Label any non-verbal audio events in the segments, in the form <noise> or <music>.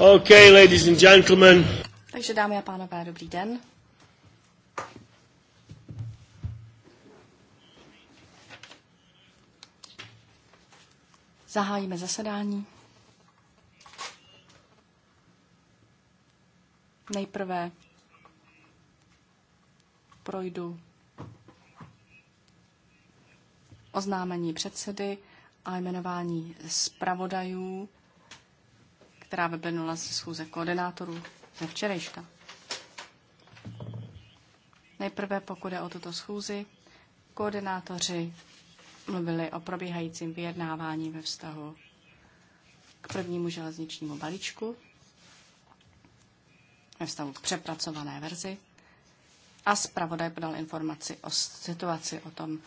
Okay, ladies and gentlemen. Takže dámy a pánové, dobrý den. Zahájíme zasedání. Nejprve projdu oznámení předsedy a jmenování zpravodajů která vyplynula ze schůze koordinátorů ze včerejška. Nejprve, pokud je o tuto schůzi, koordinátoři mluvili o probíhajícím vyjednávání ve vztahu k prvnímu železničnímu balíčku, ve vztahu k přepracované verzi a zpravodaj podal informaci o situaci o tom,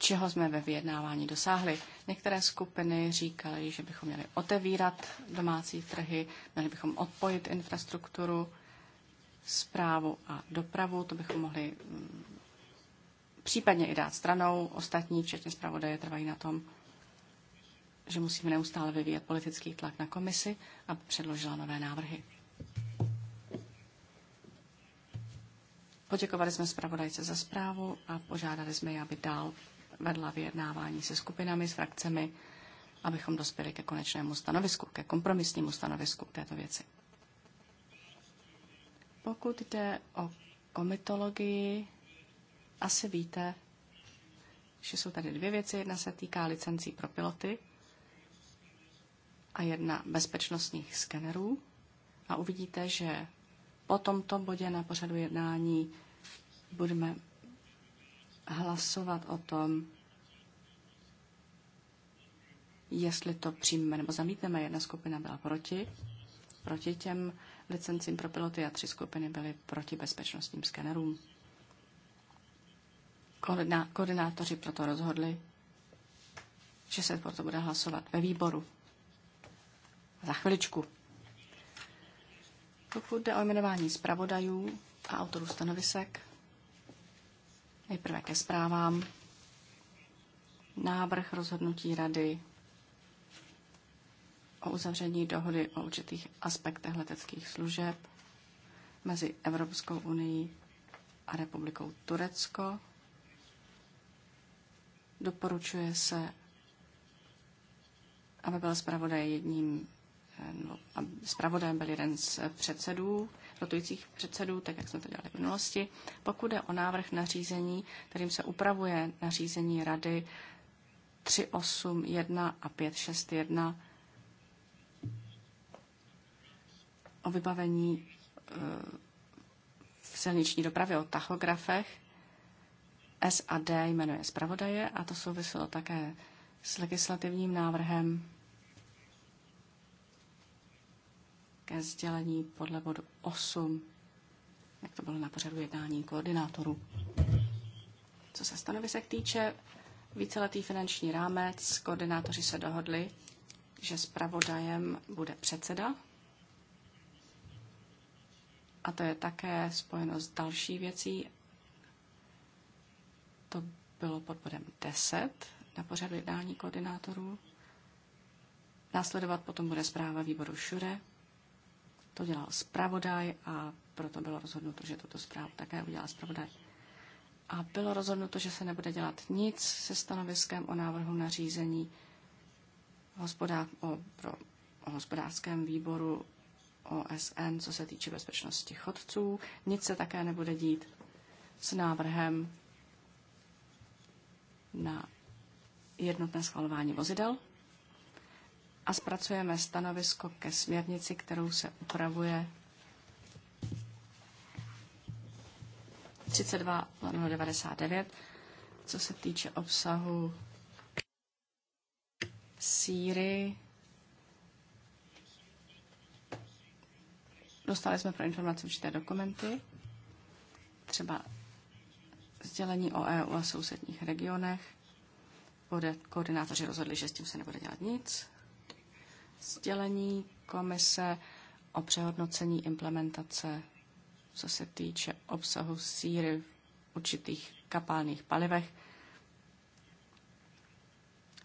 čeho jsme ve vyjednávání dosáhli. Některé skupiny říkaly, že bychom měli otevírat domácí trhy, měli bychom odpojit infrastrukturu, zprávu a dopravu, to bychom mohli mm, případně i dát stranou. Ostatní, včetně zpravodaje, trvají na tom, že musíme neustále vyvíjet politický tlak na komisi, aby předložila nové návrhy. Poděkovali jsme zpravodajce za zprávu a požádali jsme ji, aby dál vedla vyjednávání se skupinami, s frakcemi, abychom dospěli ke konečnému stanovisku, ke kompromisnímu stanovisku k této věci. Pokud jde o komitologii, asi víte, že jsou tady dvě věci. Jedna se týká licencí pro piloty a jedna bezpečnostních skenerů. A uvidíte, že po tomto bodě na pořadu jednání budeme hlasovat o tom, jestli to přijmeme nebo zamítneme. Jedna skupina byla proti, proti těm licencím pro piloty a tři skupiny byly proti bezpečnostním skenerům. koordinátoři proto rozhodli, že se proto bude hlasovat ve výboru. Za chviličku. Pokud jde o jmenování zpravodajů a autorů stanovisek, Nejprve ke zprávám. Návrh rozhodnutí rady o uzavření dohody o určitých aspektech leteckých služeb mezi Evropskou unii a republikou Turecko. Doporučuje se, aby byl zpravodaj jedním, no, zpravodajem byl jeden z předsedů rotujících předsedů, tak jak jsme to dělali v minulosti, pokud je o návrh nařízení, kterým se upravuje nařízení Rady 381 a 561 o vybavení eh, v silniční dopravě o tachografech. SAD jmenuje zpravodaje a to souviselo také s legislativním návrhem ke sdělení podle bodu 8, jak to bylo na pořadu jednání koordinátorů. Co se stanovisek týče, víceletý finanční rámec, koordinátoři se dohodli, že zpravodajem bude předseda. A to je také spojeno s další věcí. To bylo pod bodem 10 na pořadu jednání koordinátorů. Následovat potom bude zpráva výboru Šure to dělal zpravodaj a proto bylo rozhodnuto, že tuto zprávu také udělá zpravodaj. A bylo rozhodnuto, že se nebude dělat nic se stanoviskem o návrhu řízení hospodář, o, pro, o hospodářském výboru OSN, co se týče bezpečnosti chodců. Nic se také nebude dít s návrhem na jednotné schvalování vozidel a zpracujeme stanovisko ke směrnici, kterou se upravuje 32.99, co se týče obsahu síry. Dostali jsme pro informace určité dokumenty, třeba sdělení o EU a sousedních regionech. Koordinátoři rozhodli, že s tím se nebude dělat nic sdělení komise o přehodnocení implementace, co se týče obsahu síry v určitých kapálných palivech.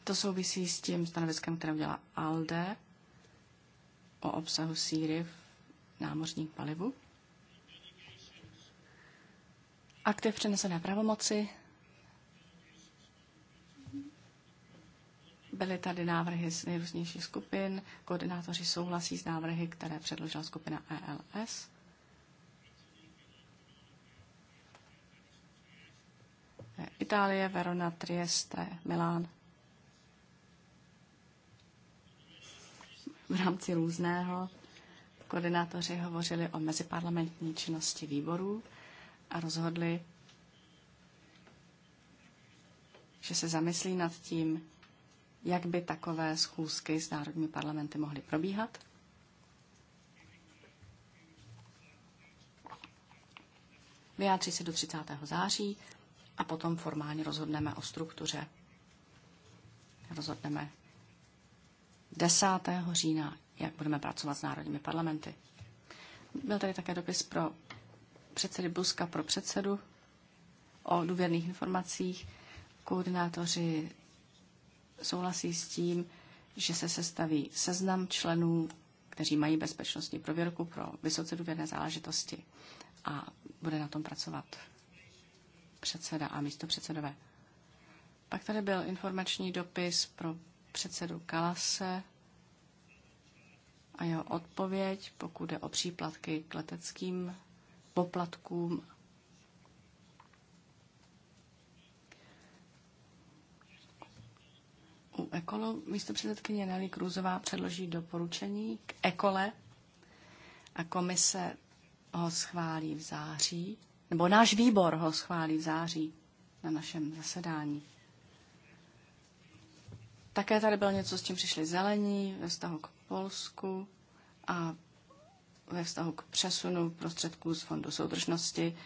To souvisí s tím stanoviskem, které udělá ALDE o obsahu síry v námořním palivu. Aktiv přenesené pravomoci Byly tady návrhy z nejrůznějších skupin. Koordinátoři souhlasí s návrhy, které předložila skupina ELS. Itálie, Verona, Trieste, Milán. V rámci různého koordinátoři hovořili o meziparlamentní činnosti výborů a rozhodli, že se zamyslí nad tím, jak by takové schůzky s národními parlamenty mohly probíhat. Vyjádří se do 30. září a potom formálně rozhodneme o struktuře. Rozhodneme 10. října, jak budeme pracovat s národními parlamenty. Byl tady také dopis pro předsedy Buska pro předsedu o důvěrných informacích. Koordinátoři souhlasí s tím, že se sestaví seznam členů, kteří mají bezpečnostní prověrku pro vysoce důvěrné záležitosti a bude na tom pracovat předseda a místo předsedové. Pak tady byl informační dopis pro předsedu Kalase a jeho odpověď, pokud jde o příplatky k leteckým poplatkům u Ekolu předsedkyně Nelly Krůzová předloží doporučení k Ekole a komise ho schválí v září, nebo náš výbor ho schválí v září na našem zasedání. Také tady bylo něco, s čím přišli zelení ve vztahu k Polsku a ve vztahu k přesunu prostředků z Fondu soudržnosti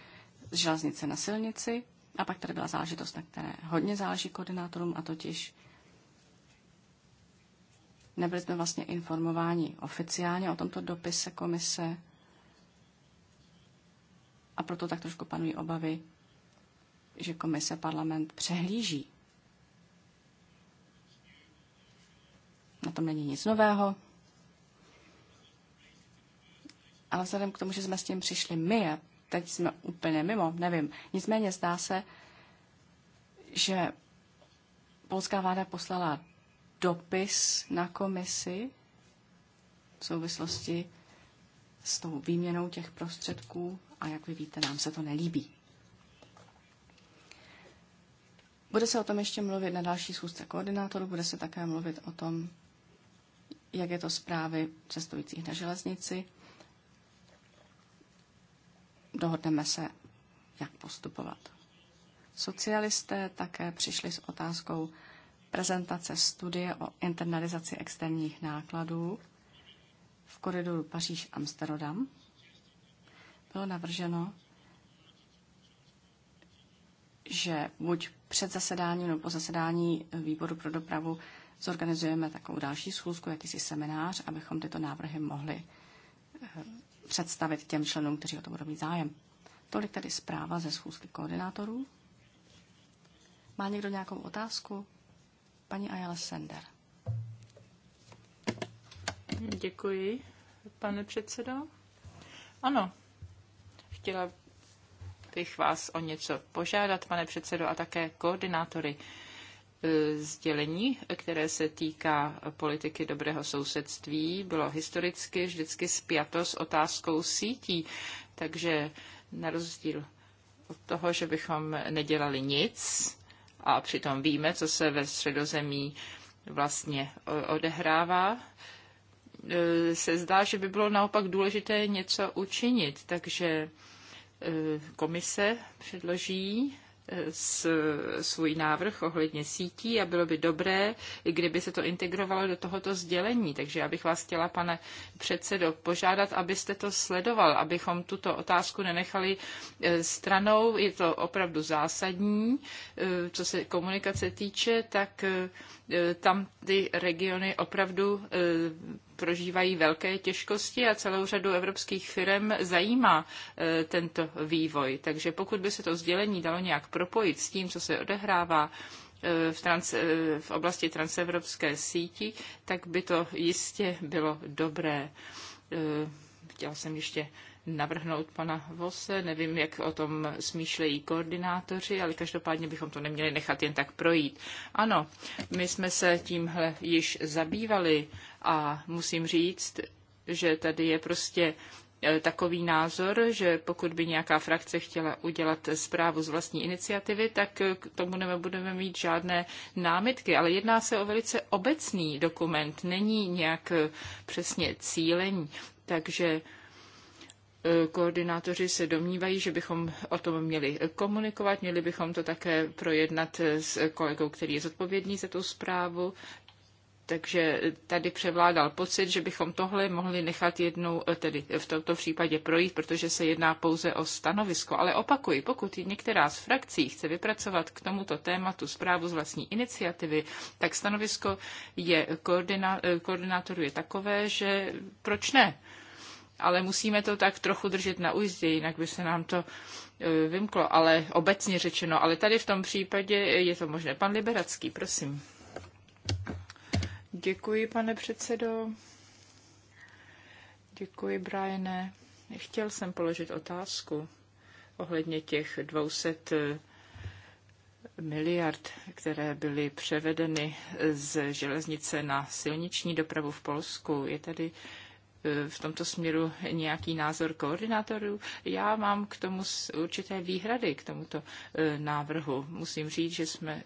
z železnice na silnici. A pak tady byla záležitost, na které hodně záleží koordinátorům, a totiž Nebyli jsme vlastně informováni oficiálně o tomto dopise komise a proto tak trošku panují obavy, že komise parlament přehlíží. Na tom není nic nového, ale vzhledem k tomu, že jsme s tím přišli my a teď jsme úplně mimo, nevím. Nicméně zdá se, že polská vláda poslala dopis na komisi v souvislosti s tou výměnou těch prostředků a jak vy víte, nám se to nelíbí. Bude se o tom ještě mluvit na další schůzce koordinátorů, bude se také mluvit o tom, jak je to zprávy cestujících na železnici. Dohodneme se, jak postupovat. Socialisté také přišli s otázkou prezentace studie o internalizaci externích nákladů v koridoru Paříž-Amsterdam. Bylo navrženo, že buď před zasedáním nebo po zasedání výboru pro dopravu zorganizujeme takovou další schůzku, jakýsi seminář, abychom tyto návrhy mohli eh, představit těm členům, kteří o to budou mít zájem. Tolik tedy zpráva ze schůzky koordinátorů. Má někdo nějakou otázku? Paní Ayala Sender. Děkuji, pane předsedo. Ano, chtěla bych vás o něco požádat, pane předsedo, a také koordinátory e, sdělení, které se týká politiky dobrého sousedství, bylo historicky vždycky spjato s otázkou sítí. Takže na rozdíl od toho, že bychom nedělali nic, a přitom víme, co se ve středozemí vlastně odehrává, e, se zdá, že by bylo naopak důležité něco učinit. Takže e, komise předloží s, svůj návrh ohledně sítí a bylo by dobré, kdyby se to integrovalo do tohoto sdělení. Takže já bych vás chtěla, pane předsedo, požádat, abyste to sledoval, abychom tuto otázku nenechali eh, stranou. Je to opravdu zásadní, eh, co se komunikace týče, tak eh, tam ty regiony opravdu prožívají velké těžkosti a celou řadu evropských firm zajímá e, tento vývoj. Takže pokud by se to sdělení dalo nějak propojit s tím, co se odehrává e, v, trans, e, v oblasti transevropské síti, tak by to jistě bylo dobré. Chtěla jsem ještě navrhnout pana Vose. Nevím, jak o tom smýšlejí koordinátoři, ale každopádně bychom to neměli nechat jen tak projít. Ano, my jsme se tímhle již zabývali a musím říct, že tady je prostě eh, takový názor, že pokud by nějaká frakce chtěla udělat zprávu z vlastní iniciativy, tak eh, k tomu nebudeme mít žádné námitky. Ale jedná se o velice obecný dokument, není nějak eh, přesně cílení. Takže koordinátoři se domnívají, že bychom o tom měli komunikovat, měli bychom to také projednat s kolegou, který je zodpovědný za tu zprávu. Takže tady převládal pocit, že bychom tohle mohli nechat jednou, eh, tedy v tomto případě projít, protože se jedná pouze o stanovisko. Ale opakuji, pokud některá z frakcí chce vypracovat k tomuto tématu zprávu z vlastní iniciativy, tak stanovisko je eh, koordinátoru je takové, že proč ne? ale musíme to tak trochu držet na úzdě, jinak by se nám to e, vymklo, ale obecně řečeno. Ale tady v tom případě je to možné. Pan Liberacký, prosím. Děkuji, pane předsedo. Děkuji, Briane. Chtěl jsem položit otázku ohledně těch 200 e, miliard, které byly převedeny z železnice na silniční dopravu v Polsku. Je tady v tomto směru nějaký názor koordinátorů. Já mám k tomu určité výhrady, k tomuto eh, návrhu. Musím říct, že jsme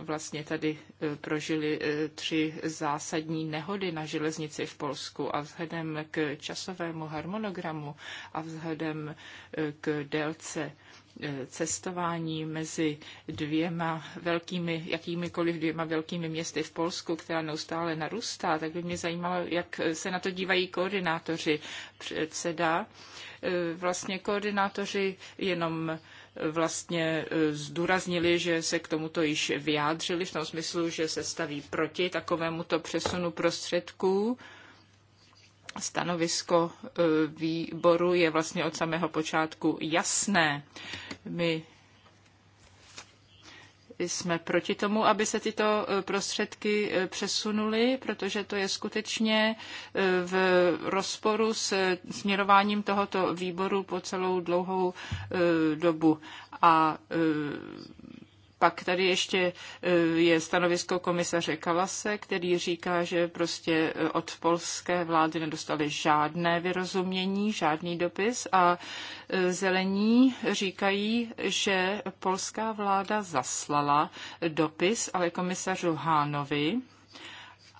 vlastně tady e, prožili e, tři zásadní nehody na železnici v Polsku a vzhledem k časovému harmonogramu a vzhledem e, k délce cestování mezi dvěma velkými, jakýmikoliv dvěma velkými městy v Polsku, která neustále narůstá, tak by mě zajímalo, jak se na to dívají koordinátoři předseda. Vlastně koordinátoři jenom vlastně eh, zdůraznili, že se k tomuto již vyjádřili v tom smyslu, že se staví proti takovémuto přesunu prostředků. Stanovisko eh, výboru je vlastně od samého počátku jasné. My jsme proti tomu, aby se tyto e, prostředky e, přesunuly, protože to je skutečně e, v rozporu s směrováním tohoto výboru po celou dlouhou dobu. A pak tady ještě e, je stanovisko komisaře Kalase, který říká, že prostě e, od polské vlády nedostali žádné vyrozumění, žádný dopis a e, zelení říkají, že polská vláda zaslala dopis, ale komisařu Hánovi,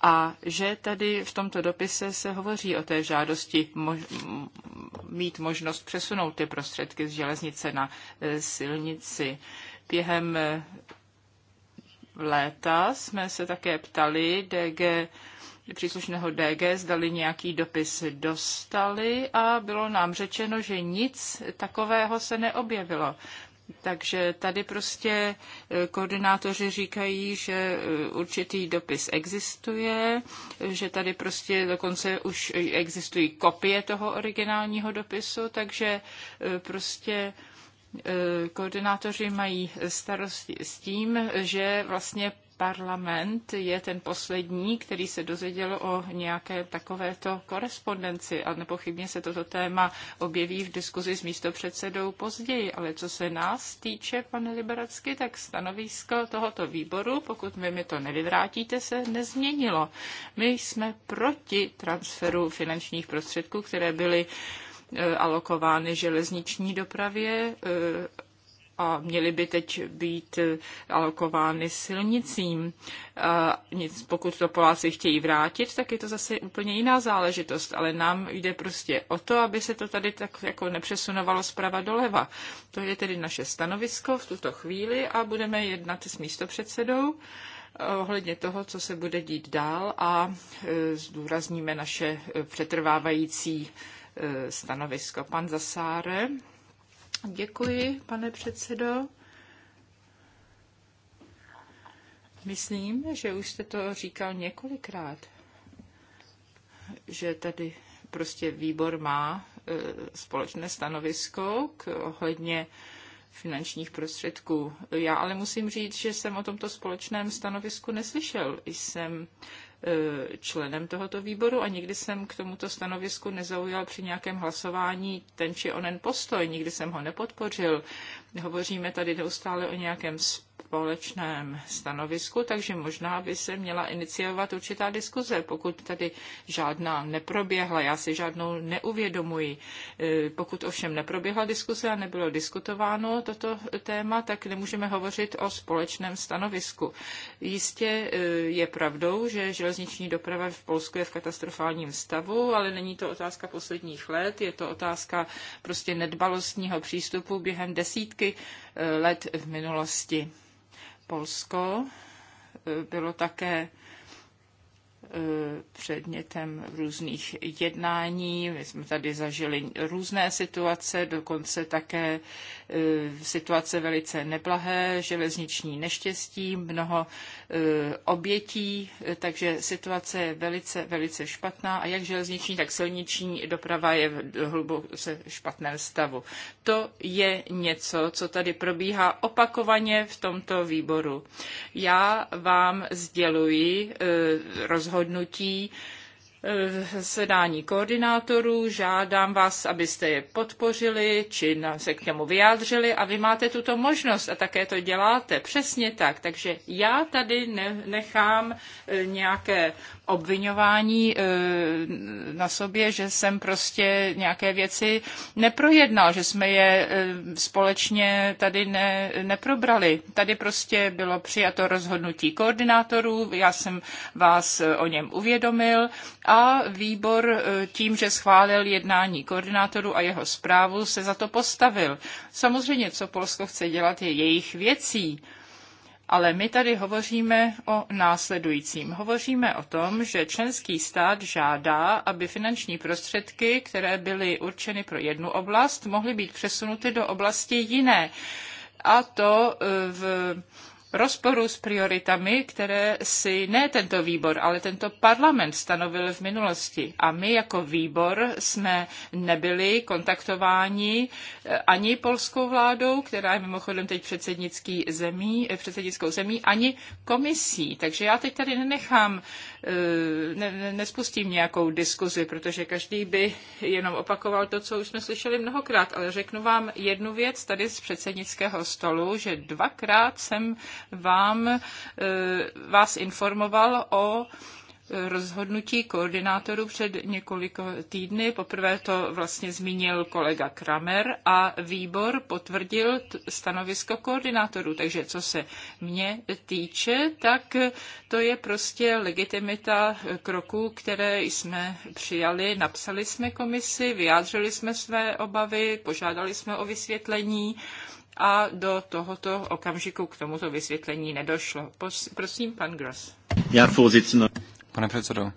a že tady v tomto dopise se hovoří o té žádosti mož- mít možnost přesunout ty prostředky z železnice na silnici. Během eh, léta jsme se také ptali DG, příslušného DG, zdali nějaký dopis dostali a bylo nám řečeno, že nic takového se neobjevilo. Takže tady prostě eh, koordinátoři říkají, že eh, určitý dopis existuje, že tady prostě dokonce už existují kopie toho originálního dopisu, takže prostě E, koordinátoři mají starosti s tím, že vlastně parlament je ten poslední, který se dozvěděl o nějaké takovéto korespondenci a nepochybně se toto téma objeví v diskuzi s místopředsedou později. Ale co se nás týče, pane Liberacky, tak stanovisko tohoto výboru, pokud mi mi to nevyvrátíte, se nezměnilo. My jsme proti transferu finančních prostředků, které byly Eh, alokovány železniční dopravě eh, a měly by teď být eh, alokovány silnicím. nic, pokud to Poláci chtějí vrátit, tak je to zase úplně jiná záležitost, ale nám jde prostě o to, aby se to tady tak jako nepřesunovalo zprava doleva. To je tedy naše stanovisko v tuto chvíli a budeme jednat s místopředsedou ohledně toho, co se bude dít dál a zdůrazníme naše přetrvávající E, stanovisko. Pan Zasáre. Děkuji, pane předsedo. Myslím, že už jste to říkal několikrát, že tady prostě výbor má e, společné stanovisko k ohledně finančních prostředků. Já ale musím říct, že jsem o tomto společném stanovisku neslyšel. Jsem Eh, členem tohoto výboru a nikdy jsem k tomuto stanovisku nezaujal při nějakém hlasování ten či onen postoj, nikdy jsem ho nepodpořil. Hovoříme tady neustále o nějakém společném stanovisku, takže možná by se měla iniciovat určitá diskuze, pokud tady žádná neproběhla. Já si žádnou neuvědomuji. E, pokud ovšem neproběhla diskuze a nebylo diskutováno toto téma, tak nemůžeme hovořit o společném stanovisku. Jistě e, je pravdou, že železniční doprava v Polsku je v katastrofálním stavu, ale není to otázka posledních let, je to otázka prostě nedbalostního přístupu během desítky e, let v minulosti. Polsko eh, bylo také eh, předmětem různých jednání. My jsme tady zažili různé situace, dokonce také E, situace velice neblahé, železniční neštěstí, mnoho e, obětí, e, takže situace je velice, velice špatná a jak železniční, tak silniční doprava je v hluboce špatném stavu. To je něco, co tady probíhá opakovaně v tomto výboru. Já vám sděluji rozhodnutí, Eh, sedání koordinátorů. Žádám vás, abyste je podpořili či se k němu vyjádřili a vy máte tuto možnost a také to děláte. Přesně tak. Takže já tady nechám eh, nějaké obvinování eh, na sobě, že jsem prostě nějaké věci neprojednal, že jsme je eh, společně tady ne, neprobrali. Tady prostě bylo přijato rozhodnutí koordinátorů, já jsem vás eh, o něm uvědomil a výbor tím, že schválil jednání koordinátorů a jeho zprávu, se za to postavil. Samozřejmě, co Polsko chce dělat, je jejich věcí ale my tady hovoříme o následujícím. Hovoříme o tom, že členský stát žádá, aby finanční prostředky, které byly určeny pro jednu oblast, mohly být přesunuty do oblasti jiné. A to e, v rozporu s prioritami, které si ne tento výbor, ale tento parlament stanovil v minulosti. A my jako výbor jsme nebyli kontaktováni eh, ani polskou vládou, která je mimochodem teď předsednický zemí, eh, předsednickou zemí, ani komisí. Takže já teď tady nenechám, eh, ne, nespustím nějakou diskuzi, protože každý by jenom opakoval to, co už jsme slyšeli mnohokrát, ale řeknu vám jednu věc tady z předsednického stolu, že dvakrát jsem vám, eh, vás informoval o rozhodnutí koordinátorů před několika týdny. Poprvé to vlastně zmínil kolega Kramer a výbor potvrdil stanovisko koordinátorů. Takže co se mě týče, tak to je prostě legitimita kroků, které jsme přijali. Napsali jsme komisi, vyjádřili jsme své obavy, požádali jsme o vysvětlení a do tohoto okamžiku k tomuto vysvětlení nedošlo. Prosím, pan Gross. Já Pane předsedo,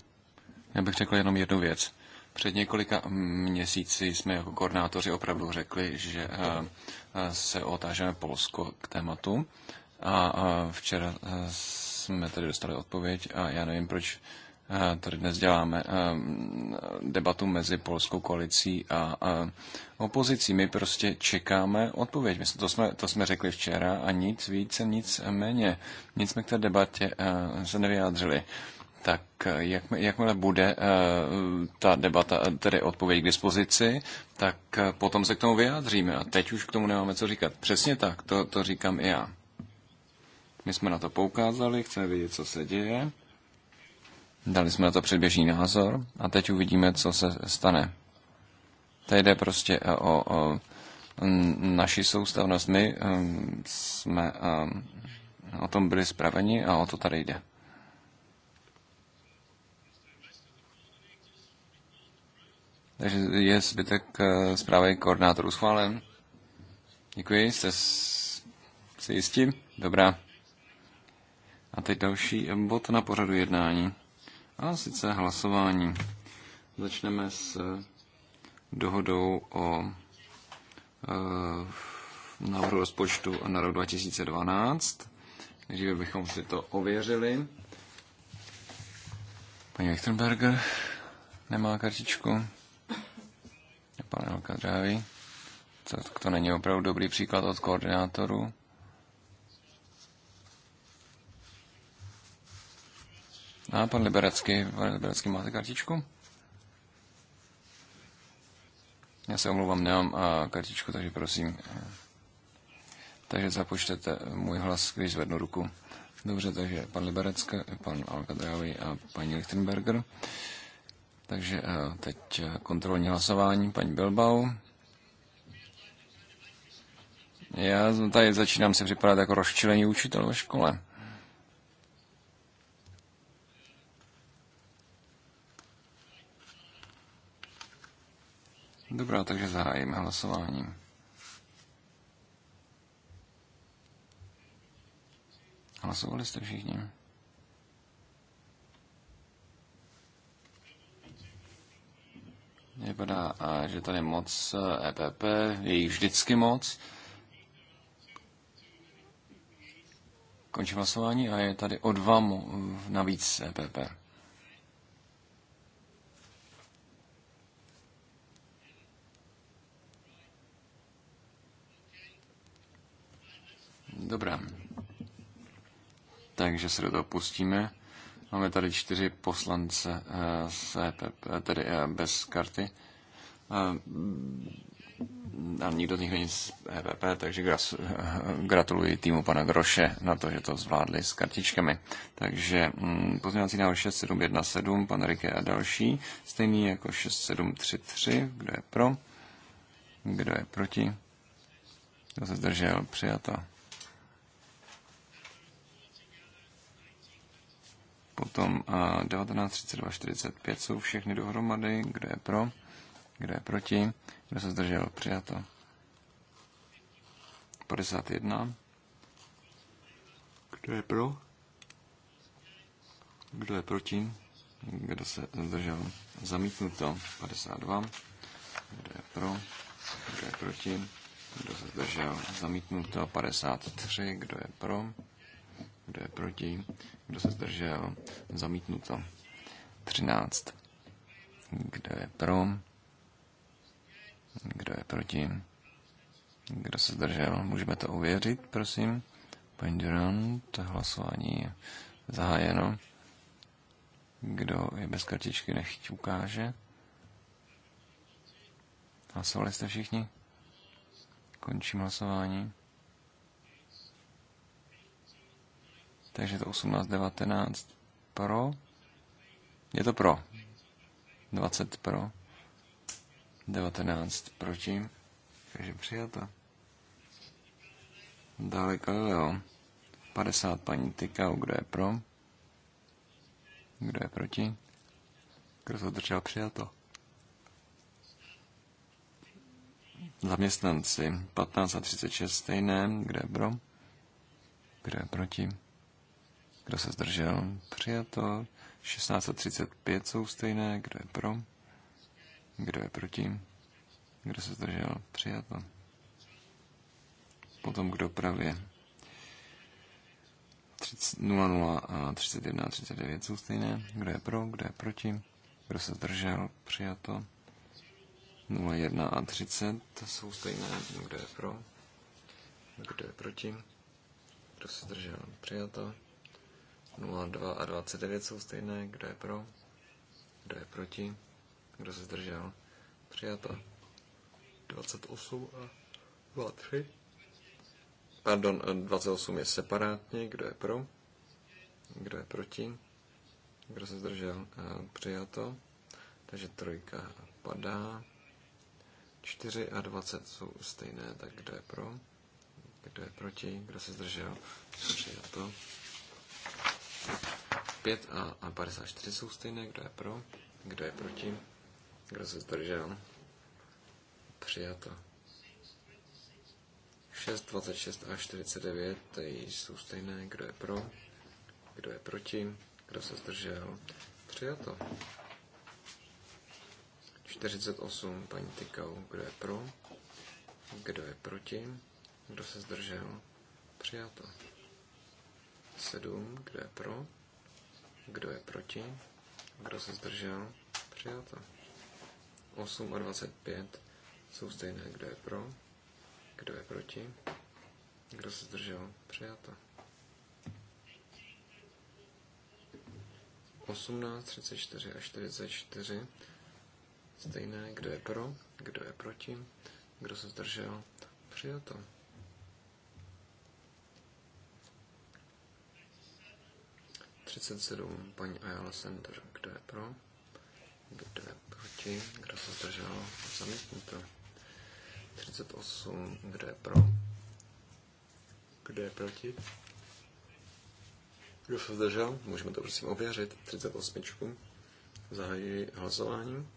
já bych řekl jenom jednu věc. Před několika měsíci jsme jako koordinátoři opravdu řekli, že eh, se otážeme Polsko k tématu a eh, včera eh, jsme tedy dostali odpověď a já nevím, proč Eh, tady dnes děláme eh, debatu mezi polskou koalicí a opozicí. My prostě čekáme odpověď. My to, jsme, to jsme řekli včera a nic více, nic méně. Nic jsme k té debatě eh, se nevyjádřili. Tak jak, jakmile bude ta debata, tedy odpověď k dispozici, tak potom se k tomu vyjádříme. A teď už k tomu nemáme co říkat. Přesně tak, to, to říkám i já. My jsme na to poukázali, chceme vidět, co se děje. Dali jsme na to předběžný názor a teď uvidíme, co se stane. Tady jde prostě eh, o, o naši soustavnost. My eh, jsme eh, o tom byli zpraveni a o to tady jde. Takže je zbytek zprávy koordinátorů schválen. Děkuji, jste si jistí? Dobrá. A teď další bod na pořadu jednání. A sice hlasování. Začneme s eh, dohodou o e, návrhu rozpočtu na rok 2012. Nejdříve bychom si to ověřili. Paní Lichtenberger nemá kartičku. Pan Elka Drávy. To, to není opravdu dobrý příklad od koordinátorů. A pan Liberecký, pan Liberecký máte kartičku? Já se omlouvám, nemám a eh, kartičku, takže prosím. Takže započtete můj hlas, když zvednu ruku. Dobře, takže pan Liberecký, pan Alkadrávi a paní Lichtenberger. Takže eh, teď eh, kontrolní hlasování, paní Bilbao. Já tady začínám se připadat jako rozčilení učitel ve škole. Dobrá, takže zahájíme hlasování. Hlasovali jste všichni? Vypadá, že tady moc EPP, e je jich vždycky moc. Končím hlasování a je tady o dva navíc EPP. Dobrá. Takže se do toho pustíme. Máme tady čtyři poslance eh, z EPP, eh, tedy eh, bez karty. A nikdo z nich není z EPP, takže gratuluji týmu pana Groše na to, že to zvládli s kartičkami. Takže mm, pozměňovací návrh 6717, pan Rike a další, stejný jako 6733, kdo je pro, kdo je proti, kdo se zdržel, přijata. Potom 1932 45 jsou všechny dohromady, kdo je pro, kdo je proti, kdo se zdržel, přijato. 51. Kdo je pro? Kdo je proti? Kdo se zdržel? Zamítnuto. 52. Kdo je pro? Kdo je proti? Kdo se zdržel? Zamítnuto. 53. Kdo je pro? Kdo je proti? Kdo se zdržel? Zamítnuto. 13. Kdo je pro? Kdo je proti? Kdo se zdržel? Můžeme to uvěřit, prosím. Paní Durant, hlasování je zahájeno. Kdo je bez kartičky, nechť ukáže. Hlasovali jste všichni? Končím hlasování. Takže to 18, 19 pro. Je to pro. 20 pro. 19 proti. Takže přijato. Dále Galileo. 50 paní Tykau, kdo je pro? Kdo je proti? Kdo to držel přijato? Zaměstnanci 15 a 36 stejné, kdo je pro? Kdo je proti? Kdo se zdržel? Přijato. 1635 jsou stejné. Kdo je pro? Kdo je proti? Kdo se zdržel? Přijato. Potom kdo pravě? 00 a 31 a 39 jsou stejné. Kdo je pro? Kdo je proti? Kdo se zdržel? Přijato. 01 a 30 jsou stejné. Kdo je pro? Kdo je proti? Kdo se zdržel? Přijato. 02 a 29 jsou stejné. Kdo je pro? Kdo je proti? Kdo se zdržel? Přijato. 28 a 23. Pardon, 28 je separátně. Kdo je pro? Kdo je proti? Kdo se zdržel? Eh, přijato. Takže trojka padá. 4 a 20 jsou stejné, tak kdo je pro? Kdo je proti? Kdo se zdržel? Přijato. 5 a, a 54 jsou stejné, kdo je pro, kdo je proti, kdo se zdržel. Přijato. 6, 26 a 49 jsou stejné, kdo je pro, kdo je proti, kdo se zdržel. Přijato. 48, paní Tykau, kdo je pro, kdo je proti, kdo se zdržel. Přijato. 7, kdo je pro, kdo je proti, kdo se zdržel, přijato. 8 a 25 jsou stejné, kdo je pro, kdo je proti, kdo se zdržel, přijato. 18, 34 a 44 stejné, kdo je pro, kdo je proti, kdo se zdržel, přijato. 37, paní Ayala Center. Kdo je pro? Kdo je proti? Kdo se zdržel? Zamítnuto. 38, kdo je pro? Kdo je proti? Kdo se zdržel? Můžeme to prosím ověřit. 38. Zahajuji hlasování.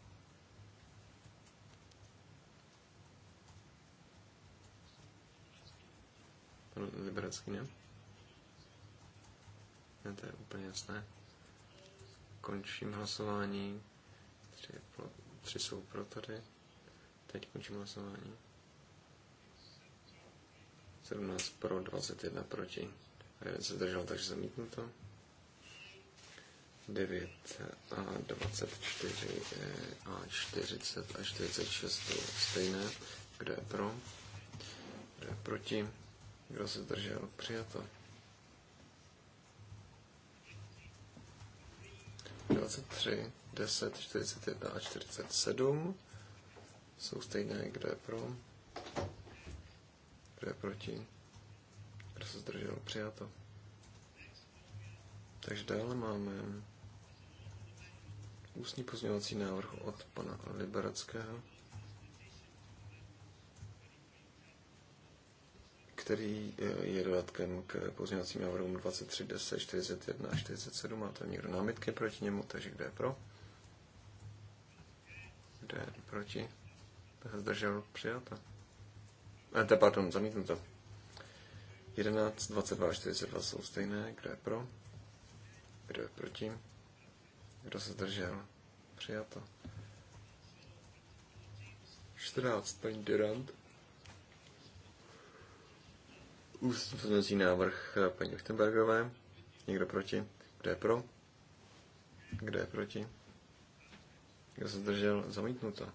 Liberecký ne? jasné, to je úplně jasné. Končím hlasování. Tři, pro, tři jsou pro tady. Teď končím hlasování. 17 pro, 21 proti. A jeden se držel, takže zamítnu to. 9 a 24 eh, a 40 a 46 jsou stejné. Kdo je pro? Kdo je proti? Kdo se zdržel? Přijato. 23, 10, 41 a 47 jsou stejné, kdo je pro, kdo je proti, kdo se zdržel, přijato. Takže dále máme ústní pozměňovací návrh od pana Liberackého. který eh, je dodatkem k pozměňovacím návrhům 23, 10, 41 a 47. Máte někdo námitky proti němu, takže kde je pro? Kde je proti? Tak se zdržel přijata. E, eh, je, pardon, zamítnuto. 11, 22 a 42 jsou stejné. Kdo je pro? Kdo je proti? Kdo se zdržel? Přijato. 14, paní Durant. Ústní návrh paní Lichtenbergové. Někdo proti? Kdo je pro? Kdo je proti? Kdo se zdržel? Zamítnuto.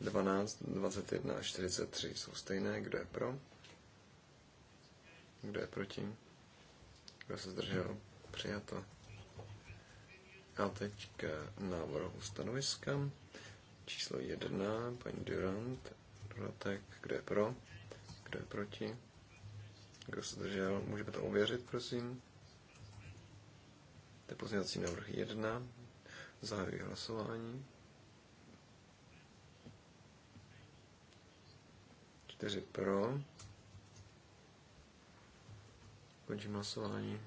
12, 21 a 43 jsou stejné. Kdo je pro? Kdo je proti? Kdo se zdržel? Přijato. A teď k návrhu stanoviska. Číslo 1, paní Durant, dodatek, kdo je pro, kdo je proti, kdo se držel, Můžeme to ověřit, prosím. To je pozměňovací návrh 1. Zahajuji hlasování. 4 pro. Končím hlasování.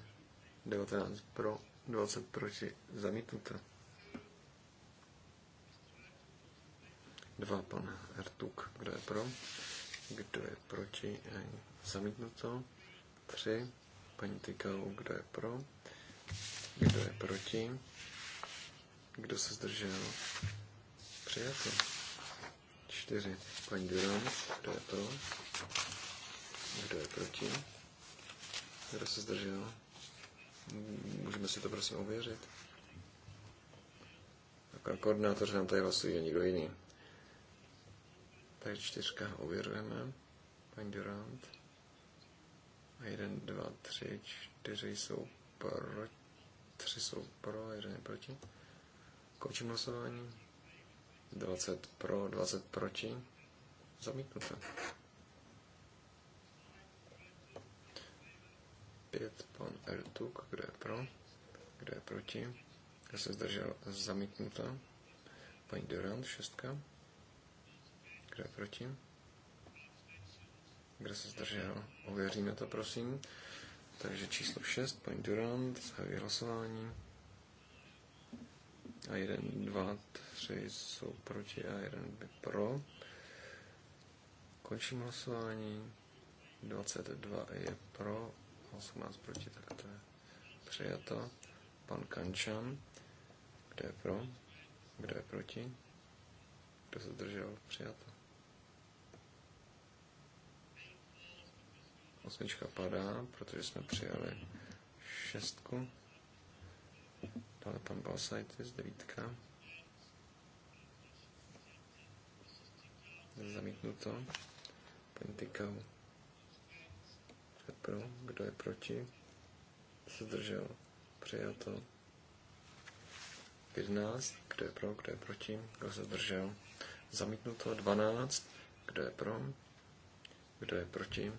19 pro, 20 proti, zamítnuto. 2 pan Hertuk, kdo je pro, kdo je proti, Zamítnuto. Tři. Paní Tykalu, kdo je pro? Kdo je proti? Kdo se zdržel? Přijato. čtyři. Paní Duran, kdo je pro? Kdo je proti? Kdo se zdržel? Můžeme si to prosím ověřit. Tak koordinátoři nám tady hlasují a nikdo jiný. Takže čtyřka ověřujeme. Paní Durant. A jeden, dva, tři, čtyři jsou pro, tři jsou pro, jeden je proti. Končím hlasování. 20 pro, 20 proti. Zamítnuté. 5 pan Ertuk, kdo je pro, kdo je proti. Kdo se zdržel zamítnuté. Paní Durant, šestka. Kdo je proti? Kdo se zdržel? Ověříme to, prosím. Takže číslo 6, paní Durant, zahajuji hlasování. A jeden, dva, tři jsou proti a jeden by pro. Končím hlasování. 22 je pro, 18 proti, tak to je přijato. Pan Kančan, kdo je pro, kdo je proti, kdo se zdržel, přijato. Osmička padá, protože jsme přijali šestku. Dále pan z devítka. Zamítnuto. Paní Tykau. pro, kdo je proti? Se zdržel. Přijato. 11, kdo je pro, kdo je proti, kdo se zdržel. Zamítnuto 12, kdo je pro, kdo je proti,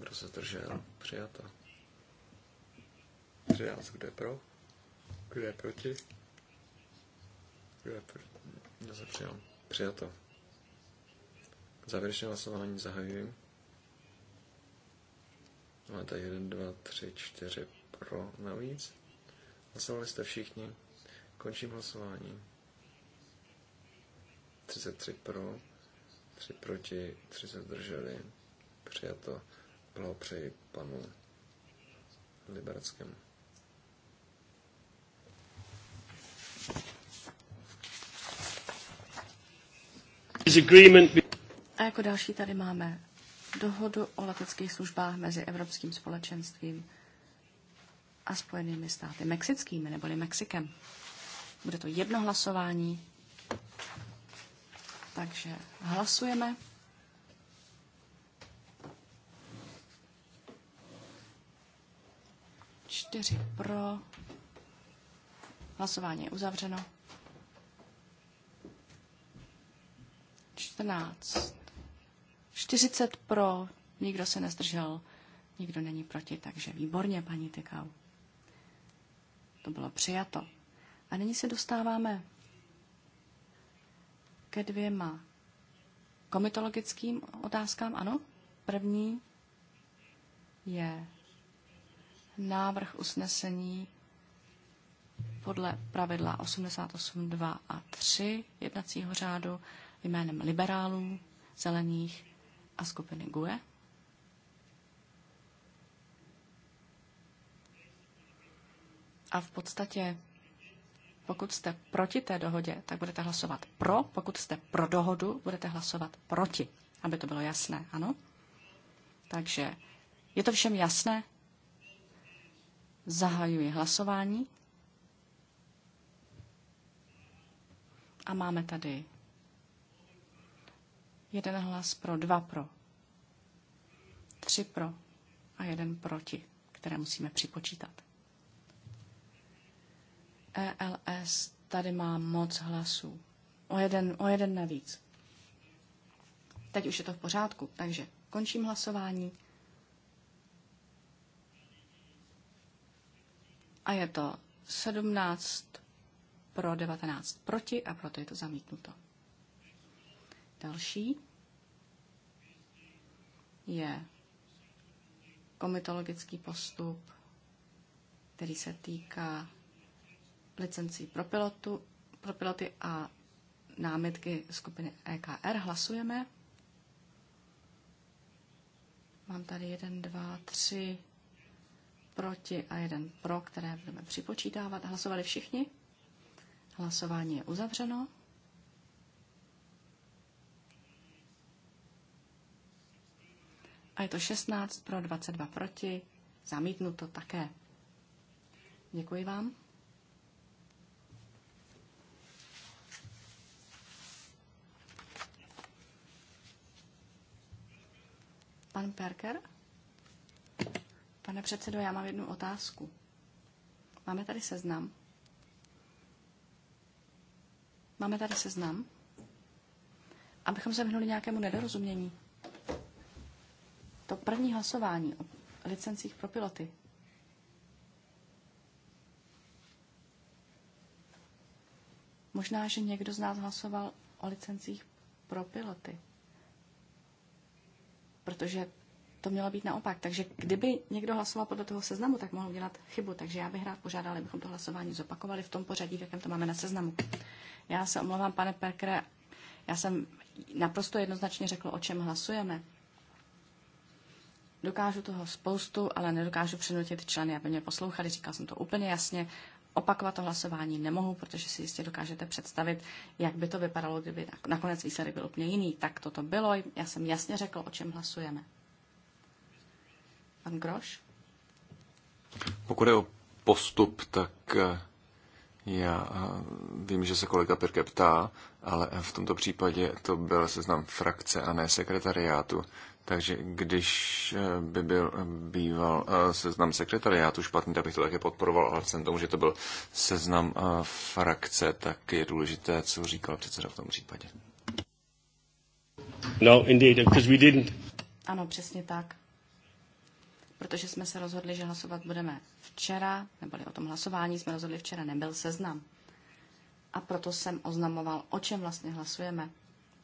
kdo se zdržel? Přijato. 13. Kdo je pro? Kdo je proti? Kdo je proti? Kdo se přijal? Přijato. Závěrečné hlasování zahajuji. Máme tady 1, 2, 3, 4 pro navíc. Hlasovali jste všichni. Končím hlasování. 33 pro, 3 proti, 3 se zdrželi. Přijato blahopřeji panu Libereckému. A jako další tady máme dohodu o leteckých službách mezi Evropským společenstvím a Spojenými státy mexickými, neboli Mexikem. Bude to jedno hlasování, takže hlasujeme. 4 pro. Hlasování je uzavřeno. 14. 40 pro, nikdo se nezdržel, nikdo není proti, takže výborně, paní Tykau. To bylo přijato. A nyní se dostáváme ke dvěma komitologickým otázkám, ano? První je návrh usnesení podle pravidla 88 2 a 3 jednacího řádu jménem liberálů, zelených a skupiny GUE. A v podstatě, pokud jste proti té dohodě, tak budete hlasovat pro, pokud jste pro dohodu, budete hlasovat proti, aby to bylo jasné, ano? Takže je to všem jasné? Zahajuji hlasování. A máme tady jeden hlas pro, dva pro, tři pro a jeden proti, které musíme připočítat. ELS tady má moc hlasů. O jeden, o jeden navíc. Teď už je to v pořádku, takže končím hlasování. A je to 17 pro 19 proti a proto je to zamítnuto. Další je komitologický postup, který se týká licencí pro, pilotu, pro piloty a námitky skupiny EKR. Hlasujeme. Mám tady jeden, dva, tři, proti a jeden pro, které budeme připočítávat. Hlasovali všichni? Hlasování je uzavřeno. A je to 16 pro 22 proti. Zamítnu to také. Děkuji vám. Pan Perker? Pane předsedo, já mám jednu otázku. Máme tady seznam. Máme tady seznam. Abychom se vyhnuli nějakému nedorozumění. To první hlasování o licencích pro piloty. Možná, že někdo z nás hlasoval o licencích pro piloty. Protože to mělo být naopak. Takže kdyby někdo hlasoval podle toho seznamu, tak mohl dělat chybu. Takže já bych rád požádala, abychom to hlasování zopakovali v tom pořadí, v jakém to máme na seznamu. Já se omlouvám, pane Perkere, já jsem naprosto jednoznačně řekl, o čem hlasujeme. Dokážu toho spoustu, ale nedokážu přinutit členy, aby mě poslouchali. Říkal jsem to úplně jasně. Opakovat to hlasování nemohu, protože si jistě dokážete představit, jak by to vypadalo, kdyby nakonec výsledek byl úplně jiný. Tak toto bylo. Já jsem jasně řekl, o čem hlasujeme. Pan Groš? Pokud je o postup, tak eh, já eh, vím, že se kolega Pirke ptá, ale eh, v tomto případě to byl seznam frakce a ne sekretariátu. Takže když by byl býval seznam sekretariátu špatný, tak bych to také podporoval, ale jsem tomu, že to byl seznam frakce, tak je důležité, co říkal předseda v tom případě. No, indeed, because we didn't. Ano, přesně tak protože jsme se rozhodli, že hlasovat budeme včera, neboli o tom hlasování jsme rozhodli včera, nebyl seznam. A proto jsem oznamoval, o čem vlastně hlasujeme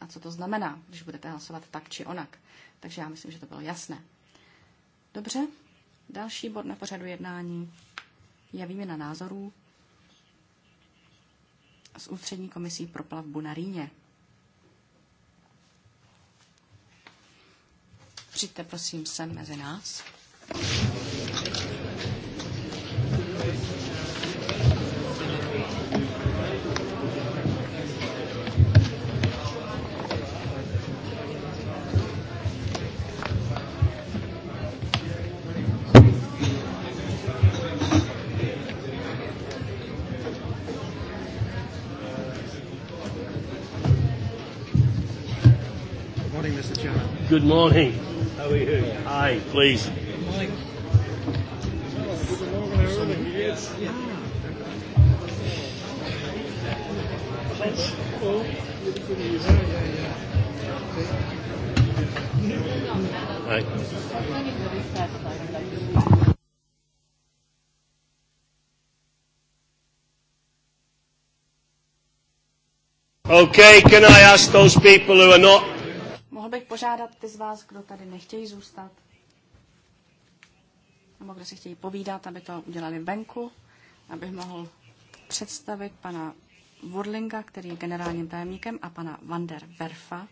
a co to znamená, když budete hlasovat tak či onak. Takže já myslím, že to bylo jasné. Dobře, další bod na pořadu jednání je výměna názorů s ústřední komisí pro plavbu na Rýně. Přijďte prosím sem mezi nás. Good morning. How are you? Hi, please. Okay, can I ask those people who are not? Mohl bych požádat ty z vás, kdo tady nechtějí zůstat, nebo kdo si chtějí povídat, aby to udělali venku, abych mohl představit pana Wurlinga, který je generálním tajemníkem, a pana Van der Werfa,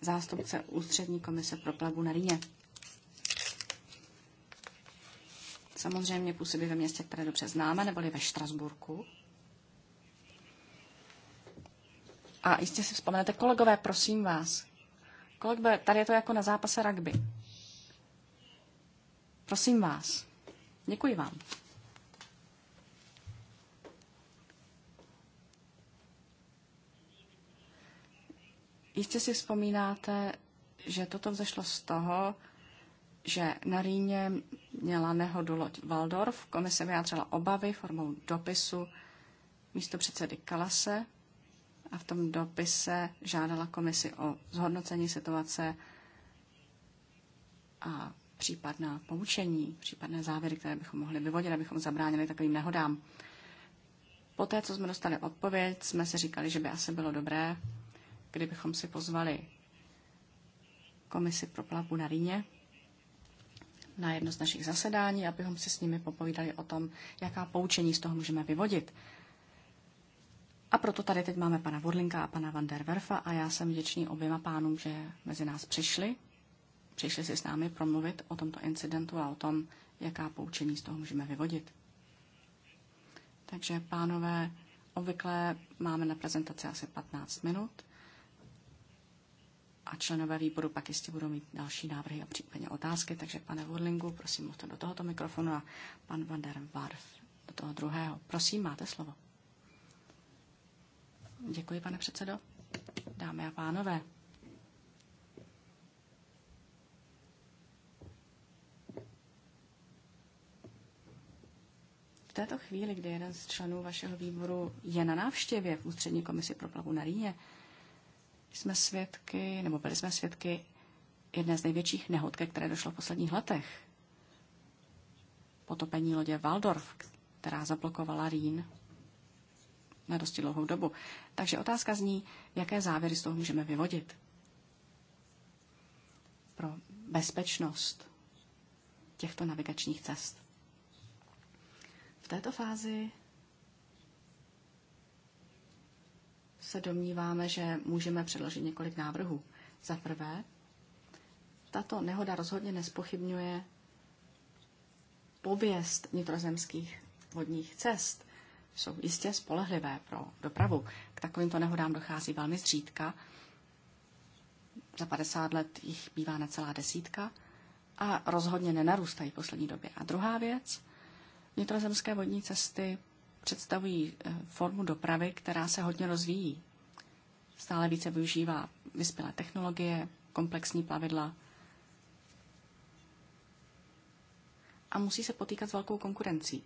zástupce Ústřední komise pro plavbu na Rýně. Samozřejmě působí ve městě, které dobře známe, neboli ve Štrasburku. A jistě si vzpomenete, kolegové, prosím vás. Kolegové, tady je to jako na zápase rugby. Prosím vás. Děkuji vám. Jistě si vzpomínáte, že toto vzešlo z toho, že na Rýně měla nehodu loď Waldorf. Komise vyjádřila obavy formou dopisu místo předsedy Kalase a v tom dopise žádala komisi o zhodnocení situace a případná poučení, případné závěry, které bychom mohli vyvodit, abychom zabránili takovým nehodám. Poté, co jsme dostali odpověď, jsme si říkali, že by asi bylo dobré kdybychom si pozvali komisi pro plavbu na Rýně na jedno z našich zasedání, abychom si s nimi popovídali o tom, jaká poučení z toho můžeme vyvodit. A proto tady teď máme pana Vodlinka a pana Van der Werfa a já jsem vděčný oběma pánům, že mezi nás přišli. Přišli si s námi promluvit o tomto incidentu a o tom, jaká poučení z toho můžeme vyvodit. Takže, pánové, obvykle máme na prezentaci asi 15 minut a členové výboru pak jistě budou mít další návrhy a případně otázky, takže pane Wurlingu, prosím mluvte do tohoto mikrofonu a pan Van der Barf do toho druhého. Prosím, máte slovo. Děkuji, pane předsedo. Dámy a pánové, V této chvíli, kdy jeden z členů vašeho výboru je na návštěvě v ústřední komisi pro plavu na Rýně, jsme svědky, nebo byli jsme svědky jedné z největších nehod, ke které došlo v posledních letech. Potopení lodě Waldorf, která zablokovala Rýn na dosti dlouhou dobu. Takže otázka zní, jaké závěry z toho můžeme vyvodit pro bezpečnost těchto navigačních cest. V této fázi se domníváme, že můžeme předložit několik návrhů. Za prvé, tato nehoda rozhodně nespochybňuje pověst nitrozemských vodních cest. Jsou jistě spolehlivé pro dopravu. K takovýmto nehodám dochází velmi zřídka. Za 50 let jich bývá celá desítka a rozhodně nenarůstají v poslední době. A druhá věc, vnitrozemské vodní cesty představují eh, formu dopravy, která se hodně rozvíjí. Stále více využívá vyspělé technologie, komplexní plavidla a musí se potýkat s velkou konkurencí.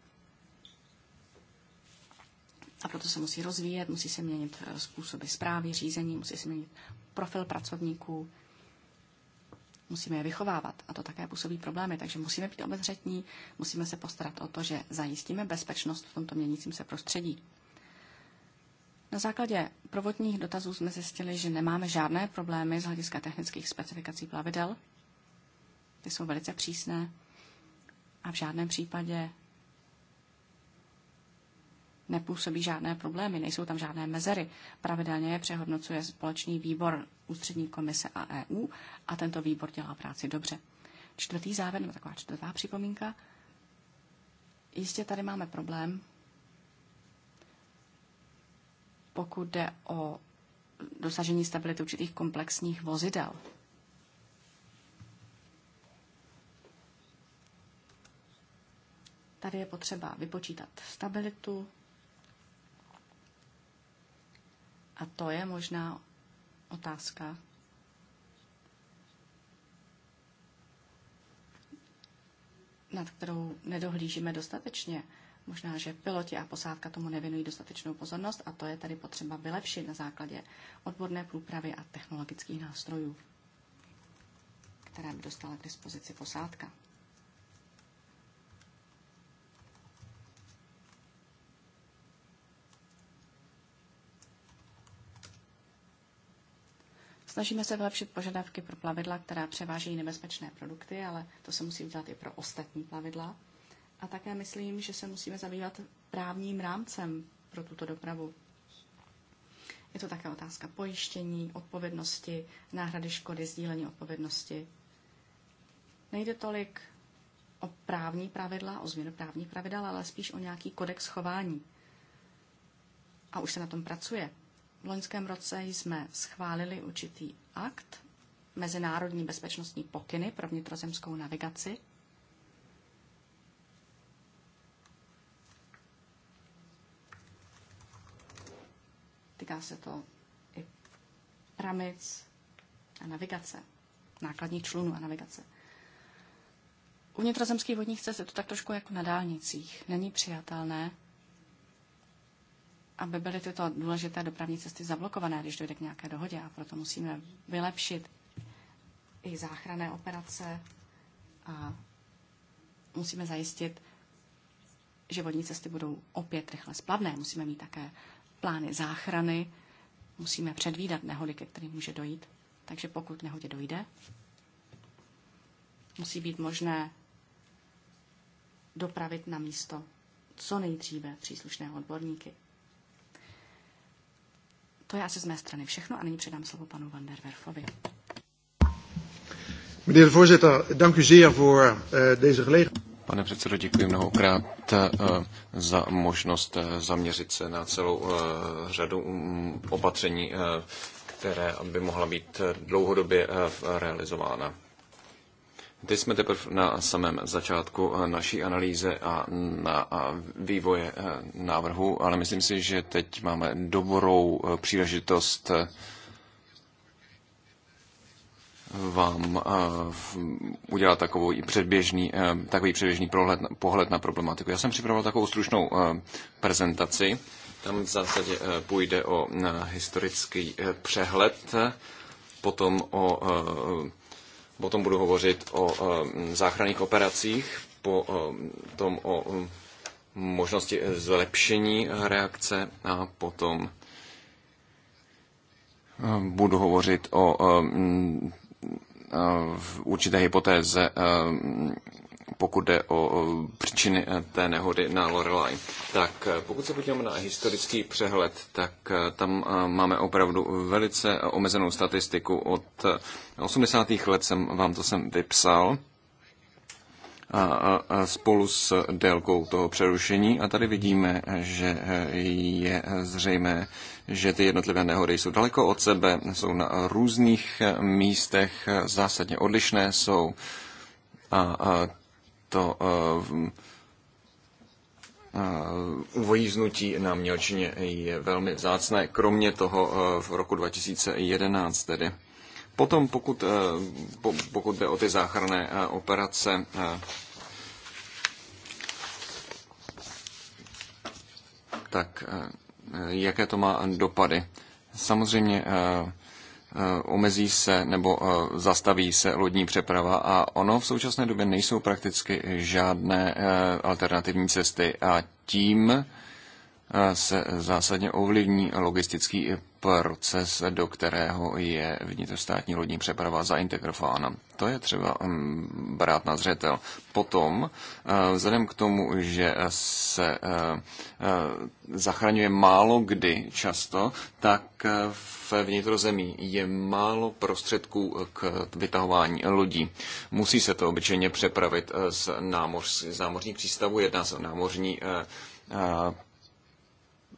A proto se musí rozvíjet, musí se měnit eh, způsoby zprávy, řízení, musí se měnit profil pracovníků, Musíme je vychovávat a to také působí problémy, takže musíme být obezřetní, musíme se postarat o to, že zajistíme bezpečnost v tomto měnícím se prostředí. Na základě provodních dotazů jsme zjistili, že nemáme žádné problémy z hlediska technických specifikací plavidel. Ty jsou velice přísné a v žádném případě nepůsobí žádné problémy, nejsou tam žádné mezery. Pravidelně je přehodnocuje společný výbor Ústřední komise a EU a tento výbor dělá práci dobře. Čtvrtý závěr, nebo taková čtvrtá připomínka. Jistě tady máme problém, pokud jde o dosažení stability určitých komplexních vozidel. Tady je potřeba vypočítat stabilitu, A to je možná otázka. nad kterou nedohlížíme dostatečně. Možná, že piloti a posádka tomu nevěnují dostatečnou pozornost a to je tady potřeba vylepšit na základě odborné průpravy a technologických nástrojů, které by dostala k dispozici posádka. Snažíme se vylepšit požadavky pro plavidla, která převážejí nebezpečné produkty, ale to se musí udělat i pro ostatní plavidla. A také myslím, že se musíme zabývat právním rámcem pro tuto dopravu. Je to také otázka pojištění, odpovědnosti, náhrady škody, sdílení odpovědnosti. Nejde tolik o právní pravidla, o změnu právních pravidel, ale spíš o nějaký kodex chování. A už se na tom pracuje. V loňském roce jsme schválili určitý akt, mezinárodní bezpečnostní pokyny pro vnitrozemskou navigaci. Týká se to i pramic a navigace, nákladních člunů a navigace. U vnitrozemských vodních cest je to tak trošku jako na dálnicích. Není přijatelné, aby byly tyto důležité dopravní cesty zablokované, když dojde k nějaké dohodě a proto musíme vylepšit i záchranné operace a musíme zajistit, že vodní cesty budou opět rychle splavné. Musíme mít také plány záchrany, musíme předvídat nehody, ke kterým může dojít. Takže pokud nehodě dojde, musí být možné dopravit na místo co nejdříve příslušné odborníky. To je asi z mé strany všechno a nyní předám slovo panu Van der Werfovi. Meneer de voorzitter, dank u zeer voor eh, deze gelegenheid. Pane předsedo, děkuji mnohokrát eh, za možnost eh, zaměřit se na celou řadu mm, opatření, které by mohla být dlouhodobě realizována. Teď jsme teprve na samém začátku eh, naší analýze a na vývoje eh, návrhu, ale myslím si, že teď máme dobrou eh, příležitost vám udělat takový předběžný, takový předběžný pohled, pohled na problematiku. Já jsem připravoval takovou stručnou prezentaci. Tam v zásadě půjde o historický přehled, potom o potom budu hovořit o eh, záchranných operacích, po eh, tom o eh, možnosti zlepšení reakce a potom budu hovořit o mm, určité hypotéze pokud jde o příčiny eh, té nehody na Lorelai. Tak eh, pokud se podíváme na historický přehled, tak eh, tam máme opravdu velice omezenou statistiku. Od 80. let jsem vám to sem vypsal a, spolu s délkou toho přerušení. A tady vidíme, že je zřejmé, že ty jednotlivé nehody jsou daleko od sebe, jsou na různých místech, zásadně odlišné jsou. a to eh, eh, uvojíznutí na mělčině je velmi vzácné, kromě toho eh, v roku 2011 tedy. Potom, pokud, pokud jde o ty záchranné operace, tak jaké to má dopady? Samozřejmě Eh, omezí se nebo eh, zastaví se lodní přeprava a ono v současné době nejsou prakticky žádné eh, alternativní cesty a tím se zásadně ovlivní logistický proces, do kterého je vnitrostátní lodní přeprava zaintegrována. To je třeba mm, brát na zřetel. Potom, e, vzhledem k tomu, že se e, e, zachraňuje málo kdy často, tak v vnitrozemí je málo prostředků k vytahování lodí. Musí se to obyčejně přepravit z, námoř, z námořních přístavů, jedná se o námořní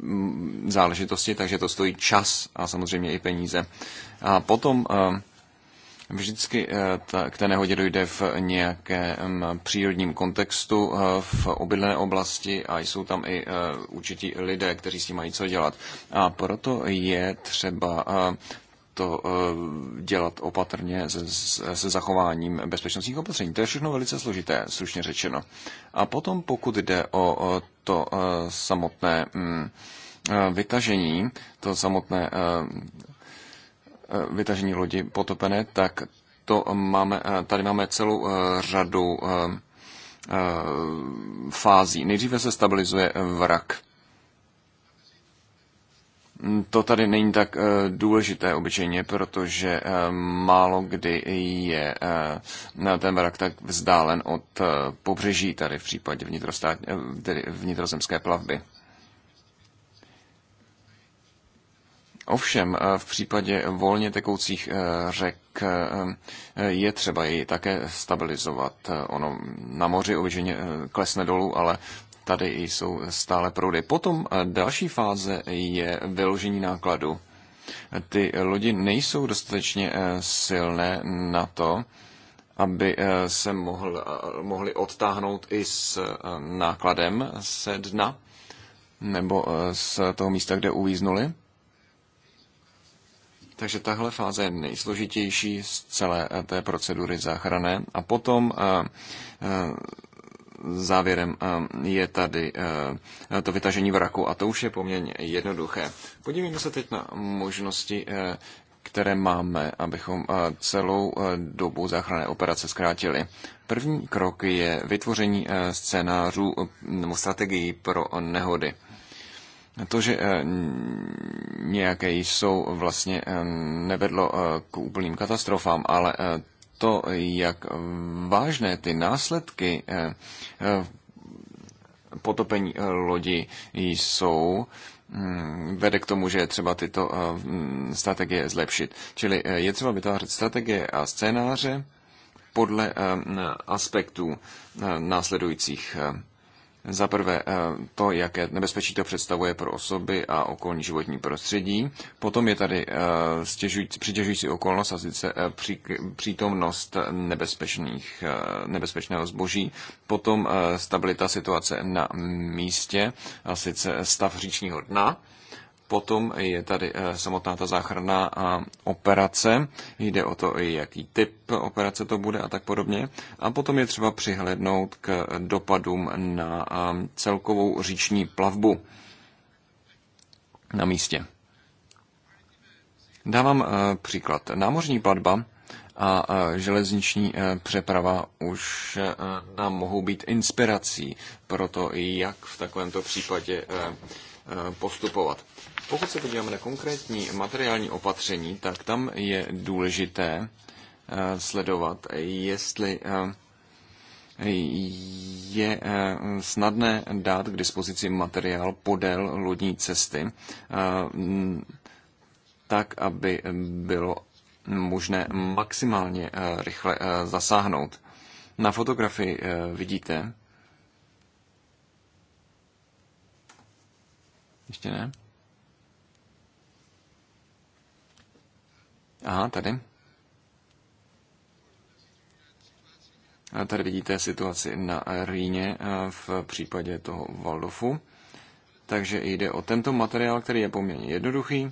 Mm, záležitosti, takže to stojí čas a samozřejmě i peníze. A potom eh, Vždycky eh, k té nehodě dojde v nějakém přírodním kontextu, eh, v obydlené oblasti a jsou tam i určití lidé, kteří s tím mají co dělat. A proto je třeba to eh, dělat opatrně se, se zachováním bezpečnostních opatření. To je všechno velice složité, slušně řečeno. A potom, pokud jde o to eh, samotné mm, eh, vytažení, to samotné vytažení lodi potopené, tak to máme, tady máme celou řadu fází. Nejdříve se stabilizuje vrak to tady není tak eh, důležité obyčejně, protože eh, málo kdy je eh, ten vrak tak vzdálen od pobřeží tady v případě tedy vnitrozemské plavby. Ovšem, v případě volně tekoucích řek je třeba ji také stabilizovat. Ono na moři obyčejně klesne dolů, ale tady jsou stále proudy. Potom eh, další fáze je vyložení nákladu. Ty lodi nejsou dostatečně eh, silné na to, aby eh, se mohl, mohli odtáhnout i s nákladem se dna nebo z toho místa, kde uvíznuli. Takže tahle fáze je nejsložitější z celé té procedury záchrané. A potom závěrem eh, je tady eh, to vytažení vraku a to už je poměrně jednoduché. Podívejme se teď na možnosti, eh, které máme, abychom celou dobu záchranné operace zkrátili. První krok je vytvoření scénářů nebo strategií pro nehody. To, že nějaké jsou, vlastně nevedlo k úplným katastrofám, ale to, jak vážné ty následky eh, potopení eh, lodi jsou, hm, vede k tomu, že je třeba tyto eh, strategie zlepšit. Čili je třeba vytvářet strategie a scénáře podle aspektů následujících za prvé eh, to, jaké nebezpečí to představuje pro osoby a okolní životní prostředí. Potom je tady eh, stěžující, přitěžující okolnost a sice eh, přítomnost nebezpečných, nebezpečného zboží. Potom stabilita situace na místě a sice stav říčního dna Potom je tady eh, samotná ta záchranná operace, jde o to, jaký typ operace to bude a tak podobně. A potom je třeba přihlednout k dopadům na celkovou říční plavbu na místě. Dávám eh, příklad. Námořní platba a eh, železniční přeprava už nám mohou být inspirací pro to, jak v takovémto případě postupovat. Pokud se podíváme na konkrétní materiální opatření, tak tam je důležité eh, sledovat, jestli eh, je eh, snadné dát k dispozici materiál podél lodní cesty, tak, aby bylo možné maximálně rychle zasáhnout. Na fotografii vidíte. Ještě ne? Aha, tady. A tady vidíte situaci na Rýně eh, v případě toho Valdofu. Takže jde o tento materiál, který je poměrně jednoduchý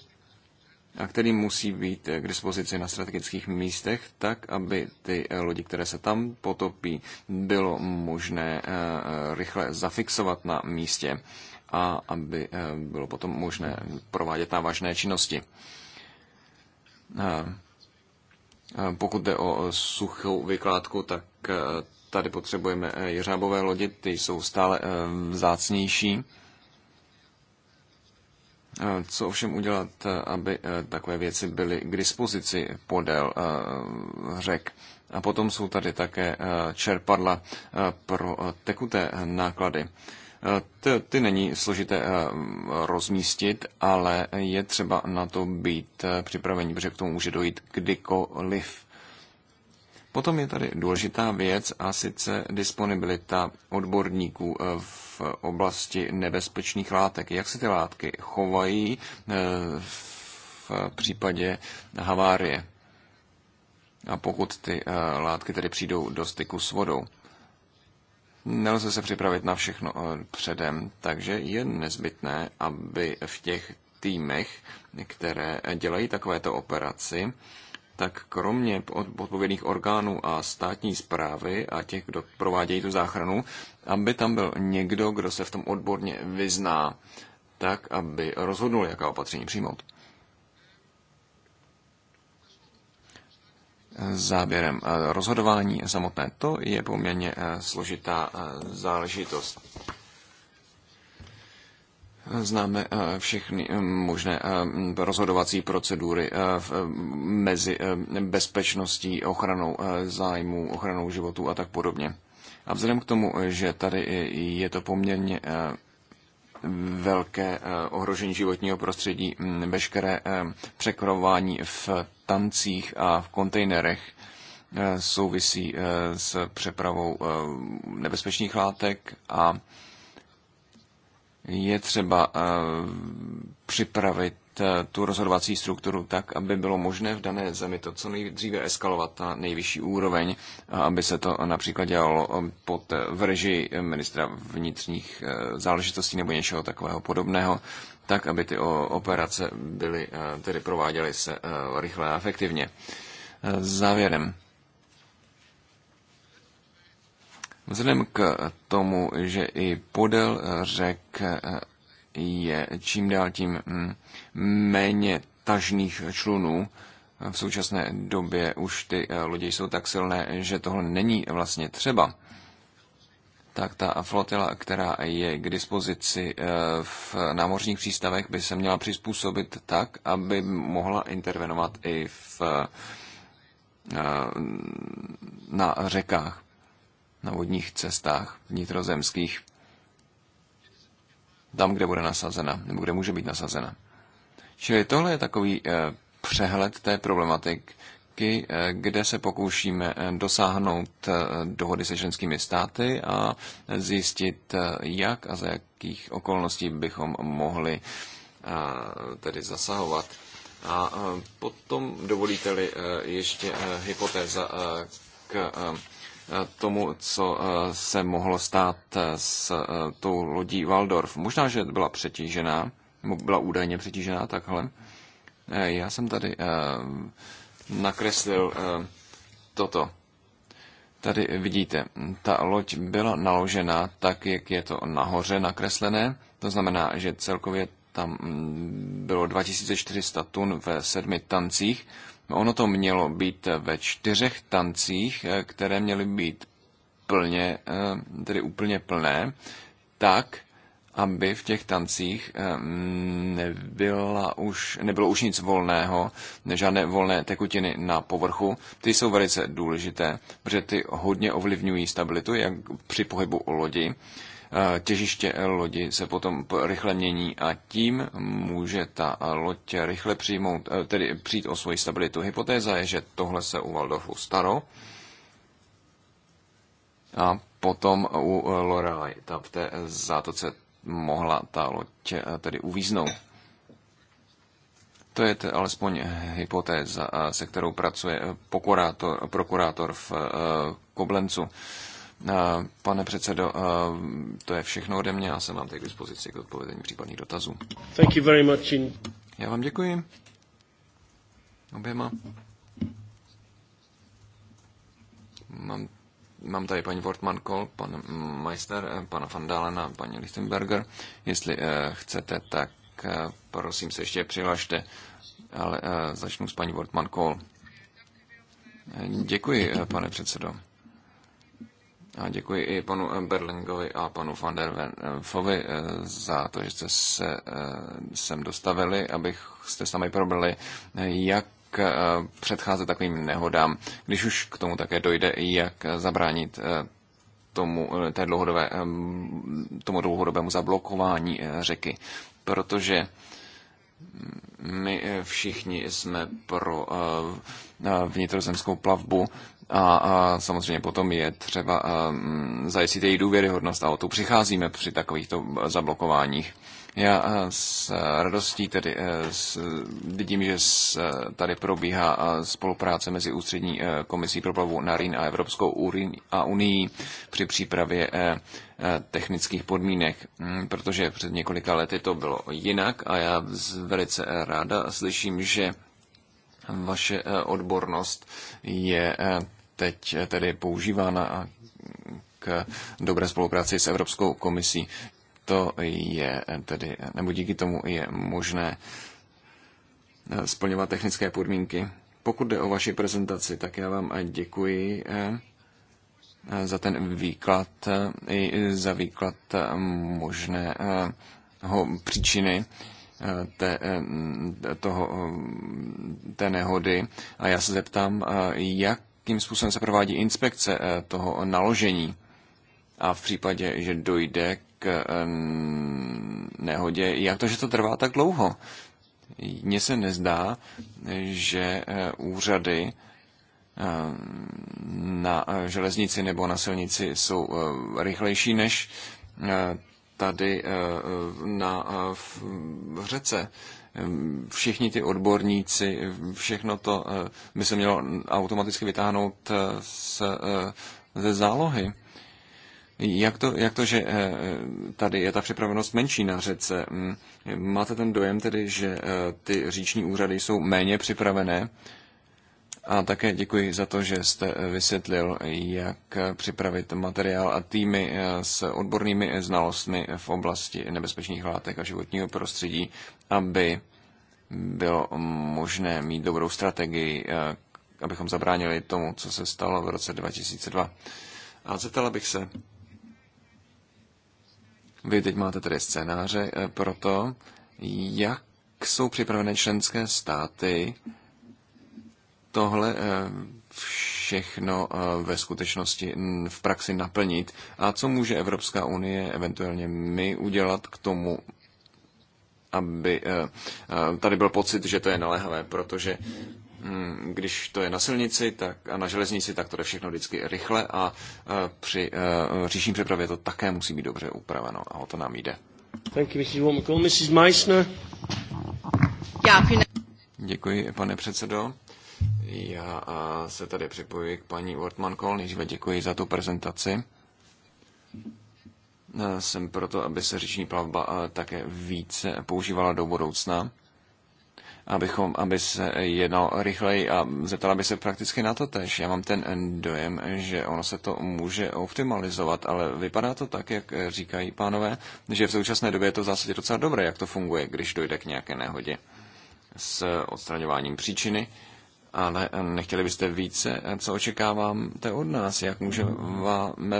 a který musí být eh, k dispozici na strategických místech, tak aby ty eh, lodi, které se tam potopí, bylo možné rychle zafixovat na místě a aby bylo potom možné provádět návažné činnosti. Eh, eh, pokud jde o eh, suchou vykládku, tak tady potřebujeme jeřábové lodi, ty jsou stále vzácnější. Co ovšem udělat, aby takové věci byly k dispozici podél řek? A potom jsou tady také čerpadla pro tekuté náklady. Ty, ty není složité eh, rozmístit, ale je třeba na to být eh, připravený, protože k tomu může dojít kdykoliv. Potom je tady důležitá věc a sice disponibilita odborníků eh, v oblasti nebezpečných látek. Jak se ty látky chovají v případě havárie? A pokud ty látky tedy přijdou do styku s vodou. Nelze se připravit na všechno eh, předem, takže je nezbytné, aby v těch týmech, které dělají takovéto operaci, tak kromě odpovědných orgánů a státní zprávy a těch, kdo provádějí tu záchranu, aby tam byl někdo, kdo se v tom odborně vyzná, tak aby rozhodnul, jaká opatření přijmout. záběrem. Eh, rozhodování samotné to je poměrně eh, složitá eh, záležitost. Známe všechny možné rozhodovací procedury mezi bezpečností, ochranou zájmů, ochranou životů a tak podobně. A vzhledem k tomu, že tady je to poměrně velké ohrožení životního prostředí, veškeré překrování v tancích a v kontejnerech eh, souvisí eh, s přepravou eh, nebezpečných látek a je třeba připravit Eh, tu rozhodovací strukturu tak, aby bylo možné v dané zemi to co nejdříve eskalovat na nejvyšší úroveň, a aby se to například dělalo eh, pod eh, vrži ministra vnitřních záležitostí nebo něčeho takového podobného, tak, aby ty operace byly, tedy prováděly se rychle a efektivně. Závěrem. Vzhledem k tomu, že i podél řek je čím dál tím mm, méně tažných člunů. V současné době už ty eh, lodě jsou tak silné, že tohle není vlastně třeba. Tak ta flotila, která je k dispozici eh, v námořních přístavech, by se měla přizpůsobit tak, aby mohla intervenovat i v, eh, na řekách, na vodních cestách vnitrozemských tam, kde bude nasazena, nebo kde může být nasazena. Čili tohle je takový eh, přehled té problematiky, eh, kde se pokoušíme eh, dosáhnout dohody se členskými státy a zjistit, jak a za jakých okolností bychom mohli tedy zasahovat. A potom dovolíte-li ještě hypotéza k Eh, tomu, co eh, se mohlo stát eh, s tou lodí Waldorf. Možná, že byla přetížená, byla údajně přetížená takhle. Já jsem tady nakreslil toto. Tady vidíte, ta loď byla naložena tak, jak je to nahoře nakreslené. To znamená, že celkově tam mm, bylo 2400 tun ve sedmi tancích No, ono to mělo být eh, ve čtyřech tancích, eh, které měly být plně, eh, tedy úplně plné, tak, aby v těch tancích nebyla už, nebylo už nic volného, žádné volné tekutiny na povrchu. Ty jsou velice důležité, protože ty hodně ovlivňují stabilitu, jak při pohybu o lodi, těžiště lodi se potom rychle mění a tím může ta loď rychle přijmout, eh, tedy přijít o svoji stabilitu. Hypotéza je, že tohle se u Waldorfu staro a potom u eh, Lorelai, ta v té zátoce mohla ta loď eh, tedy uvíznout. To je alespoň hypotéza, se kterou pracuje prokurátor v Koblencu. Eh, pane předsedo, eh, to je všechno ode mě a jsem vám teď k dispozici k odpovědění případných dotazů. Thank you very much in... Já vám děkuji. Oběma. Mám, mám tady paní Wortmann Kohl, pan Meister, eh, pana Van Dalena, paní Lichtenberger. Jestli eh, chcete, tak eh, prosím se ještě přihlašte, ale eh, začnu s paní Wortmann Kohl. Děkuji, pane předsedo. A děkuji i panu eh, Berlingovi a panu van der Venfovi eh, eh, za to, že jste se sem dostavili, abych jste s námi probrali, jak předcházet takovým nehodám, když už k tomu také dojde, jak zabránit tomu, té dlouhodobé, tomu dlouhodobému zablokování řeky. Protože mm, my všichni jsme pro vnitrozemskou plavbu a, a samozřejmě potom je třeba um, zajistit její důvěryhodnost a o tu přicházíme při takovýchto zablokováních. Já s radostí tedy e, s, vidím, že s, e, tady probíhá spolupráce mezi Ústřední e, komisí pro plavu na Rín a Evropskou unii při přípravě technických podmínek, mm, protože před několika lety to bylo jinak a já velice ráda slyším, že vaše odbornost je teď tedy používána k dobré spolupráci s Evropskou komisí. To je tedy, nebo díky tomu je možné splňovat technické podmínky. Pokud jde o vaši prezentaci, tak já vám děkuji eh, za ten výklad eh, i za výklad eh, možného příčiny té, toho, té nehody. A já se zeptám, jak jakým způsobem se provádí inspekce eh, toho naložení. A v případě, že dojde k eh, nehodě, jak to, že to trvá tak dlouho? Mně se nezdá, že eh, úřady na železnici nebo na silnici jsou rychlejší než tady na v řece všichni ty odborníci, všechno to eh, by se mělo automaticky vytáhnout z, eh, eh, ze zálohy. Jak to, jak to, že tady je ta připravenost menší na řece? Hm, máte ten dojem tedy, že ty říční úřady jsou méně připravené? A také děkuji za to, že jste eh, vysvětlil, jak eh, připravit materiál a týmy eh, s odbornými znalostmi v oblasti nebezpečných látek a životního prostředí, aby bylo možné mít dobrou strategii, abychom zabránili tomu, co se stalo v roce 2002. A zeptala bych se, vy teď máte tedy scénáře pro to, jak jsou připravené členské státy tohle eh, všechno eh, ve skutečnosti v praxi naplnit a co může Evropská unie, eventuálně my, udělat k tomu, aby eh, tady byl pocit, že to je naléhavé, protože hm, když to je na silnici tak, a na železnici, tak to je všechno vždycky rychle a při říšní přepravě to také musí být dobře upraveno a o to nám jde. Děkuji, pane předsedo. Já se tady připojuji k paní Wortman Kohl. Nejdříve děkuji za tu prezentaci. E, jsem proto, aby se říční plavba e, také více používala do budoucna, abychom, aby se jednalo rychleji a zeptala by se prakticky na to tež. Já mám ten dojem, že ono se to může optimalizovat, ale vypadá to tak, jak říkají pánové, že v současné době je to v zásadě docela dobré, jak to funguje, když dojde k nějaké nehodě s odstraňováním příčiny ale nechtěli byste více, co očekáváte od nás, jak můžeme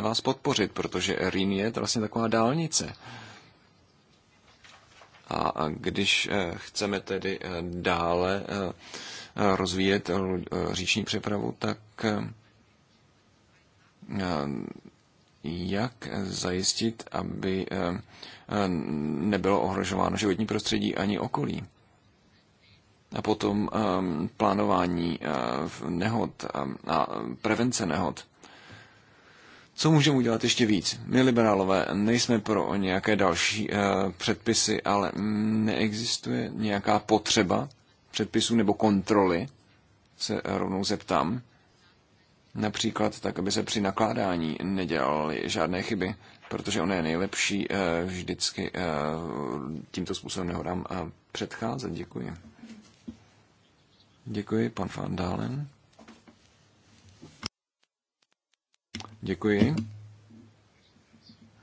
vás podpořit, protože Rýn je to vlastně taková dálnice. A když eh, chceme tedy eh, dále eh, rozvíjet říční přepravu, tak jak zajistit, aby nebylo ohrožováno životní prostředí ani okolí? a potom ehm, plánování eh, nehod ehm, a prevence nehod. Co můžeme udělat ještě víc? My liberálové nejsme pro nějaké další eh, předpisy, ale neexistuje nějaká potřeba předpisů nebo kontroly, se rovnou zeptám. Například tak, aby se při nakládání nedělaly žádné chyby, protože ono je nejlepší eh, vždycky tímto způsobem nehodám předcházet. Děkuji. Děkuji, pan Van Dalen. Děkuji.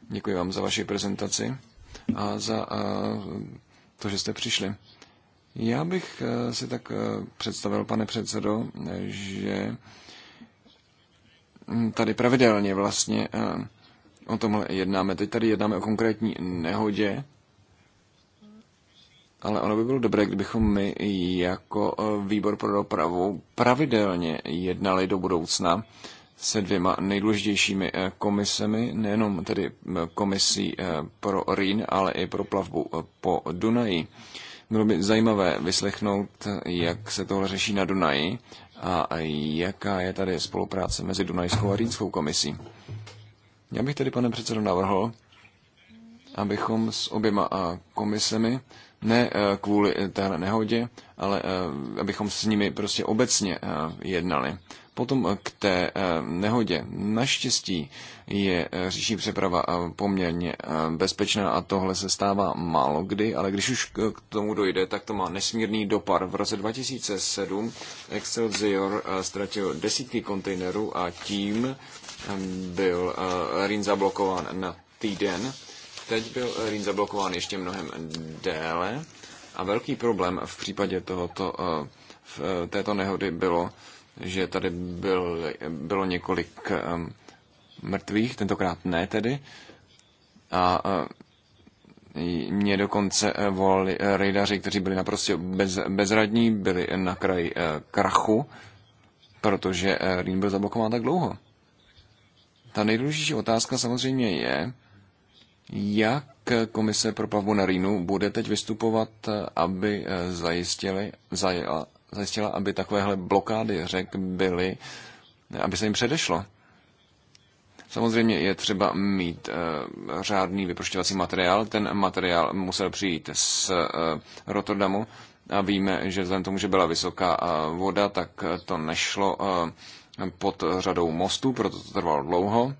Děkuji vám za vaši prezentaci a za to, že jste přišli. Já bych si tak představil, pane předsedo, že hm, tady pravidelně vlastně o tomhle jednáme. Teď tady jednáme o konkrétní nehodě ale ono by bylo dobré, kdybychom my jako e, výbor pro dopravu pravidelně jednali do budoucna se dvěma nejdůležitějšími e, komisemi, nejenom tedy komisí e, pro Rýn, ale i pro plavbu po Dunaji. Bylo by zajímavé vyslechnout, jak se tohle řeší na Dunaji a jaká je tady spolupráce mezi Dunajskou a Rýnskou komisí. Já bych tedy, pane předsedo, navrhl, abychom s oběma komisemi ne eh, kvůli eh, téhle nehodě, ale eh, abychom s nimi prostě obecně jednali. Potom k té nehodě. Naštěstí je říční přeprava poměrně bezpečná a tohle se stává málo kdy, ale když už k tomu dojde, tak to má nesmírný dopad. V roce 2007 Excelsior ztratil desítky kontejnerů a tím byl Rin zablokován na týden Teď byl Rýn eh, zablokován ještě mnohem déle a velký problém v případě tohoto, eh, v eh, této nehody bylo, že tady byl, bylo několik mrtvých, tentokrát ne tedy, a mě dokonce volali rejdaři, kteří byli naprosto bez, bezradní, byli na kraji krachu, protože Rýn byl zablokován tak dlouho. Ta nejdůležitější otázka samozřejmě je, jak Komise pro plavbu na Rýnu bude teď vystupovat, aby eh, zajistili, zajela, zajistila, aby takovéhle blokády řek byly, eh, aby se jim předešlo? Samozřejmě je třeba mít uh, řádný vyprošťovací materiál. Ten materiál musel přijít z uh, Rotterdamu a víme, že vzhledem tomu, že byla vysoká uh, voda, tak to nešlo uh, pod řadou mostů, proto to trvalo dlouho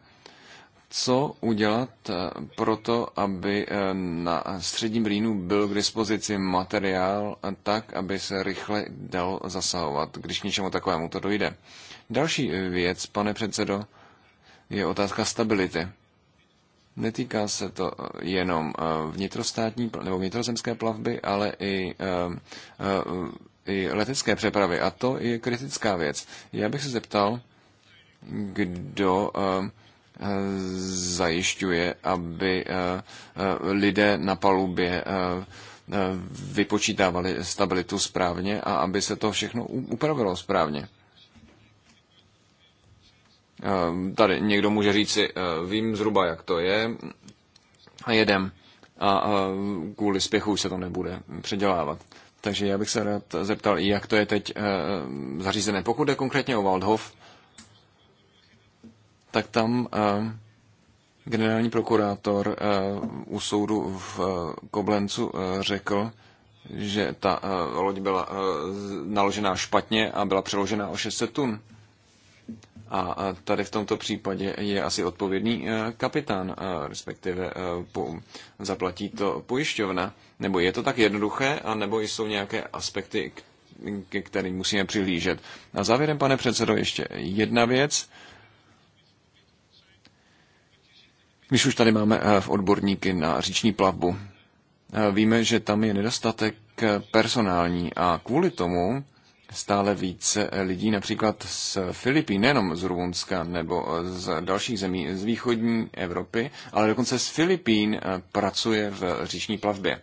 co udělat eh, pro to, aby eh, na středním Rýnu byl k dispozici materiál eh, tak, aby se rychle dal zasahovat, když něčemu takovému to dojde. Další věc, pane předsedo, je otázka stability. Netýká se to jenom vnitrostátní nebo vnitrozemské plavby, ale i, i letecké přepravy. A to je kritická věc. Já bych se zeptal, kdo zajišťuje, aby eh, eh, lidé na palubě eh, vypočítávali stabilitu správně a aby se to všechno upravilo správně. Tady někdo může říci, vím zhruba, jak to je a jedem. A kvůli spěchu se to nebude předělávat. Takže já bych se rád zeptal, jak to je teď zařízené. Pokud je konkrétně o Waldhof, tak tam eh, generální prokurátor eh, u soudu v eh, Koblencu řekl, že ta loď byla naložená špatně a byla přeložena o 600 tun. A tady v tomto případě je asi odpovědný kapitán, respektive zaplatí to pojišťovna. Nebo je to tak jednoduché, a nebo jsou nějaké aspekty, ke kterým musíme přihlížet. A závěrem, pane předsedo, ještě jedna věc. Když už tady máme eh, v odborníky na říční plavbu, eh, víme, že tam je nedostatek eh, personální a kvůli tomu stále více lidí, například z Filipín, nejenom z Rumunska nebo z dalších zemí z východní Evropy, ale dokonce z Filipín pracuje v říční plavbě.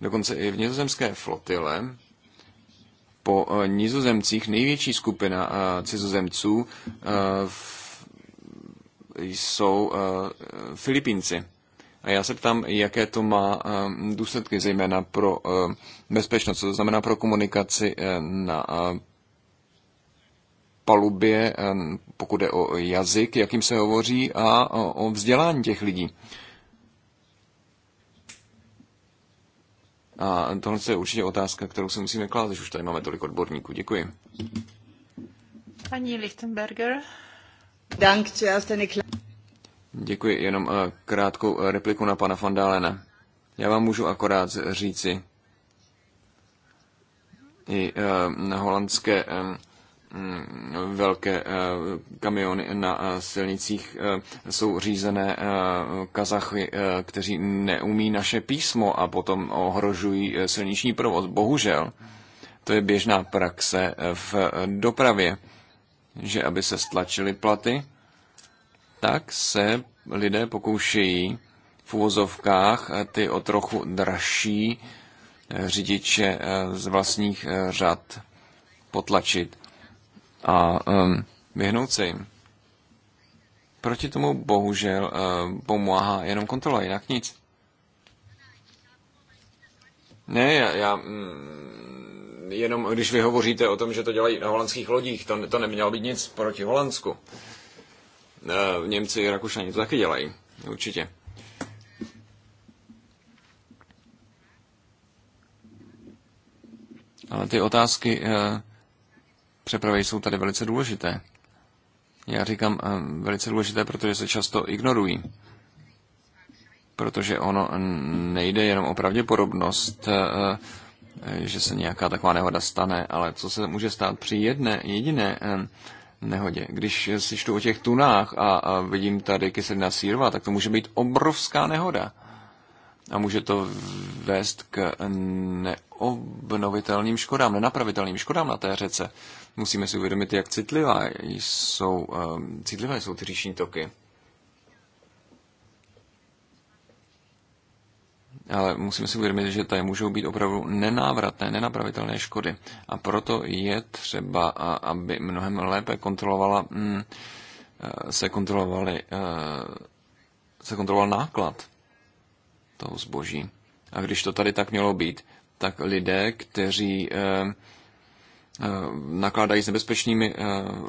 Dokonce i v nizozemské flotile po nizozemcích největší skupina cizozemců v jsou eh, Filipínci. A já se ptám, jaké to má eh, důsledky, zejména pro eh, bezpečnost, to znamená pro komunikaci na palubě, pokud je o jazyk, jakým se hovoří, a o vzdělání těch lidí. A tohle je určitě otázka, kterou si musíme klást, když už tady máme tolik odborníků. Děkuji. Paní Lichtenberger. Děkuji, jenom eh, krátkou eh, repliku na pana Fandálena. Já vám můžu akorát říci, i eh, na holandské mm, velké kamiony na silnicích jsou řízené kazachy, kteří neumí naše písmo a potom ohrožují silniční provoz. Bohužel, to je běžná praxe v dopravě že aby se stlačily platy, tak se lidé pokoušejí v uvozovkách ty o trochu dražší eh, řidiče eh, z vlastních eh, řad potlačit a um, vyhnout se jim. Proti tomu bohužel uh, pomáhá jenom kontrola, jinak nic. Ne, já, já mm, jenom když vy hovoříte o tom, že to dělají na holandských lodích, to, to nemělo být nic proti Holandsku. E, Němci, Rakušani to taky dělají, určitě. Ale ty otázky e, přepravy jsou tady velice důležité. Já říkám e, velice důležité, protože se často ignorují protože ono nejde jenom o pravděpodobnost Eh, že se nějaká taková nehoda stane, ale co se může stát při jedné jediné nehodě. Když si čtu o těch tunách a, a vidím tady kyselina sírva, tak to může být obrovská nehoda. A může to vést k neobnovitelným škodám, nenapravitelným škodám na té řece. Musíme si uvědomit, jak citlivá jsou, citlivé jsou ty říční toky. ale musíme si uvědomit, že tady můžou být opravdu nenávratné, nenapravitelné škody. A proto je třeba, aby mnohem lépe kontrolovala, mm, eh, se, kontrolovali, eh, se kontroloval náklad toho zboží. A když to tady tak mělo být, tak lidé, kteří eh, nakládají s nebezpečnými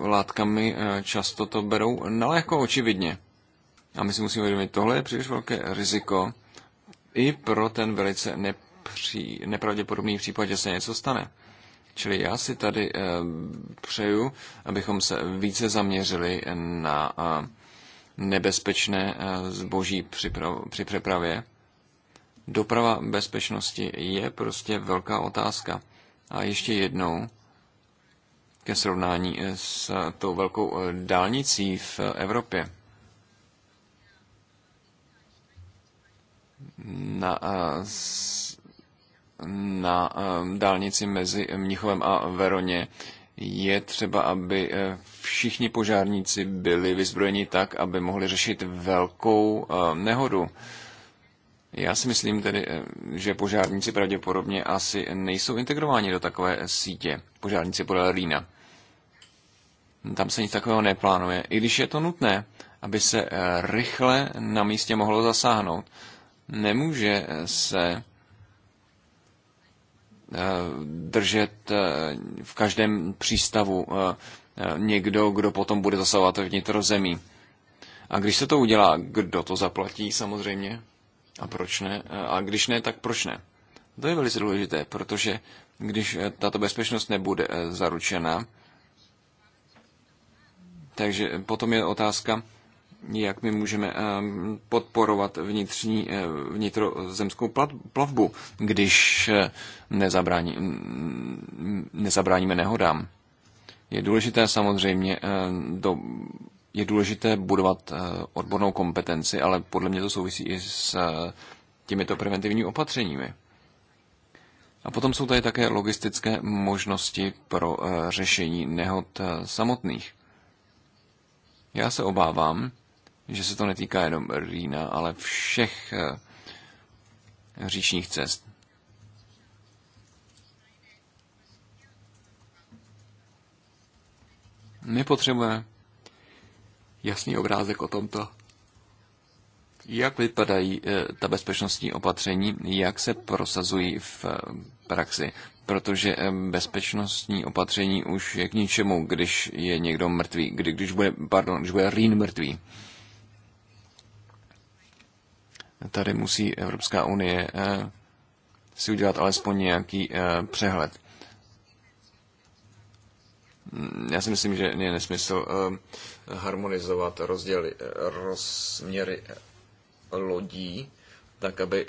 látkami, často to berou na lehko, očividně. A my si musíme uvědomit, tohle je příliš velké riziko, i pro ten velice nepří, nepravděpodobný případ, že se něco stane. Čili já si tady eh, přeju, abychom se více zaměřili na eh, nebezpečné eh, zboží při, při přepravě. Doprava bezpečnosti je prostě velká otázka. A ještě jednou ke srovnání s tou velkou dálnicí v Evropě. na, na dálnici mezi Mnichovem a Veroně je třeba, aby e, všichni požárníci byli vyzbrojeni tak, aby mohli řešit velkou e, nehodu. Já si myslím tedy, e, že požárníci pravděpodobně asi nejsou integrováni do takové sítě. Požárníci podle Rýna. Tam se nic takového neplánuje, i když je to nutné, aby se rychle na místě mohlo zasáhnout nemůže se eh, držet eh, v každém přístavu eh, někdo, kdo potom bude zasahovat vnitrozemí. A když se to udělá, kdo to zaplatí samozřejmě? A proč ne? A když ne, tak proč ne? To je velice důležité, protože když tato bezpečnost nebude zaručena, takže potom je otázka, jak my můžeme ehm, podporovat vnitřní, eh, vnitrozemskou plavbu, když eh, nezabrání, nezabráníme nehodám. Je důležité samozřejmě ehm, do, je důležité budovat eh, odbornou kompetenci, ale podle mě to souvisí i s těmito preventivními opatřeními. A potom jsou tady také logistické možnosti pro řešení nehod samotných. Já se obávám, že se to netýká jenom Rýna, ale všech eh, říčních cest. My potřebujeme jasný obrázek o tomto. Jak vypadají eh, ta bezpečnostní opatření, jak se prosazují v eh, praxi, protože bezpečnostní opatření už je k ničemu, když je někdo mrtvý, kdy, když bude, pardon, když bude Rýn mrtvý. Tady musí Evropská unie eh, si udělat alespoň nějaký eh, přehled. Mm, já si myslím, že je nesmysl eh, harmonizovat rozděly, rozměry lodí, tak aby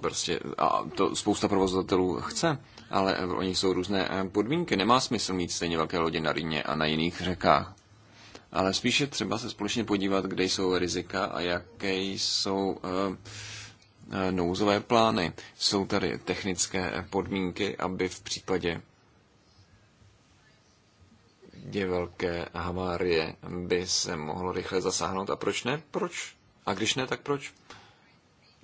prostě, a to spousta provozovatelů chce, ale oni jsou různé podmínky. Nemá smysl mít stejně velké lodě na Rýně a na jiných řekách ale spíše třeba se společně podívat, kde jsou rizika a jaké jsou eh, eh, nouzové plány. Jsou tady technické podmínky, aby v případě je velké havárie by se mohlo rychle zasáhnout. A proč ne? Proč? A když ne, tak proč?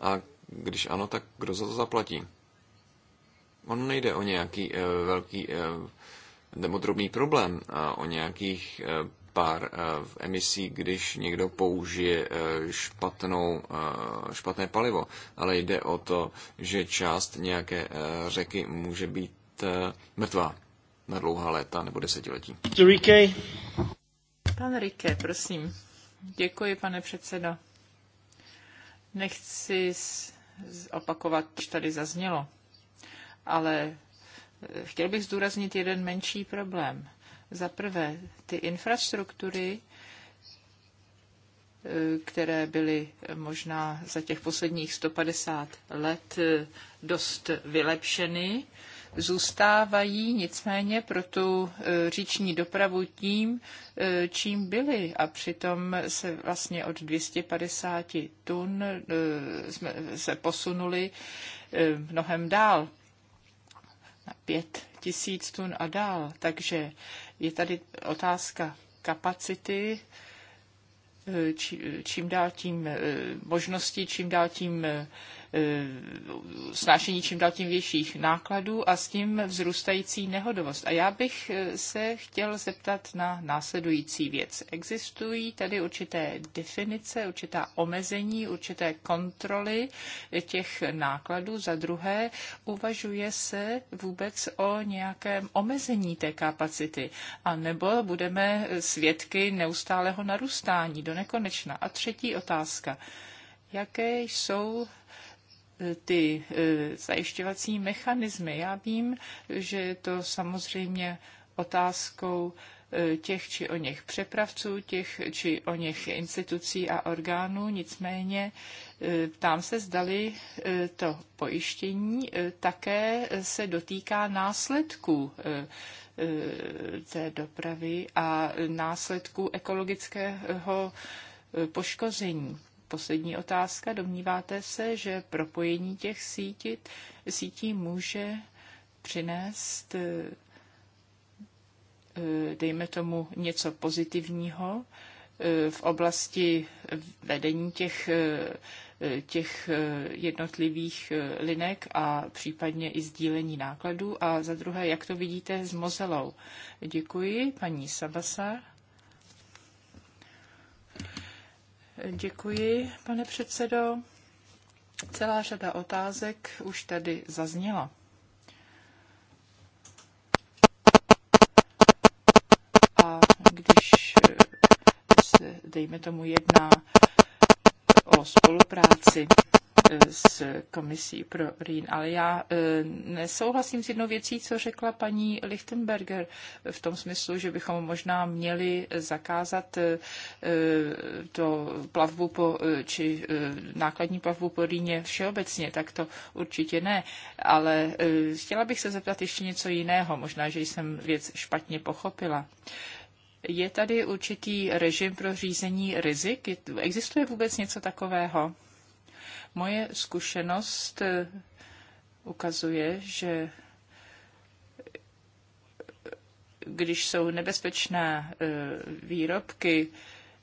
A když ano, tak kdo za to zaplatí? On nejde o nějaký e, velký e, nebo drobný problém, a o nějakých e, pár eh, emisí, když někdo použije eh, špatnou, eh, špatné palivo, ale jde o to, že část nějaké řeky může být mrtvá na dlouhá léta nebo desetiletí. Pan Rike, prosím. Děkuji, pane předsedo. Nechci opakovat, co tady zaznělo, ale chtěl bych zdůraznit jeden menší problém. Za prvé, ty infrastruktury, e, které byly možná za těch posledních 150 let e, dost vylepšeny, zůstávají nicméně pro tu e, říční dopravu tím, čím byly. A přitom se vlastně od 250 tun jsme se posunuli mnohem dál, na 5 tisíc tun a dál. Takže je tady otázka kapacity, eh, čím dál tím eh, možností, čím dál tím eh, Eh, snášení čím dál tím větších nákladů a s tím vzrůstající nehodovost. A já bych eh, se chtěl zeptat na následující věc. Existují tady určité definice, určitá omezení, určité kontroly těch nákladů. Za druhé, uvažuje se vůbec o nějakém omezení té kapacity, a nebo budeme svědky neustálého narůstání do nekonečna. A třetí otázka. Jaké jsou ty e, zajišťovací mechanismy. Já vím, že je to samozřejmě otázkou e, těch či o něch přepravců, těch či o něch institucí a orgánů. Nicméně e, ptám se, zdali to pojištění také se dotýká následků té dopravy a následků ekologického poškození poslední otázka. Domníváte se, že propojení těch sítí, sítí může přinést, eh, dejme tomu, něco pozitivního eh, v oblasti vedení těch, eh, těch jednotlivých linek a případně i sdílení nákladů? A za druhé, jak to vidíte s mozelou? Děkuji, paní Sabasa. Děkuji, pane předsedo. Celá řada otázek už tady zazněla. A když se, dejme tomu, jedná o spolupráci s komisí pro Rýn, ale já e, nesouhlasím s jednou věcí, co řekla paní Lichtenberger v tom smyslu, že bychom možná měli zakázat e, to plavbu po, e, či nákladní plavbu po Rýně všeobecně, tak to určitě ne, ale chtěla bych se zeptat ještě něco jiného, možná, že jsem věc špatně pochopila. Je tady určitý režim pro řízení rizik? Existuje vůbec něco takového? Moje zkušenost eh, ukazuje, že když jsou nebezpečné eh, výrobky,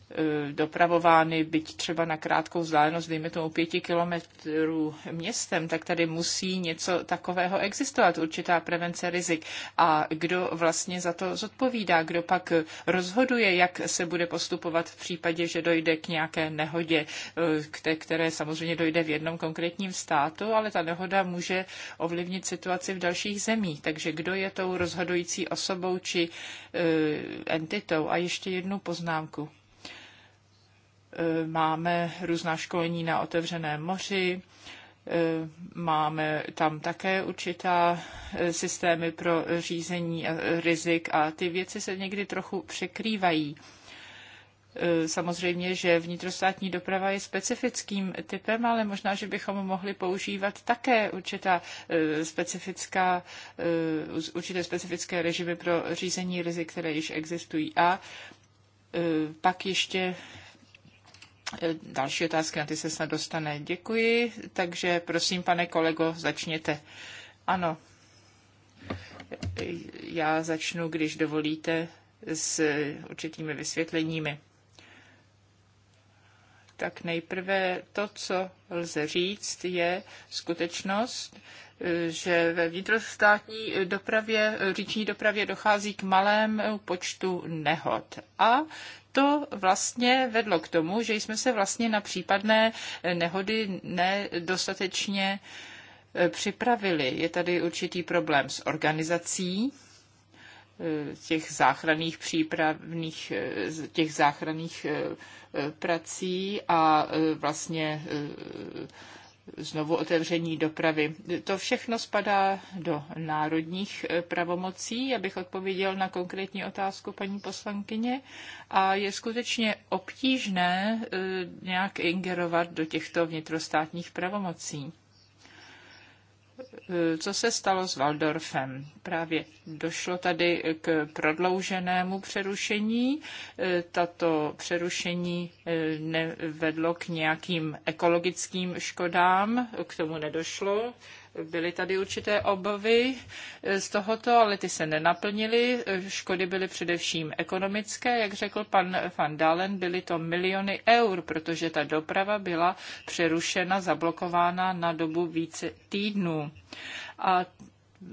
Eh, dopravovány, byť třeba na krátkou vzdálenost, dejme tomu pěti kilometrů městem, tak tady musí něco takového existovat, určitá prevence rizik. A kdo vlastně za to zodpovídá, kdo pak rozhoduje, jak se bude postupovat v případě, že dojde k nějaké nehodě, eh, k té, které samozřejmě dojde v jednom konkrétním státu, ale ta nehoda může ovlivnit situaci v dalších zemích. Takže kdo je tou rozhodující osobou či eh, entitou? A ještě jednu poznámku Eh, máme různá školení na otevřeném moři, eh, máme tam také určitá eh, systémy pro řízení rizik a ty věci se někdy trochu překrývají. Samozřejmě, že vnitrostátní doprava je specifickým typem, ale možná, že bychom mohli používat také určitá specifická, určité specifické režimy pro řízení rizik, které již existují. A pak ještě Eh, další otázky, na ty se snad dostane. Děkuji, takže prosím, pane kolego, začněte. Ano, eh, já začnu, když dovolíte, s eh, určitými vysvětleními. Tak nejprve to, co lze říct, je skutečnost, že ve vnitrostátní dopravě, říční dopravě dochází k malému počtu nehod. A to vlastně vedlo k tomu, že jsme se vlastně na případné nehody nedostatečně eh, připravili. Je tady určitý problém s organizací eh, těch záchranných přípravných, eh, těch záchranných prací a vlastně znovu otevření dopravy. To všechno spadá do národních e, pravomocí, abych odpověděl na konkrétní otázku paní poslankyně. A je skutečně obtížné e, nějak ingerovat do těchto vnitrostátních pravomocí co se stalo s Waldorfem. Právě došlo tady k prodlouženému přerušení. Tato přerušení eh, nevedlo k nějakým ekologickým škodám, k tomu nedošlo. Byly tady určité obavy eh, z tohoto, ale ty se nenaplnily. Eh, škody byly především ekonomické, jak řekl pan Van eh, Dalen, byly to miliony eur, protože ta doprava byla přerušena, zablokována na dobu více týdnů. A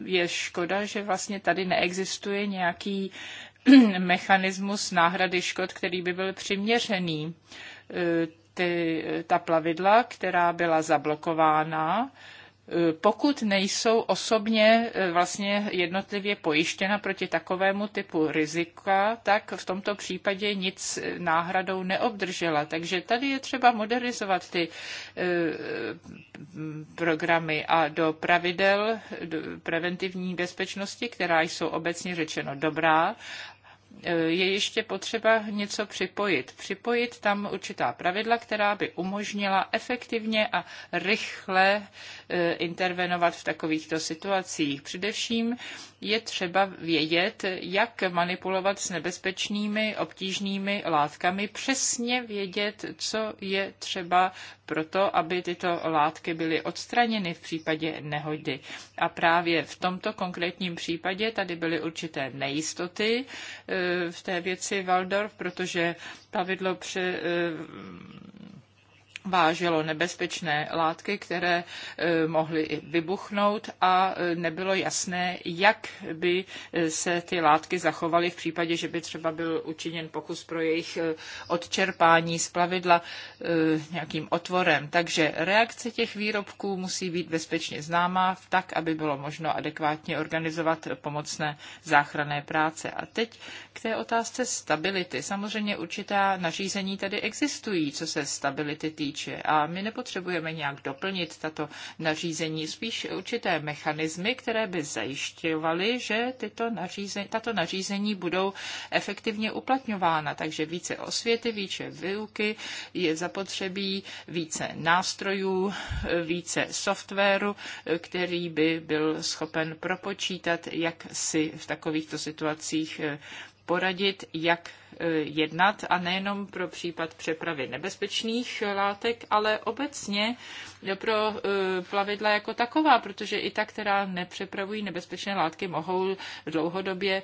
je škoda, že vlastně tady neexistuje nějaký <clears throat> mechanismus náhrady škod, který by byl přiměřený. Ty, ta plavidla, která byla zablokována, pokud nejsou osobně e, vlastně jednotlivě pojištěna proti takovému typu rizika, tak v tomto případě nic náhradou neobdržela. Takže tady je třeba modernizovat ty e, programy a do pravidel do preventivní bezpečnosti, která jsou obecně řečeno dobrá, E, je ještě potřeba něco připojit. Připojit tam určitá pravidla, která by umožnila efektivně a rychle e, intervenovat v takovýchto situacích. Především je třeba vědět, jak manipulovat s nebezpečnými, obtížnými látkami, přesně vědět, co je třeba pro to, aby tyto látky byly odstraněny v případě nehody. A právě v tomto konkrétním případě tady byly určité nejistoty e, v té věci Waldorf, protože pravidlo pře, e, vážilo nebezpečné látky, které e, mohly i vybuchnout a e, nebylo jasné, jak by e, se ty látky zachovaly v případě, že by třeba byl učiněn pokus pro jejich odčerpání z plavidla nějakým otvorem. Takže reakce těch výrobků musí být bezpečně známá, tak, aby bylo možno adekvátně organizovat pomocné záchranné práce. A teď k té otázce stability. Samozřejmě určitá nařízení tady existují, co se stability týče rodiče. A my nepotřebujeme nějak doplnit tato nařízení, spíš určité mechanismy, které by zajišťovaly, že tyto nařízení, tato nařízení budou efektivně uplatňována. Takže více osvěty, více výuky je zapotřebí, více nástrojů, více softwaru, který by byl schopen propočítat, jak si v takovýchto situacích poradit, jak e, jednat a nejenom pro případ přepravy nebezpečných e, látek, ale obecně pro e, plavidla jako taková, protože i ta, která nepřepravují nebezpečné látky, mohou dlouhodobě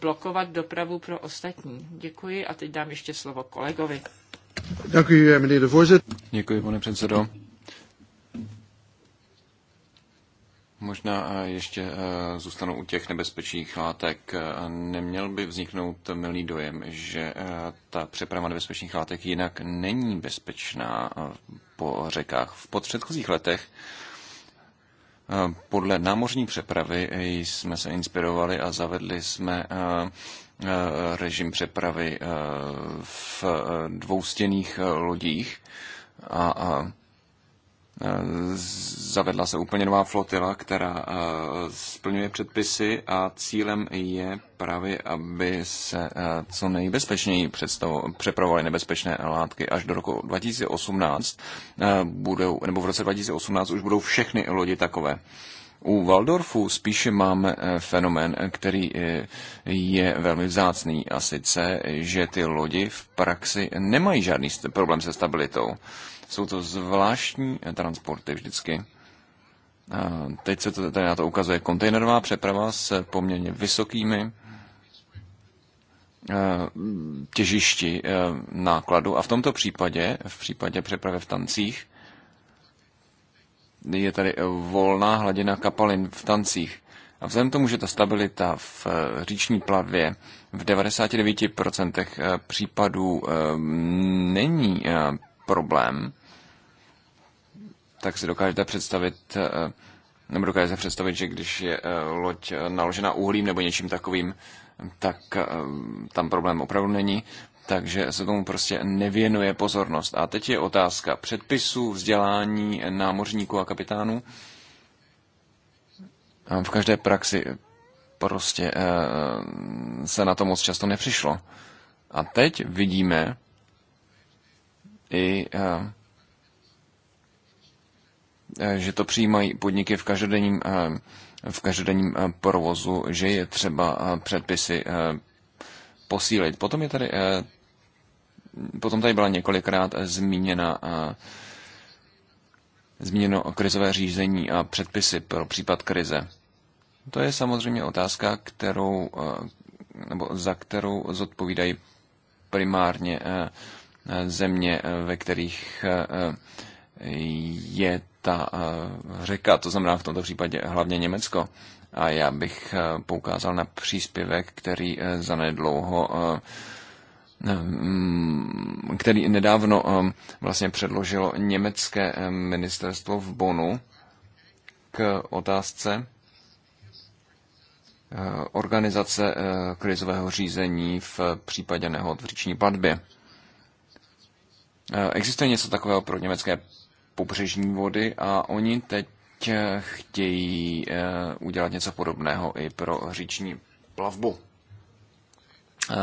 blokovat dopravu pro ostatní. Děkuji a teď dám ještě slovo kolegovi. Děkuji, pane předsedo. Možná eh, ještě eh, zůstanou u těch nebezpečných látek. Neměl by vzniknout milý dojem, že eh, ta přeprava nebezpečných látek jinak není bezpečná po řekách. V předchozích letech podle námořní přepravy jsme se inspirovali a zavedli jsme režim přepravy v dvoustěných lodích a Eh, zavedla se úplně nová flotila, která eh, splňuje předpisy a cílem je právě, aby se eh, co nejbezpečněji přepravovaly nebezpečné látky až do roku 2018. Budou, nebo v roce 2018 už budou všechny lodi takové. U Waldorfu spíše máme fenomén, který je velmi vzácný a sice, že ty lodi v praxi nemají žádný problém se stabilitou. Jsou to zvláštní transporty vždycky. Teď se to, tady na to ukazuje kontejnerová přeprava s poměrně vysokými e, těžišti e, nákladu. A v tomto případě, v případě přepravy v tancích, je tady volná hladina kapalin v tancích. A vzhledem tomu, že ta stabilita v e, říční plavě v 99% případů není problém, tak si dokážete představit, eh, nebo dokážete představit, že když je eh, loď eh, naložena uhlím nebo něčím takovým, tak tam problém opravdu není, takže se tomu prostě nevěnuje pozornost. A teď je otázka předpisů, vzdělání námořníků a kapitánů. V každé praxi prostě se na to moc často nepřišlo. A teď vidíme i Eh, že to přijímají podniky v každodenním, eh, v každodenním eh, provozu, že je třeba předpisy posílit. Potom je tady, potom tady byla několikrát zmíněna zmíněno krizové řízení a předpisy pro případ krize. To je samozřejmě otázka, kterou, nebo za kterou zodpovídají primárně země, ve kterých je ta eh, řeka, to znamená v tomto případě hlavně Německo. A já bych eh, poukázal na příspěvek, který eh, zanedlouho mm, který nedávno vlastně předložilo německé ministerstvo v Bonu k otázce organizace krizového řízení v případě nehod v říční platbě. Existuje něco takového pro německé pobřežní vody a oni teď eh, chtějí eh, udělat něco podobného i pro říční plavbu. Eh,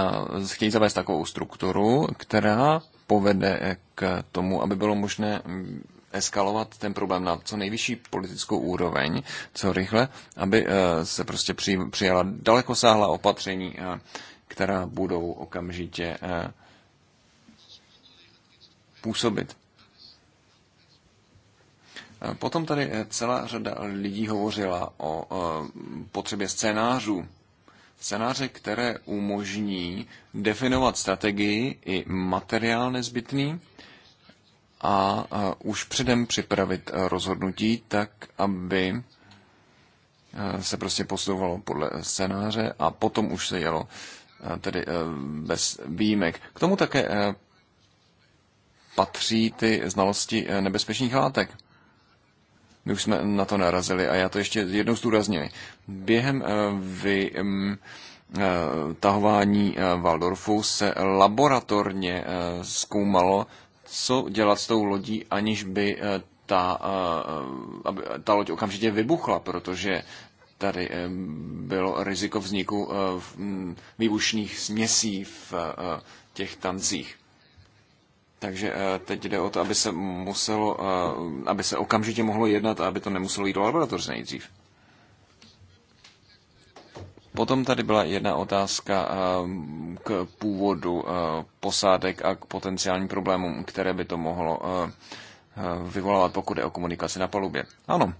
chtějí zavést takovou strukturu, která povede k tomu, aby bylo možné mm, eskalovat ten problém na co nejvyšší politickou úroveň, co rychle, aby se prostě přijala dalekosáhlá opatření, která budou okamžitě působit. Potom tady eh, celá řada lidí hovořila o eh, potřebě scénářů. Scénáře, které umožní definovat strategii i materiál nezbytný a eh, už předem připravit rozhodnutí tak, aby se prostě posouvalo podle scénáře a potom už se jelo tedy bez výjimek. K tomu také patří ty znalosti nebezpečných látek. My už jsme na to narazili a já to ještě jednou zdůrazňuji. Během eh, vy, mm, eh, tahování eh, Waldorfu se laboratorně zkoumalo, co dělat s tou lodí, aniž by ta, aby ta loď okamžitě vybuchla, protože tady bylo riziko vzniku mm, výbušných směsí v těch tancích. Takže eh, teď jde o to, aby se, muselo, eh, aby se okamžitě mohlo jednat a aby to nemuselo jít do laboratoře nejdřív. Potom tady byla jedna otázka eh, k původu posádek a k potenciálním problémům, které by to mohlo vyvolávat, pokud je o komunikaci na palubě. Ano,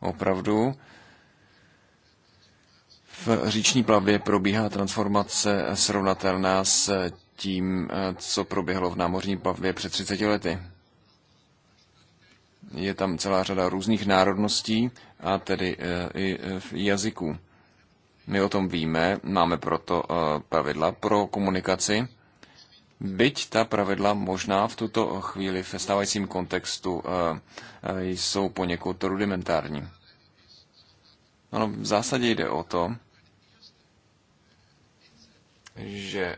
opravdu. V říční plavbě probíhá transformace srovnatelná s tím, eh, co proběhlo v námořní plavbě před 30 lety. Je tam celá řada různých národností a tedy eh, i eh, jazyků. My o tom víme, máme proto pravidla pro komunikaci. Byť ta pravidla možná v tuto chvíli v stávajícím kontextu jsou poněkud rudimentární. Ano, v zásadě jde o to, že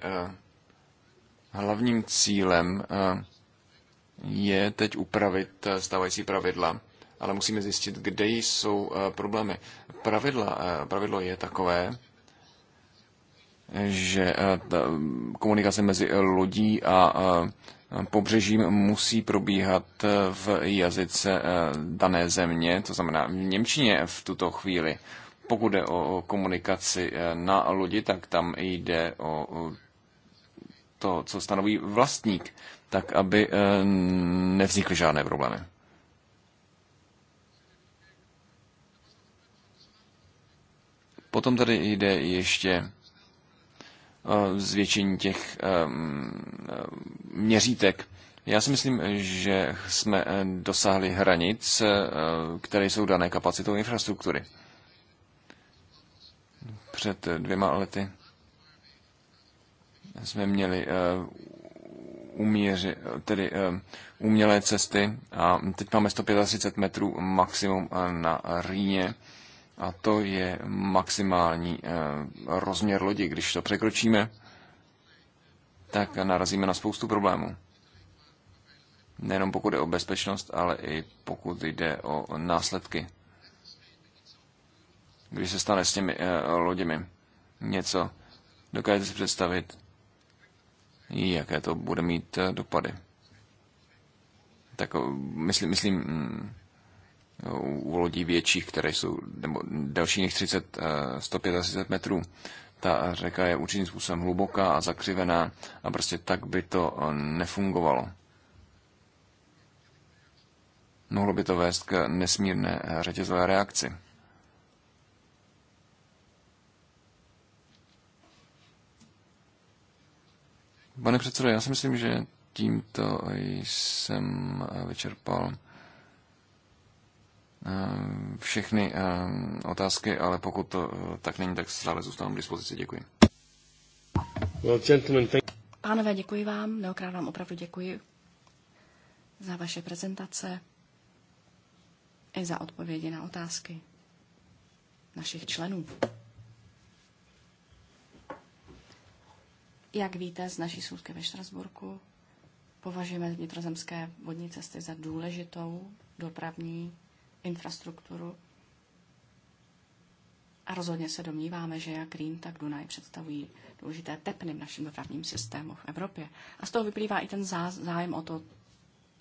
Hlavním cílem eh, je teď upravit eh, stávající pravidla, ale musíme zjistit, kde jsou eh, problémy. Pravidla, pravidlo je takové, že komunikace mezi lodí a pobřežím musí probíhat v jazyce dané země, to znamená v Němčině v tuto chvíli. Pokud jde o komunikaci na lodi, tak tam jde o to, co stanoví vlastník, tak aby eh, nevznikly žádné problémy. Potom tady jde ještě eh, zvětšení těch ehm, eh, měřítek. Já si myslím, že jsme dosáhli hranic, které jsou dané kapacitou infrastruktury. Před dvěma lety jsme měli eh, uměři, tedy eh, umělé cesty a teď máme 135 metrů maximum eh, na Rýně a to je maximální rozměr lodi. Když to překročíme, tak narazíme na spoustu problémů. Nejenom pokud jde o bezpečnost, ale i pokud jde o následky. Když se stane s těmi loděmi něco, dokážete si představit, jaké to bude mít eh, dopady. Tak eh, myslím, myslím mm, u lodí větších, které jsou nebo delší než 30, 135 eh, metrů, ta řeka je určitým způsobem hluboká a zakřivená a prostě tak by to nefungovalo. Mohlo by to vést k nesmírné řetězové reakci. Pane předsedo, já si myslím, že tímto jsem eh, vyčerpal eh, všechny eh, otázky, ale pokud to tak není, tak stále zůstanu k dispozici. Děkuji. Pánové, děkuji vám, Neokrát vám opravdu děkuji za vaše prezentace i za odpovědi na otázky našich členů. Jak víte, z naší soudky ve Štrasburku považujeme vnitrozemské vodní cesty za důležitou dopravní infrastrukturu a rozhodně se domníváme, že jak Rýn, tak Dunaj představují důležité tepny v našem dopravním systému v Evropě. A z toho vyplývá i ten zájem o to,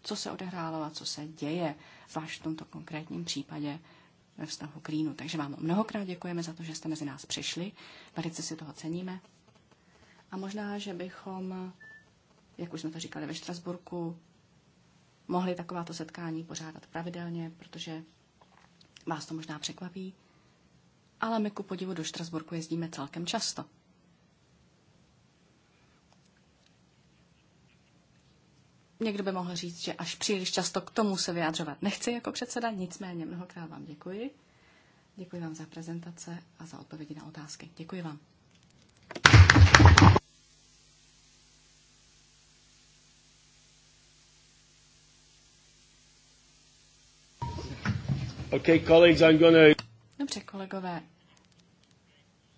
co se odehrálo a co se děje, zvlášť v tomto konkrétním případě ve vztahu k Rýnu. Takže vám mnohokrát děkujeme za to, že jste mezi nás přišli. Velice si toho ceníme. A možná, že bychom, jak už jsme to říkali ve Štrasburku, mohli takováto setkání pořádat pravidelně, protože vás to možná překvapí, ale my ku podivu do Štrasburku jezdíme celkem často. Někdo by mohl říct, že až příliš často k tomu se vyjadřovat nechci jako předseda, nicméně mnohokrát vám děkuji. Děkuji vám za prezentace a za odpovědi na otázky. Děkuji vám. Okay, colleagues, I'm gonna... Dobře, kolegové.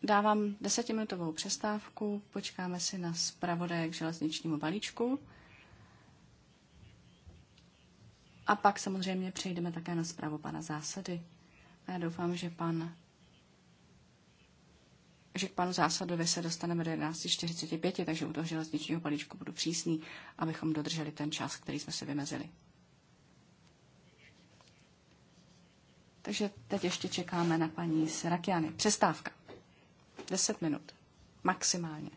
Dávám desetiminutovou přestávku, počkáme si na zpravodaje k železničnímu balíčku. A pak samozřejmě přejdeme také na zprávu pana zásady. A já doufám, že pan že k panu zásadovi se dostaneme do 11.45, takže u toho železničního balíčku budu přísný, abychom dodrželi ten čas, který jsme si vymezili. Takže teď ještě čekáme na paní Serakiany. Přestávka. 10 minut. Maximálně.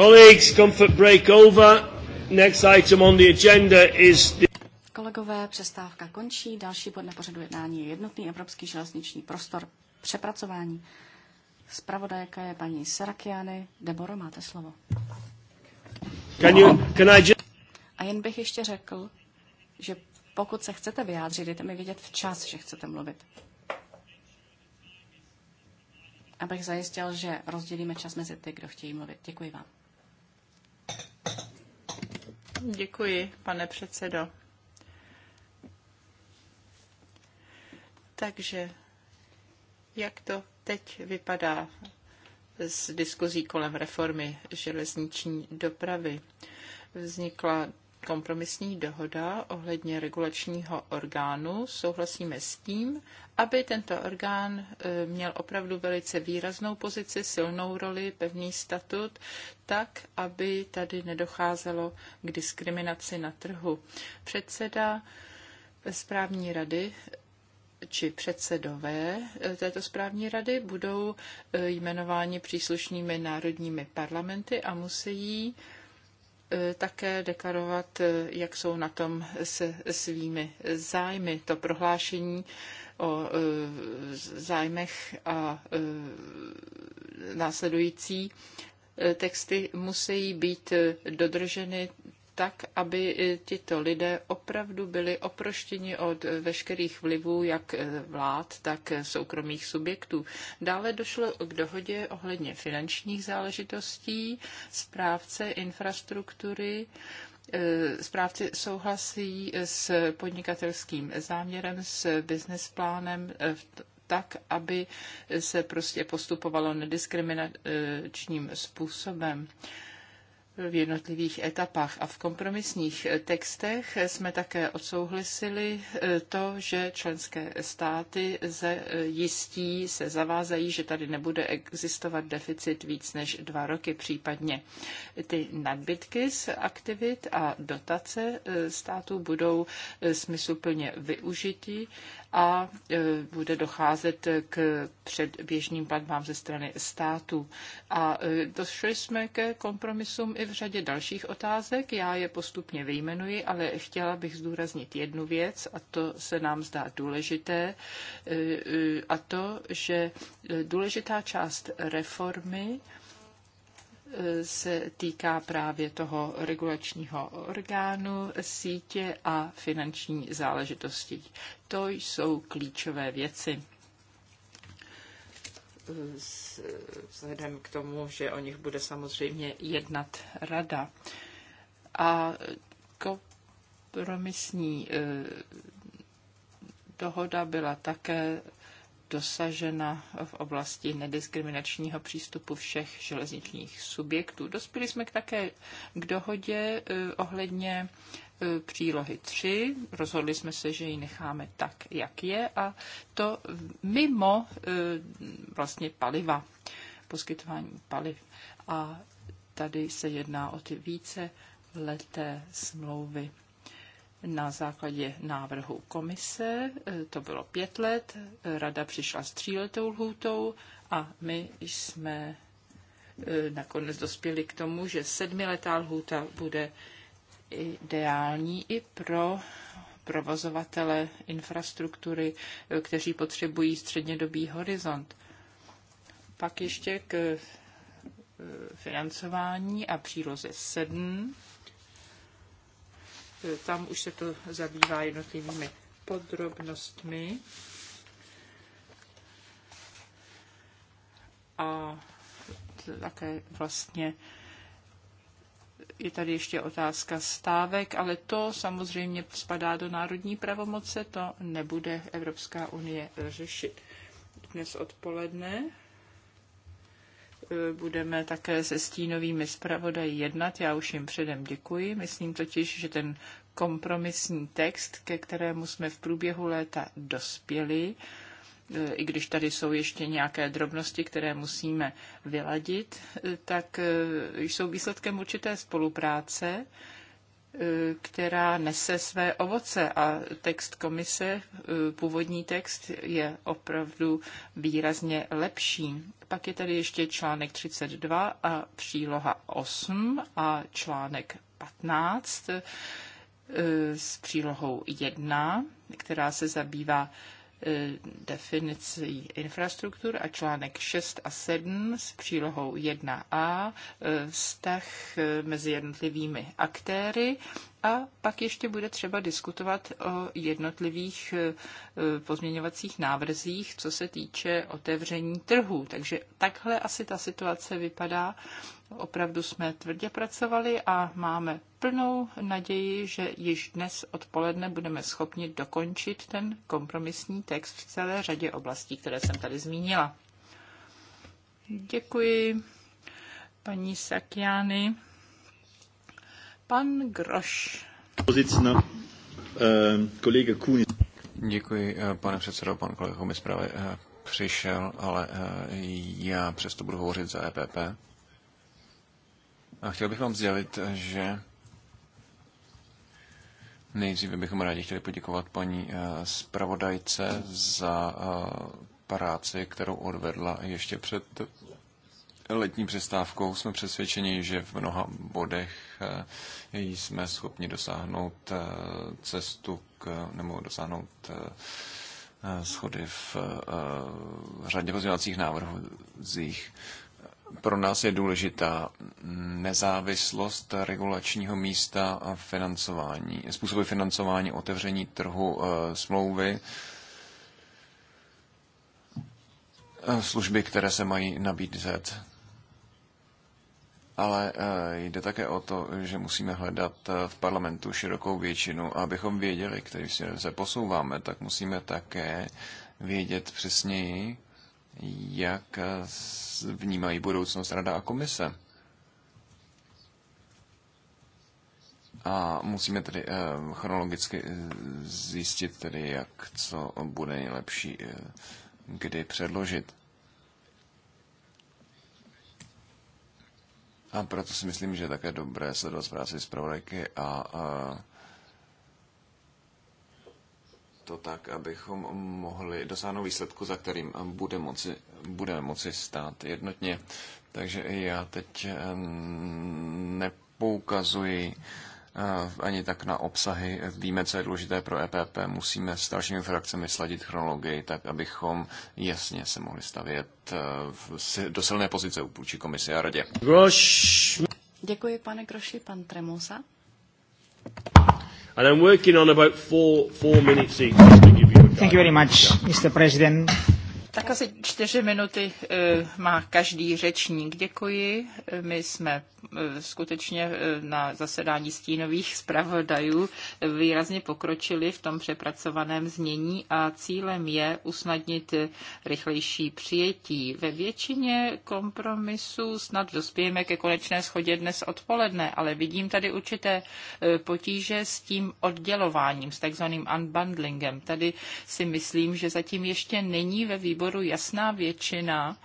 Colleagues, comfort break over. Next item on the agenda is the... Kolegové, přestávka končí. Další bod na pořadu jednání je jednotný evropský železniční prostor přepracování. Spravodajka je paní Serakiany. Deboro, máte slovo. Can you, can I just... A jen bych ještě řekl, že pokud se chcete vyjádřit, dejte mi vědět včas, že chcete mluvit. Abych zajistil, že rozdělíme čas mezi ty, kdo chtějí mluvit. Děkuji vám. Děkuji, pane předsedo. Takže jak to teď vypadá s diskuzí kolem reformy železniční dopravy? Vznikla kompromisní dohoda ohledně regulačního orgánu. Souhlasíme s tím, aby tento orgán eh, měl opravdu velice výraznou pozici, silnou roli, pevný statut, tak, aby tady nedocházelo k diskriminaci na trhu. Předseda správní rady či předsedové eh, této správní rady budou eh, jmenováni příslušnými národními parlamenty a musí Eh, také deklarovat, eh, jak jsou na tom se svými zájmy. To prohlášení o eh, zájmech a následující texty musí být dodrženy tak, aby e, tito lidé opravdu byli oproštěni od e, veškerých vlivů jak e, vlád, tak soukromých subjektů. Dále došlo k dohodě ohledně finančních záležitostí, správce infrastruktury, Správci souhlasí s podnikatelským záměrem, s business plánem tak, aby se prostě postupovalo nediskriminačním způsobem v jednotlivých etapách a v kompromisních textech jsme také odsouhlasili eh, to, že členské státy eh, jistí se zavázají, že tady nebude existovat deficit víc než dva roky, případně ty nadbytky z aktivit a dotace eh, států budou smysluplně využity a e, bude docházet k předběžným platbám ze strany států. A e, došli jsme ke kompromisům i v řadě dalších otázek. Já je postupně vyjmenuji, ale chtěla bych zdůraznit jednu věc, a to se nám zdá důležité, e, a to, že důležitá část reformy, se týká právě toho regulačního orgánu, sítě a finanční záležitosti. To jsou klíčové věci. Vzhledem k tomu, že o nich bude samozřejmě jednat rada. A kompromisní eh, dohoda byla také dosažena v oblasti nediskriminačního přístupu všech železničních subjektů. Dospěli jsme k také k dohodě e, ohledně e, přílohy 3. Rozhodli jsme se, že ji necháme tak, jak je, a to mimo e, vlastně paliva, poskytování paliv. A tady se jedná o ty více leté smlouvy na základě návrhu komise, e, to bylo pět let, e, rada přišla s tříletou lhůtou a my jsme e, nakonec dospěli k tomu, že sedmiletá lhůta bude ideální i pro provozovatele infrastruktury, kteří potřebují střednědobý horizont. Pak ještě k financování a příloze 7 tam už se to zabývá jednotlivými podrobnostmi. A také vlastně je tady ještě otázka stávek, ale to samozřejmě spadá do národní pravomoce, to nebude Evropská unie řešit. Dnes odpoledne budeme také se stínovými zpravodají jednat. Já už jim předem děkuji. Myslím totiž, že ten kompromisní text, ke kterému jsme v průběhu léta dospěli, e, i když tady jsou ještě nějaké drobnosti, které musíme vyladit, e, tak e, jsou výsledkem určité spolupráce E, která nese své ovoce a text komise, e, původní text, je opravdu výrazně lepší. Pak je tady ještě článek 32 a příloha 8 a článek 15 e, s přílohou 1, která se zabývá Eh, definici infrastruktur a článek 6 a 7 s přílohou 1a eh, vztah eh, mezi jednotlivými aktéry a pak ještě bude třeba diskutovat o jednotlivých e, pozměňovacích návrzích, co se týče otevření trhu. Takže takhle asi ta situace vypadá. Opravdu jsme tvrdě pracovali a máme plnou naději, že již dnes odpoledne budeme schopni dokončit ten kompromisní text v celé řadě oblastí, které jsem tady zmínila. Děkuji paní Sakiany. Pan Groš. Pozicna, eh, kolega Kunis. Děkuji, eh, pane předsedo, pan kolega mi právě eh, přišel, ale já přesto budu hovořit za EPP. A chtěl bych vám sdělit, že nejdříve bychom rádi chtěli poděkovat paní zpravodajce za práci, kterou odvedla ještě před letní přestávkou jsme přesvědčeni, že v mnoha bodech eh, jsme schopni dosáhnout eh, cestu k, nebo dosáhnout eh, schody v řadě pozměňovacích návrhů. Pro nás je důležitá nezávislost regulačního místa a financování, způsoby financování, otevření trhu, smlouvy, služby, které se mají nabízet ale eh, jde také o to, že musíme hledat eh, v parlamentu širokou většinu a abychom věděli, který směrem se posouváme, tak musíme také vědět přesněji, jak eh, vnímají budoucnost Rada a komise. A musíme tedy chronologicky zjistit, tedy jak co bude nejlepší kdy předložit. A proto si myslím, že je také dobré sledovat práci z a, a to tak, abychom mohli dosáhnout výsledku, za kterým bude moci, budeme moci stát jednotně. Takže já teď nepoukazuji ani tak na obsahy. Víme, co je důležité pro EPP. Musíme s dalšími frakcemi sladit chronologii, tak abychom jasně se mohli stavět eh, do silné pozice vůči komisi a radě. Děkuji, pane Groši. Pan Tremosa. And I'm working on about four, four minutes each Thank you very much, Mr. President. Tak asi čtyři minuty eh, má každý řečník. Děkuji. My jsme eh, skutečně eh, na zasedání stínových zpravodajů výrazně pokročili v tom přepracovaném znění a cílem je usnadnit rychlejší přijetí. Ve většině kompromisů snad dospějeme ke konečné schodě dnes odpoledne, ale vidím tady určité potíže s tím oddělováním, s takzvaným unbundlingem. Tady si myslím, že zatím ještě není ve výboru výboru jasná většina,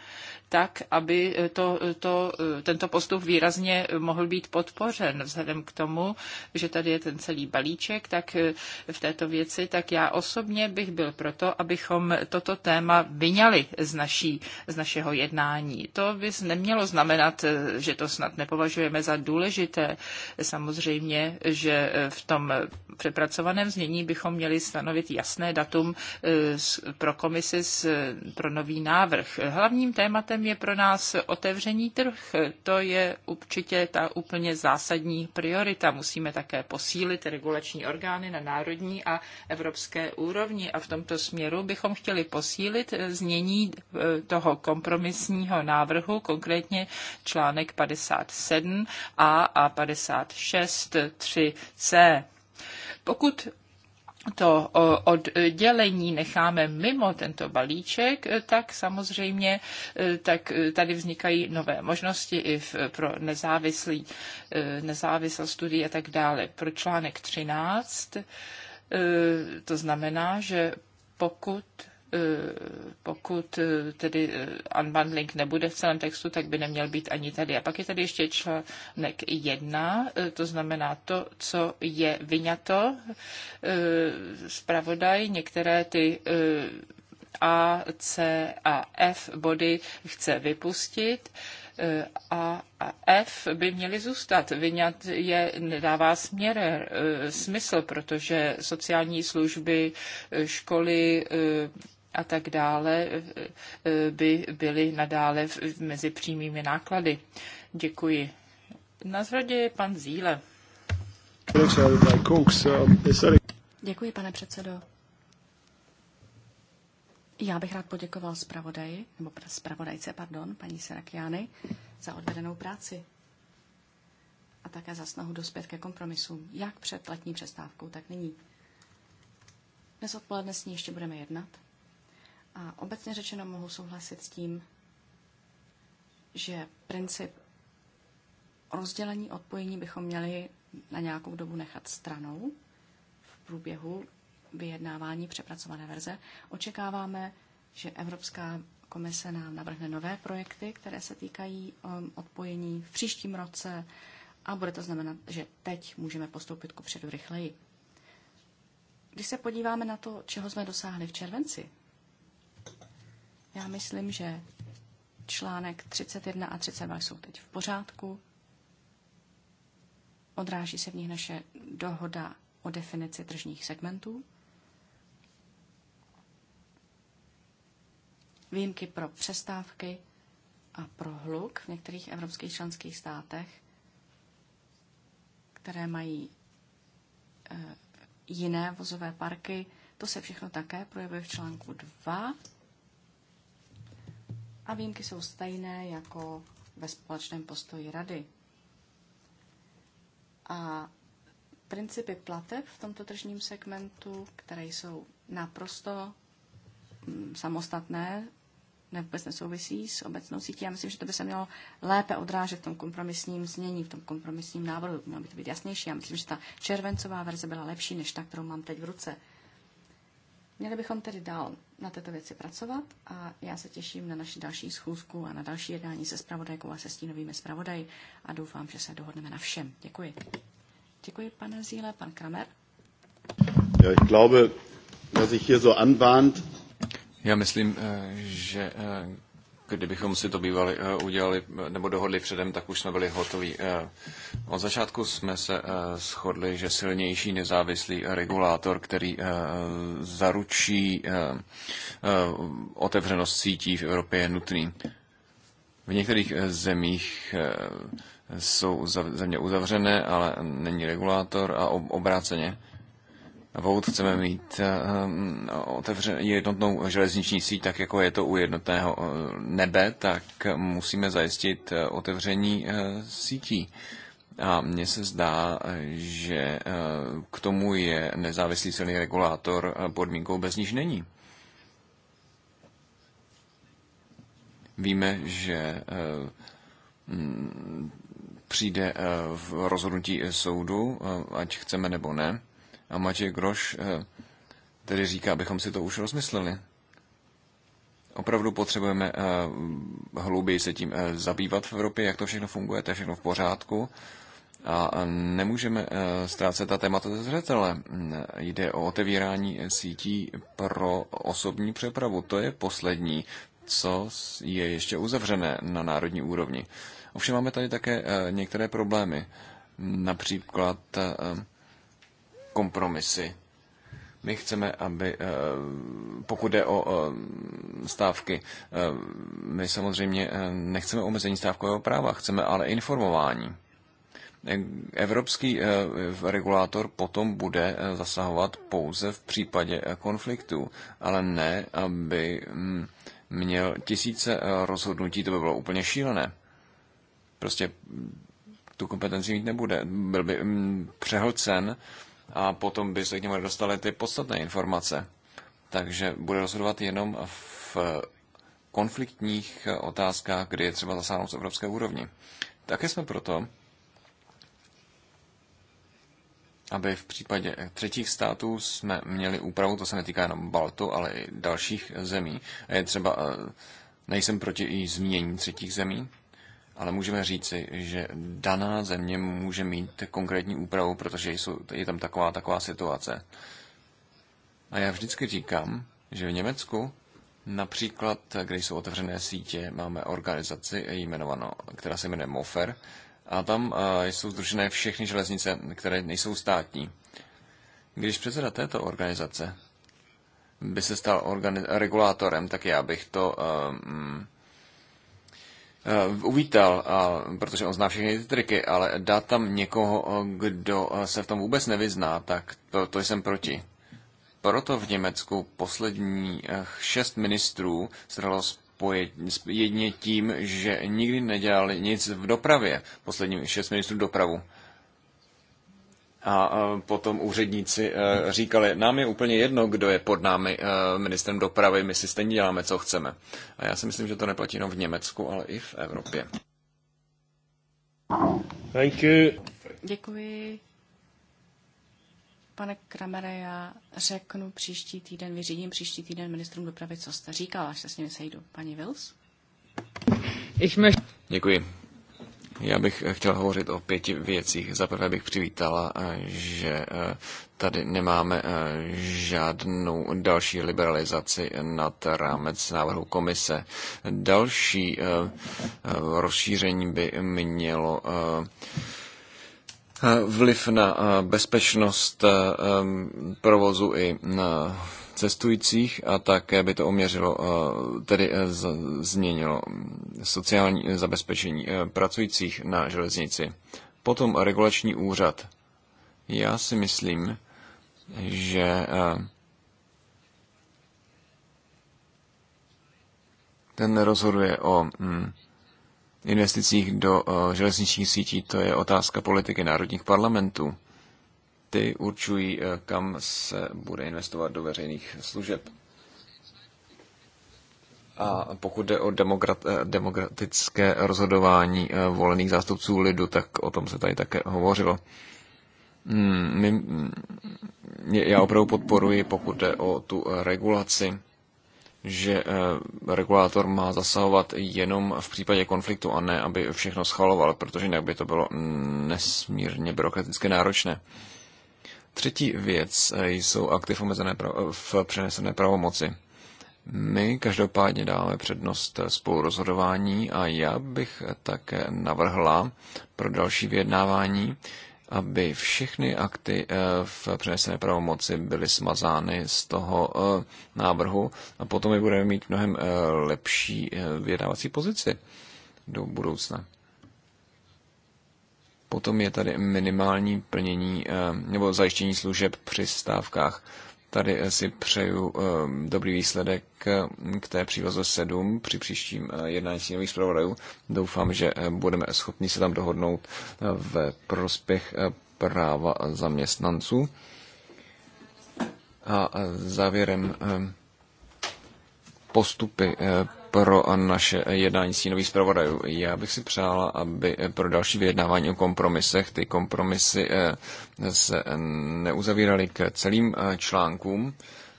tak, aby to, to, tento postup výrazně mohl být podpořen vzhledem k tomu, že tady je ten celý balíček, tak eh, v této věci, tak já osobně bych byl proto, abychom toto téma vyňali z, naší, z našeho jednání. To by nemělo znamenat, eh, že to snad nepovažujeme za důležité. Samozřejmě, že eh, v tom přepracovaném znění bychom měli stanovit jasné datum pro komisi pro nový návrh. Hlavním tématem tématem je pro nás otevřený. trh. To je určitě ta úplně zásadní priorita. Musíme také posílit regulační orgány na národní a evropské úrovni a v tomto směru bychom chtěli posílit znění eh, toho kompromisního návrhu, konkrétně článek 57a a 56.3c. Pokud to oddělení necháme mimo tento balíček, eh, tak samozřejmě eh, tak eh, tady vznikají nové možnosti i pro nezávislý, nezávislý studii a tak dále. Pro článek 13 to znamená, že pokud Eh, pokud eh, tedy eh, unbundling nebude v celém textu, tak by neměl být ani tady. A pak je tady ještě článek jedna. to znamená to, co je vyňato. Spravodaj některé ty A, C a F body chce vypustit. A a F by měly zůstat. Vyňat je nedává směr, smysl, protože sociální služby, školy, a tak dále eh, eh, by byly nadále mezi přímými náklady. Děkuji. Na řadě je pan Zíle. Děkuji, pane předsedo. Já bych rád poděkoval zpravodaji, nebo zpravodajce, pardon, paní Serakiany, za odvedenou práci a také za snahu dospět ke kompromisům, jak před letní přestávkou, tak nyní. Dnes odpoledne s ní ještě budeme jednat a obecně řečeno mohu souhlasit s tím, že princip rozdělení odpojení bychom měli na nějakou dobu nechat stranou v průběhu vyjednávání přepracované verze. Očekáváme, že Evropská komise nám navrhne nové projekty, které se týkají um, odpojení v příštím roce a bude to znamenat, že teď můžeme postoupit ku předu rychleji. Když se podíváme na to, čeho jsme dosáhli v červenci já myslím, že článek 31 a 32 jsou teď v pořádku. Odráží se v nich naše dohoda o definici tržních segmentů. Výjimky pro přestávky a pro hluk v některých evropských členských státech, které mají e, jiné vozové parky, to se všechno také projevuje v článku 2 a výjimky jsou stejné jako ve společném postoji rady. A principy plateb v tomto tržním segmentu, které jsou naprosto mm, samostatné, ne vůbec nesouvisí s obecnou sítí. Já myslím, že to by se mělo lépe odrážet v tom kompromisním znění, v tom kompromisním návrhu. Mělo by to být jasnější. Já myslím, že ta červencová verze byla lepší než ta, kterou mám teď v ruce. Měli bychom tedy dál na této věci pracovat a já se těším na naši další schůzku a na další jednání se spravodajkou a se stínovými spravodaji a doufám, že se dohodneme na všem. Děkuji. Děkuji, pane Zíle. Pan Kramer? Já ich glaube, dass ich hier so anbahnt. Já myslím, eh, že eh, Kdybychom si to bývali eh, udělali eh, nebo dohodli předem, tak už jsme byli hotoví. Eh, od začátku jsme se shodli, že silnější nezávislý regulátor, který zaručí otevřenost sítí v Evropě, je nutný. V některých zemích jsou země uzavřené, ale není regulátor a obráceně pokud chceme mít eh, eh, otevřenou jednotnou železniční síť, tak jako je to u jednotného eh, nebe, tak musíme zajistit otevření sítí. A mně se zdá, že k tomu je nezávislý silný regulátor podmínkou, bez níž není. Víme, že přijde v rozhodnutí soudu, ať chceme nebo ne, a Matěj Groš eh, tedy říká, abychom si to už rozmysleli. Opravdu potřebujeme eh, hlouběji se tím eh, zabývat v Evropě, jak to všechno funguje, to je všechno v pořádku. A nemůžeme ztrácet ta témata ze zřetele. Mm, jde o otevírání sítí pro osobní přepravu. To je poslední, co je ještě uzavřené na národní úrovni. Ovšem máme tady také některé problémy. Například kompromisy. My chceme, aby, eh, pokud jde o eh, stávky, eh, my samozřejmě nechceme omezení stávkového práva, chceme ale informování. Evropský regulátor potom bude zasahovat pouze v případě konfliktu, ale ne, aby hm, měl tisíce rozhodnutí, to by bylo úplně šílené. Prostě tu kompetenci mít nebude. Byl by hm, přehlcen a potom by se k němu dostaly ty podstatné informace. Takže bude rozhodovat jenom v konfliktních otázkách, kdy je třeba zasáhnout z evropské úrovni. Také jsme proto, aby v případě třetích států jsme měli úpravu, to se netýká jenom Baltu, ale i dalších zemí. A je třeba, eh, nejsem proti i zmínění třetích zemí, ale můžeme říci, že daná země může mít konkrétní úpravu, protože jsou, je tam taková taková situace. A já vždycky říkám, že v Německu například, kde jsou otevřené sítě, máme organizaci jmenovanou, která se jmenuje MOFER, a tam eh, jsou združené všechny železnice, které nejsou státní. Když předseda této organizace by se stal regulátorem, tak já bych to um, Eh, uvítal, a, protože on zná všechny ty triky, ale dát tam někoho, eh, kdo eh, se v tom vůbec nevyzná, tak to, to jsem proti. Proto v Německu posledních šest ministrů strhlo jedině tím, že nikdy nedělali nic v dopravě, poslední šest ministrů dopravu. A potom úředníci e, říkali, nám je úplně jedno, kdo je pod námi e, ministrem dopravy, my si stejně děláme, co chceme. A já si myslím, že to neplatí jenom v Německu, ale i v Evropě. Thank you. Děkuji. Pane Kramere, já řeknu příští týden, vyřídím příští týden ministrům dopravy, co jste říkal, až se s nimi sejdu. Paní Wills? Děkuji. Já bych eh, chtěl hovořit o pěti věcích. Za prvé bych přivítala, eh, že eh, tady nemáme žádnou další liberalizaci nad rámec návrhu komise. Další rozšíření by mělo vliv na bezpečnost provozu i na cestujících a také by to oměřilo, eh, tedy eh, změnilo sociální eh, zabezpečení pracujících na železnici. Potom regulační úřad. Já si myslím, že ten rozhoduje o mm, investicích do železničních sítí, to je otázka politiky národních parlamentů ty určují, eh, kam se bude investovat do veřejných služeb. A pokud jde o eh, demokratické rozhodování eh, volených zástupců lidu, tak o tom se tady také hovořilo. Hmm, my, mm, já opravdu podporuji, pokud jde o tu regulaci, že regulátor má zasahovat jenom v případě konfliktu a ne, aby všechno schvaloval, protože jinak by to bylo nesmírně byrokraticky náročné. Třetí věc eh, jsou aktiv omezené eh, v přenesené pravomoci. My každopádně dáme přednost eh, spolurozhodování a já bych také navrhla pro další vyjednávání, aby všechny akty v přenesené pravomoci byly smazány z toho návrhu a potom my budeme mít mnohem lepší vyjednávací pozici do budoucna. Potom je tady minimální plnění eh, nebo zajištění služeb při stávkách. Tady eh, si přeju eh, dobrý výsledek k té příloze 7 při příštím jednání nových zpravodajů. Doufám, že budeme schopni se tam dohodnout ve prospěch práva zaměstnanců. A závěrem postupy pro naše jednání s stínových zpravodajů. Já bych si přála, aby pro další vyjednávání o kompromisech ty kompromisy eh, se neuzavíraly k celým eh, článkům,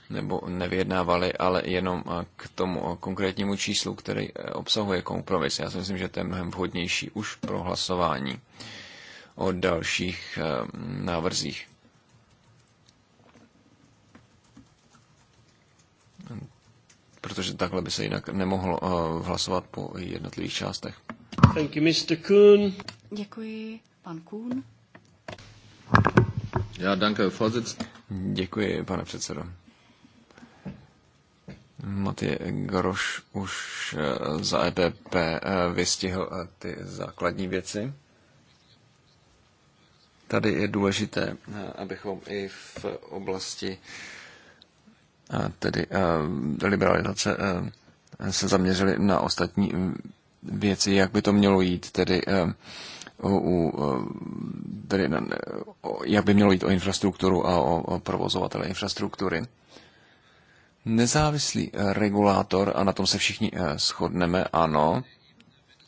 nebo nevyjednávali, ale jenom eh, k tomu konkrétnímu číslu, který obsahuje kompromis. Já si myslím, že to je mnohem vhodnější už pro hlasování o dalších návrzích. protože takhle by se jinak nemohlo eh, hlasovat po jednotlivých částech. Thank you, Mr. Kuhn. Děkuji, pan Kuhn. Já, danke, Děkuji, pane předsedo. Matěj Groš už eh, za EPP eh, vystihl ty základní věci. Tady je důležité, abychom i v oblasti tedy eh, liberalizace, eh, se zaměřili na ostatní mm, věci, jak by to mělo jít, tedy eh, u, tedy na, jak by mělo jít o infrastrukturu a o, o provozovatele infrastruktury. Nezávislý regulátor, a na tom se všichni shodneme, ano,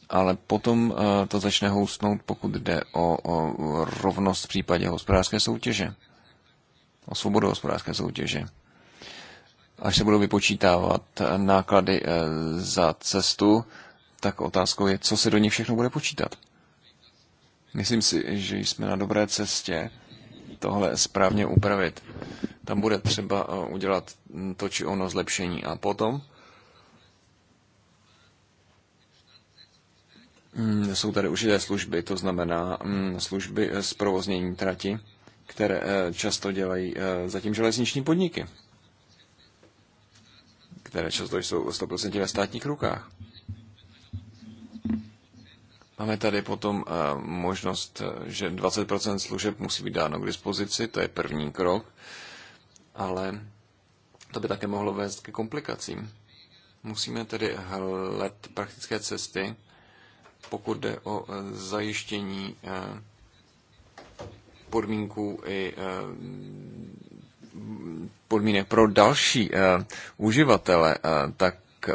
ale potom to začne housnout, pokud jde o, o rovnost v případě hospodářské soutěže, o svobodu hospodářské soutěže až se budou vypočítávat náklady eh, za cestu, tak otázkou je, co se do nich všechno bude počítat. Myslím si, že jsme na dobré cestě tohle správně upravit. Tam bude třeba eh, udělat to či ono zlepšení a potom mm, jsou tady užité služby, to znamená mm, služby zprovoznění trati, které eh, často dělají zatím železniční podniky které často jsou 100% ve státních rukách. Máme tady potom eh, možnost, eh, že 20% služeb musí být dáno k dispozici, to je první krok, ale to by také mohlo vést ke komplikacím. Musíme tedy hledat praktické cesty, pokud jde o eh, zajištění podmínků i podmínek pro další eh, uživatele, eh, tak eh,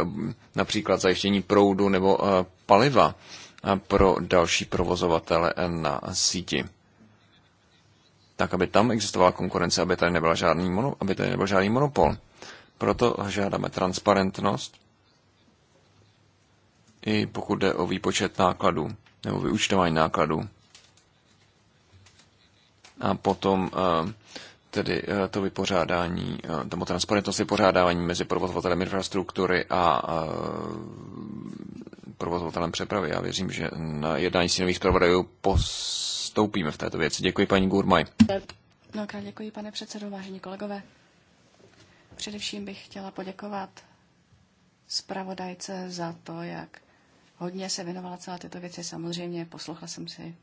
například zajištění proudu nebo paliva pro další provozovatele na síti. Tak, aby tam existovala konkurence, aby tady, nebyla žádný mono, aby tady nebyl žádný monopol. Proto žádáme transparentnost, i pokud jde o výpočet nákladů nebo vyučtování nákladů. A potom tedy eh, to vypořádání, eh, tomu transparentnost vypořádání mezi provozovatelem infrastruktury a eh, provozovatelem přepravy. Já věřím, že na jednání s nových zpravodajů postoupíme v této věci. Děkuji, paní Gurmaj. No, děkuji, pane předsedo, vážení kolegové. Především bych chtěla poděkovat zpravodajce za to, jak hodně se věnovala celé této věci. Samozřejmě poslouchla jsem si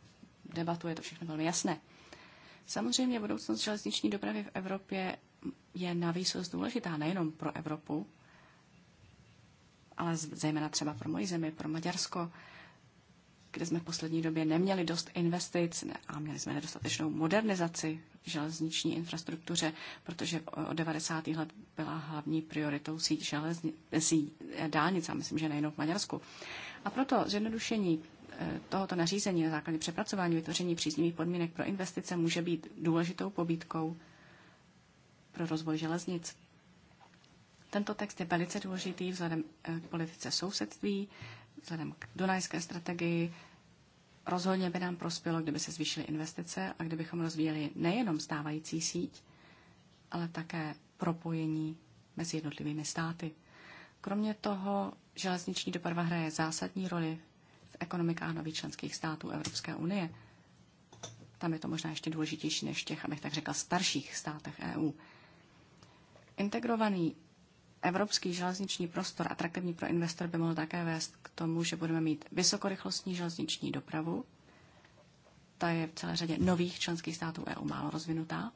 debatu, je to všechno velmi jasné. Samozřejmě budoucnost železniční dopravy v Evropě je na výsost důležitá nejenom pro Evropu, ale zejména třeba pro moji zemi, pro Maďarsko, kde jsme v poslední době neměli dost investic a měli jsme nedostatečnou modernizaci v železniční infrastruktuře, protože od 90. let byla hlavní prioritou síť, železni- síť dálnic a myslím, že nejenom v Maďarsku. A proto zjednodušení tohoto nařízení na základě přepracování vytvoření příznivých podmínek pro investice může být důležitou pobídkou pro rozvoj železnic. Tento text je velice důležitý vzhledem eh, k politice sousedství, vzhledem k dunajské strategii. Rozhodně by nám prospělo, kdyby se zvýšily investice a kdybychom rozvíjeli nejenom stávající síť, ale také propojení mezi jednotlivými státy. Kromě toho železniční doprava hraje zásadní roli ekonomikách nových členských států Evropské unie. Tam je to možná ještě důležitější než v těch, abych tak řekla, starších státech EU. Integrovaný evropský železniční prostor atraktivní pro investor by mohl také vést k tomu, že budeme mít vysokorychlostní železniční dopravu. Ta je v celé řadě nových členských států EU málo rozvinutá.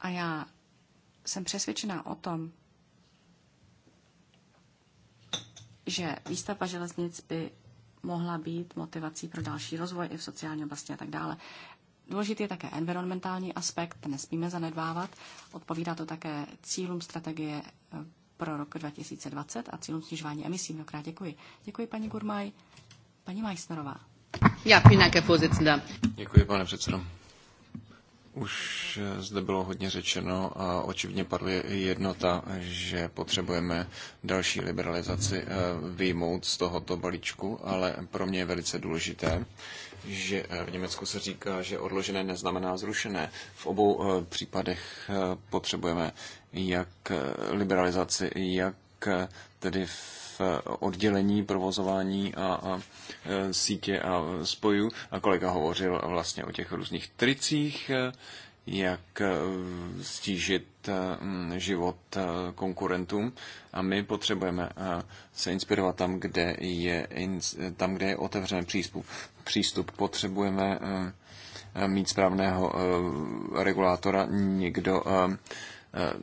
A já jsem přesvědčená o tom, že výstavba železnic by mohla být motivací pro další rozvoj i v sociální oblasti a tak dále. Důležitý je také environmentální aspekt, nesmíme zanedbávat. Odpovídá to také cílům strategie eh, pro rok 2020 a cílům snižování emisí. Mnohokrát děkuji. Děkuji paní Gurmaj. Paní Majsnerová. Já, Děkuji, pane předsedo. Už eh, zde bylo hodně řečeno a očivně padla jednota, že potřebujeme další liberalizaci eh, výjmout z tohoto balíčku, ale pro mě je velice důležité, že eh, v Německu se říká, že odložené neznamená zrušené. V obou případech potřebujeme jak liberalizaci, jak tedy v Eh, oddělení provozování a, a eh, sítě a spojů. A kolega hovořil vlastně o těch různých tricích, eh, jak stížit mm, život konkurentům a my potřebujeme se inspirovat tam, kde je, tam, kde je otevřen přístup. přístup. Potřebujeme mít správného regulátora, někdo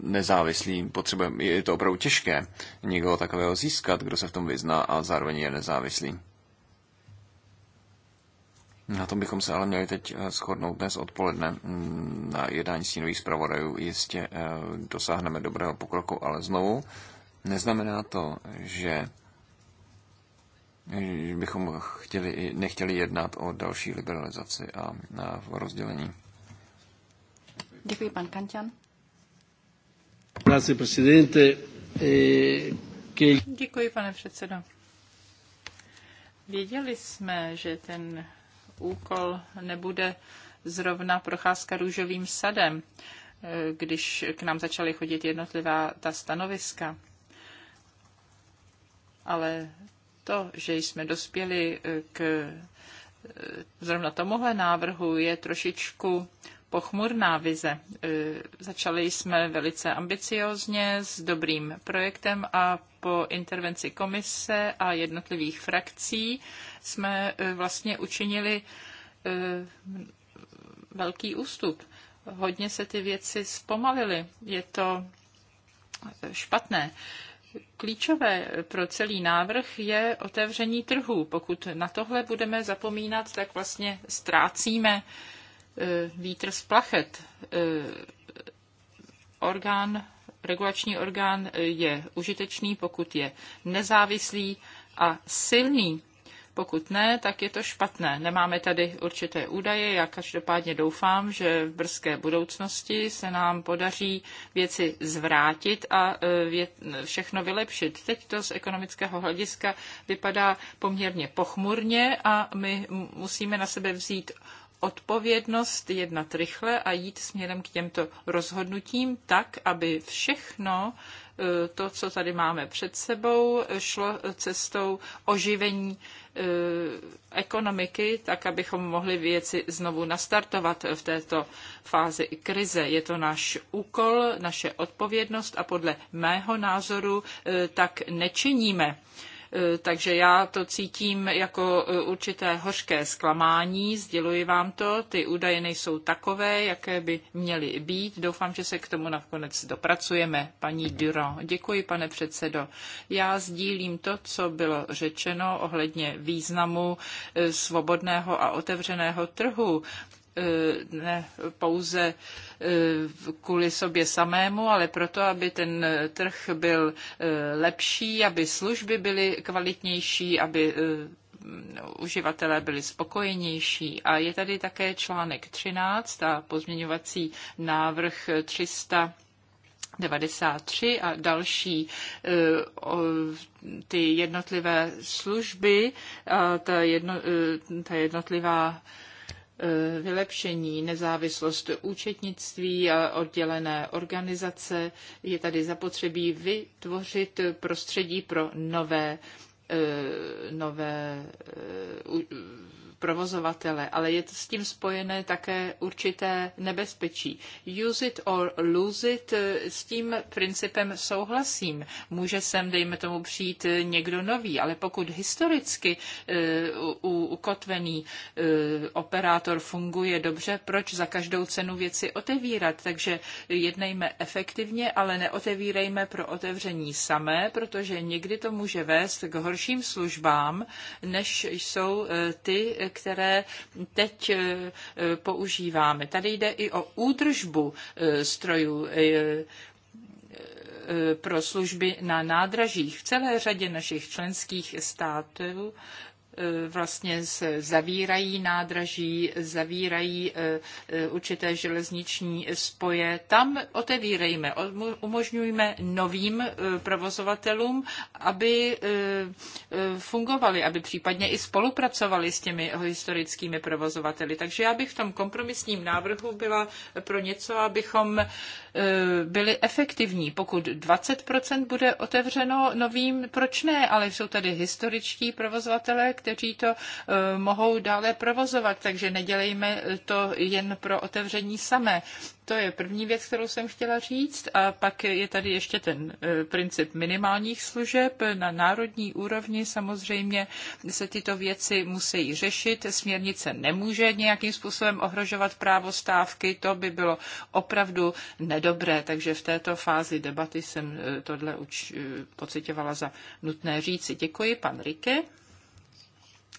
nezávislým. Potřebujeme, je to opravdu těžké někoho takového získat, kdo se v tom vyzná a zároveň je nezávislý. Na tom bychom se ale měli teď eh, shodnout dnes odpoledne. Mm, na jednání stínových zpravodajů jistě eh, dosáhneme dobrého pokroku, ale znovu neznamená to, že bychom chtěli, nechtěli jednat o další liberalizaci a, a rozdělení. Děkuji, pan Kantian. E Děkuji, pane předsedo. Věděli jsme, že ten úkol nebude zrovna procházka růžovým sadem, e, když k nám začaly chodit jednotlivá ta stanoviska. Ale to, že jsme dospěli e, k zrovna tomuhle návrhu, je trošičku pochmurná vize. E, začali jsme velice ambiciozně s dobrým projektem a po intervenci komise a jednotlivých frakcí jsme e, vlastně učinili e, velký ústup. Hodně se ty věci zpomalily. Je to špatné. Klíčové pro celý návrh je otevření trhu. Pokud na tohle budeme zapomínat, tak vlastně ztrácíme E, vítr z plachet. E, orgán, regulační orgán e, je užitečný, pokud je nezávislý a silný. Pokud ne, tak je to špatné. Nemáme tady určité údaje. Já každopádně doufám, že v brzké budoucnosti se nám podaří věci zvrátit a všechno vylepšit. Teď to z ekonomického hlediska vypadá poměrně pochmurně a my musíme na sebe vzít odpovědnost jednat rychle a jít směrem k těmto rozhodnutím tak, aby všechno eh, to, co tady máme před sebou, šlo cestou oživení eh, ekonomiky, tak abychom mohli věci znovu nastartovat v této fázi krize. Je to náš úkol, naše odpovědnost a podle mého názoru eh, tak nečiníme Eh, takže já to cítím jako eh, určité hořké zklamání, sděluji vám to, ty údaje nejsou takové, jaké by měly být. Doufám, že se k tomu nakonec dopracujeme. Paní Duro, děkuji, pane předsedo. Já sdílím to, co bylo řečeno ohledně významu eh, svobodného a otevřeného trhu Eh, ne pouze eh, kvůli sobě samému, ale proto, aby ten trh byl eh, lepší, aby služby byly kvalitnější, aby uživatelé byli spokojenější. A je tady také článek 13 a pozměňovací návrh 300. 93 a další ty jednotlivé služby, ta, jedno, ta jednotlivá E, vylepšení, nezávislost účetnictví a oddělené organizace. Je tady zapotřebí vytvořit prostředí pro nové E, nové e, provozovatele, ale je s tím spojené také určité nebezpečí. Use it or lose it, e, s tím principem souhlasím. Může sem, dejme tomu, přijít někdo nový, ale pokud historicky ukotvený operátor funguje dobře, proč za každou cenu věci otevírat? Takže jednejme efektivně, ale neotevírejme pro otevření samé, protože někdy to může vést k horší horším službám, než jsou eh, ty, které teď eh, eh, používáme. Tady jde i o údržbu strojů pro služby na nádražích v celé řadě našich členských států Eh, vlastně se zavírají nádraží, zavírají eh, eh, určité železniční spoje. Tam otevírejme, umožňujme novým provozovatelům, aby fungovali, aby případně i spolupracovali s těmi historickými provozovateli. Takže já bych v tom kompromisním návrhu byla pro něco, abychom byli efektivní. Pokud 20% bude otevřeno novým, proč ne? Ale jsou tady historičtí provozovatelé, kteří to eh, mohou dále provozovat, takže nedělejme to jen pro otevření samé. To je první věc, kterou jsem chtěla říct. A pak je tady ještě ten eh, princip minimálních služeb. Na národní úrovni samozřejmě se tyto věci musí řešit. Směrnice nemůže nějakým způsobem ohrožovat právo stávky. To by bylo opravdu nedobré. Takže v této fázi debaty jsem eh, tohle už pocitovala za nutné říci. Děkuji, pan Rike.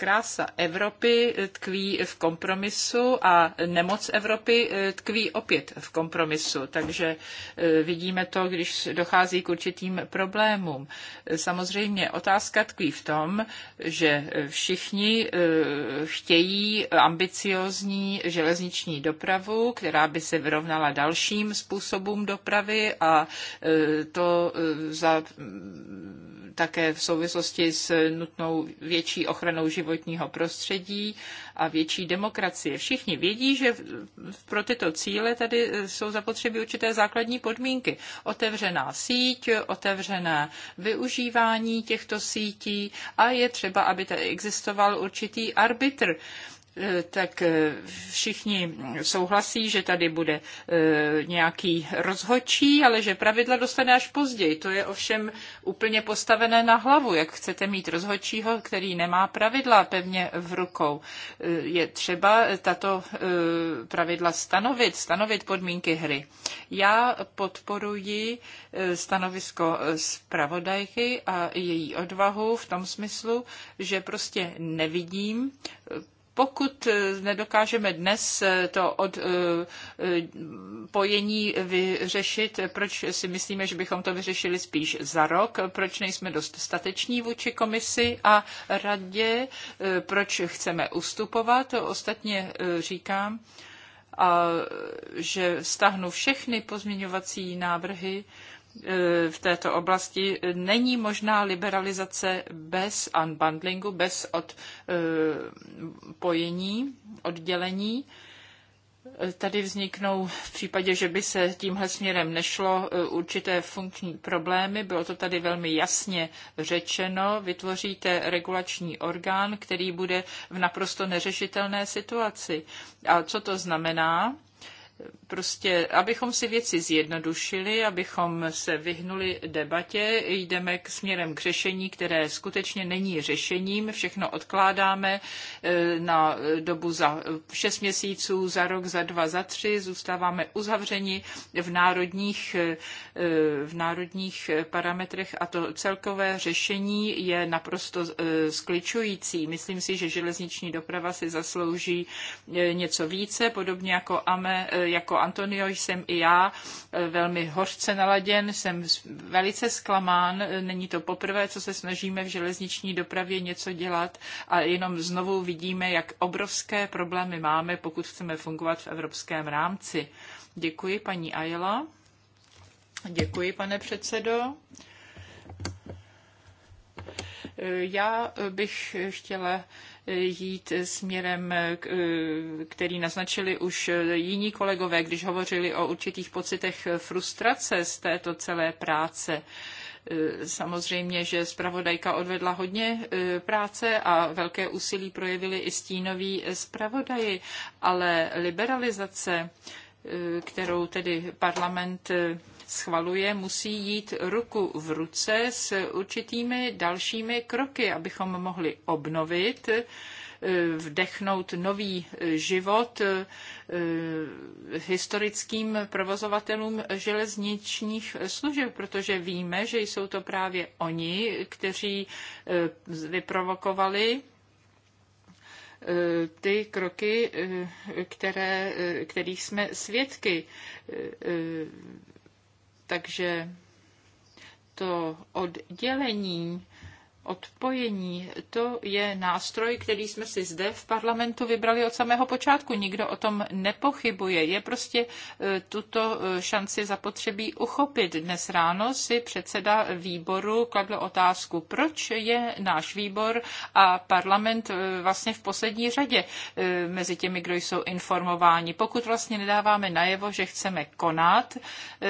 krása Evropy tkví v kompromisu a nemoc Evropy eh, tkví opět v kompromisu. Takže eh, vidíme to, když dochází k určitým problémům. Samozřejmě otázka tkví v tom, že všichni eh, chtějí ambiciozní železniční dopravu, která by se vyrovnala dalším způsobům dopravy a to za, také v souvislosti s nutnou větší ochranou životního životního prostředí a větší demokracie. Všichni vědí, že pro tyto cíle tady e, jsou zapotřebí určité základní podmínky. Otevřená síť, otevřené využívání těchto sítí a je třeba, aby tady existoval určitý arbitr tak eh, všichni souhlasí, že tady bude eh, nějaký rozhodčí, ale že pravidla dostane až později. To je ovšem úplně postavené na hlavu. Jak chcete mít rozhodčího, který nemá pravidla pevně v rukou? Eh, je třeba tato pravidla stanovit, stanovit podmínky hry. Já podporuji stanovisko zpravodajky a její odvahu v tom smyslu, že prostě nevidím, pokud eh, nedokážeme dnes eh, to odpojení eh, vyřešit, proč si myslíme, že bychom to vyřešili spíš za rok, proč nejsme dost stateční vůči komisi a radě, proč chceme ustupovat, ostatně říkám, a že stahnu všechny pozměňovací návrhy, E, v této oblasti není možná liberalizace bez unbundlingu, bez odpojení, e, oddělení. E, tady vzniknou v případě, že by se tímhle směrem nešlo určité funkční problémy, bylo to tady velmi jasně řečeno, vytvoříte regulační orgán, který bude v naprosto neřešitelné situaci. A co to znamená? prostě, abychom si věci zjednodušili, abychom se vyhnuli debatě, jdeme k směrem k řešení, které skutečně není řešením, všechno odkládáme e, na dobu za 6 měsíců, za rok, za dva, za tři, zůstáváme uzavřeni v národních, e, v národních parametrech a to celkové řešení je naprosto e, skličující. Myslím si, že železniční doprava si zaslouží něco více, podobně jako AME jako Antonio jsem i já eh, velmi hořce naladěn, jsem velice zklamán, není to poprvé, co se snažíme v železniční dopravě něco dělat a jenom znovu vidíme, jak obrovské problémy máme, pokud chceme fungovat v evropském rámci. Děkuji, paní Ajela. Děkuji, pane předsedo. Já bych chtěla jít směrem, který naznačili už jiní kolegové, když hovořili o určitých pocitech frustrace z této celé práce. Samozřejmě, že zpravodajka odvedla hodně eh, práce a velké úsilí projevili i stínoví zpravodaji, ale liberalizace, eh, kterou tedy parlament eh, schvaluje, musí jít ruku v ruce s určitými dalšími kroky, abychom mohli obnovit eh, vdechnout nový eh, život eh, historickým provozovatelům železničních služeb, protože víme, že jsou to právě oni, kteří vyprovokovali ty kroky, které, kterých jsme svědky takže to oddělení odpojení, to je nástroj, který jsme si zde v parlamentu vybrali od samého počátku. Nikdo o tom nepochybuje. Je prostě e, tuto e, šanci zapotřebí uchopit. Dnes ráno si předseda výboru kladl otázku, proč je náš výbor a parlament e, vlastně v poslední řadě mezi těmi, kdo jsou informováni. Pokud vlastně nedáváme najevo, že chceme konat,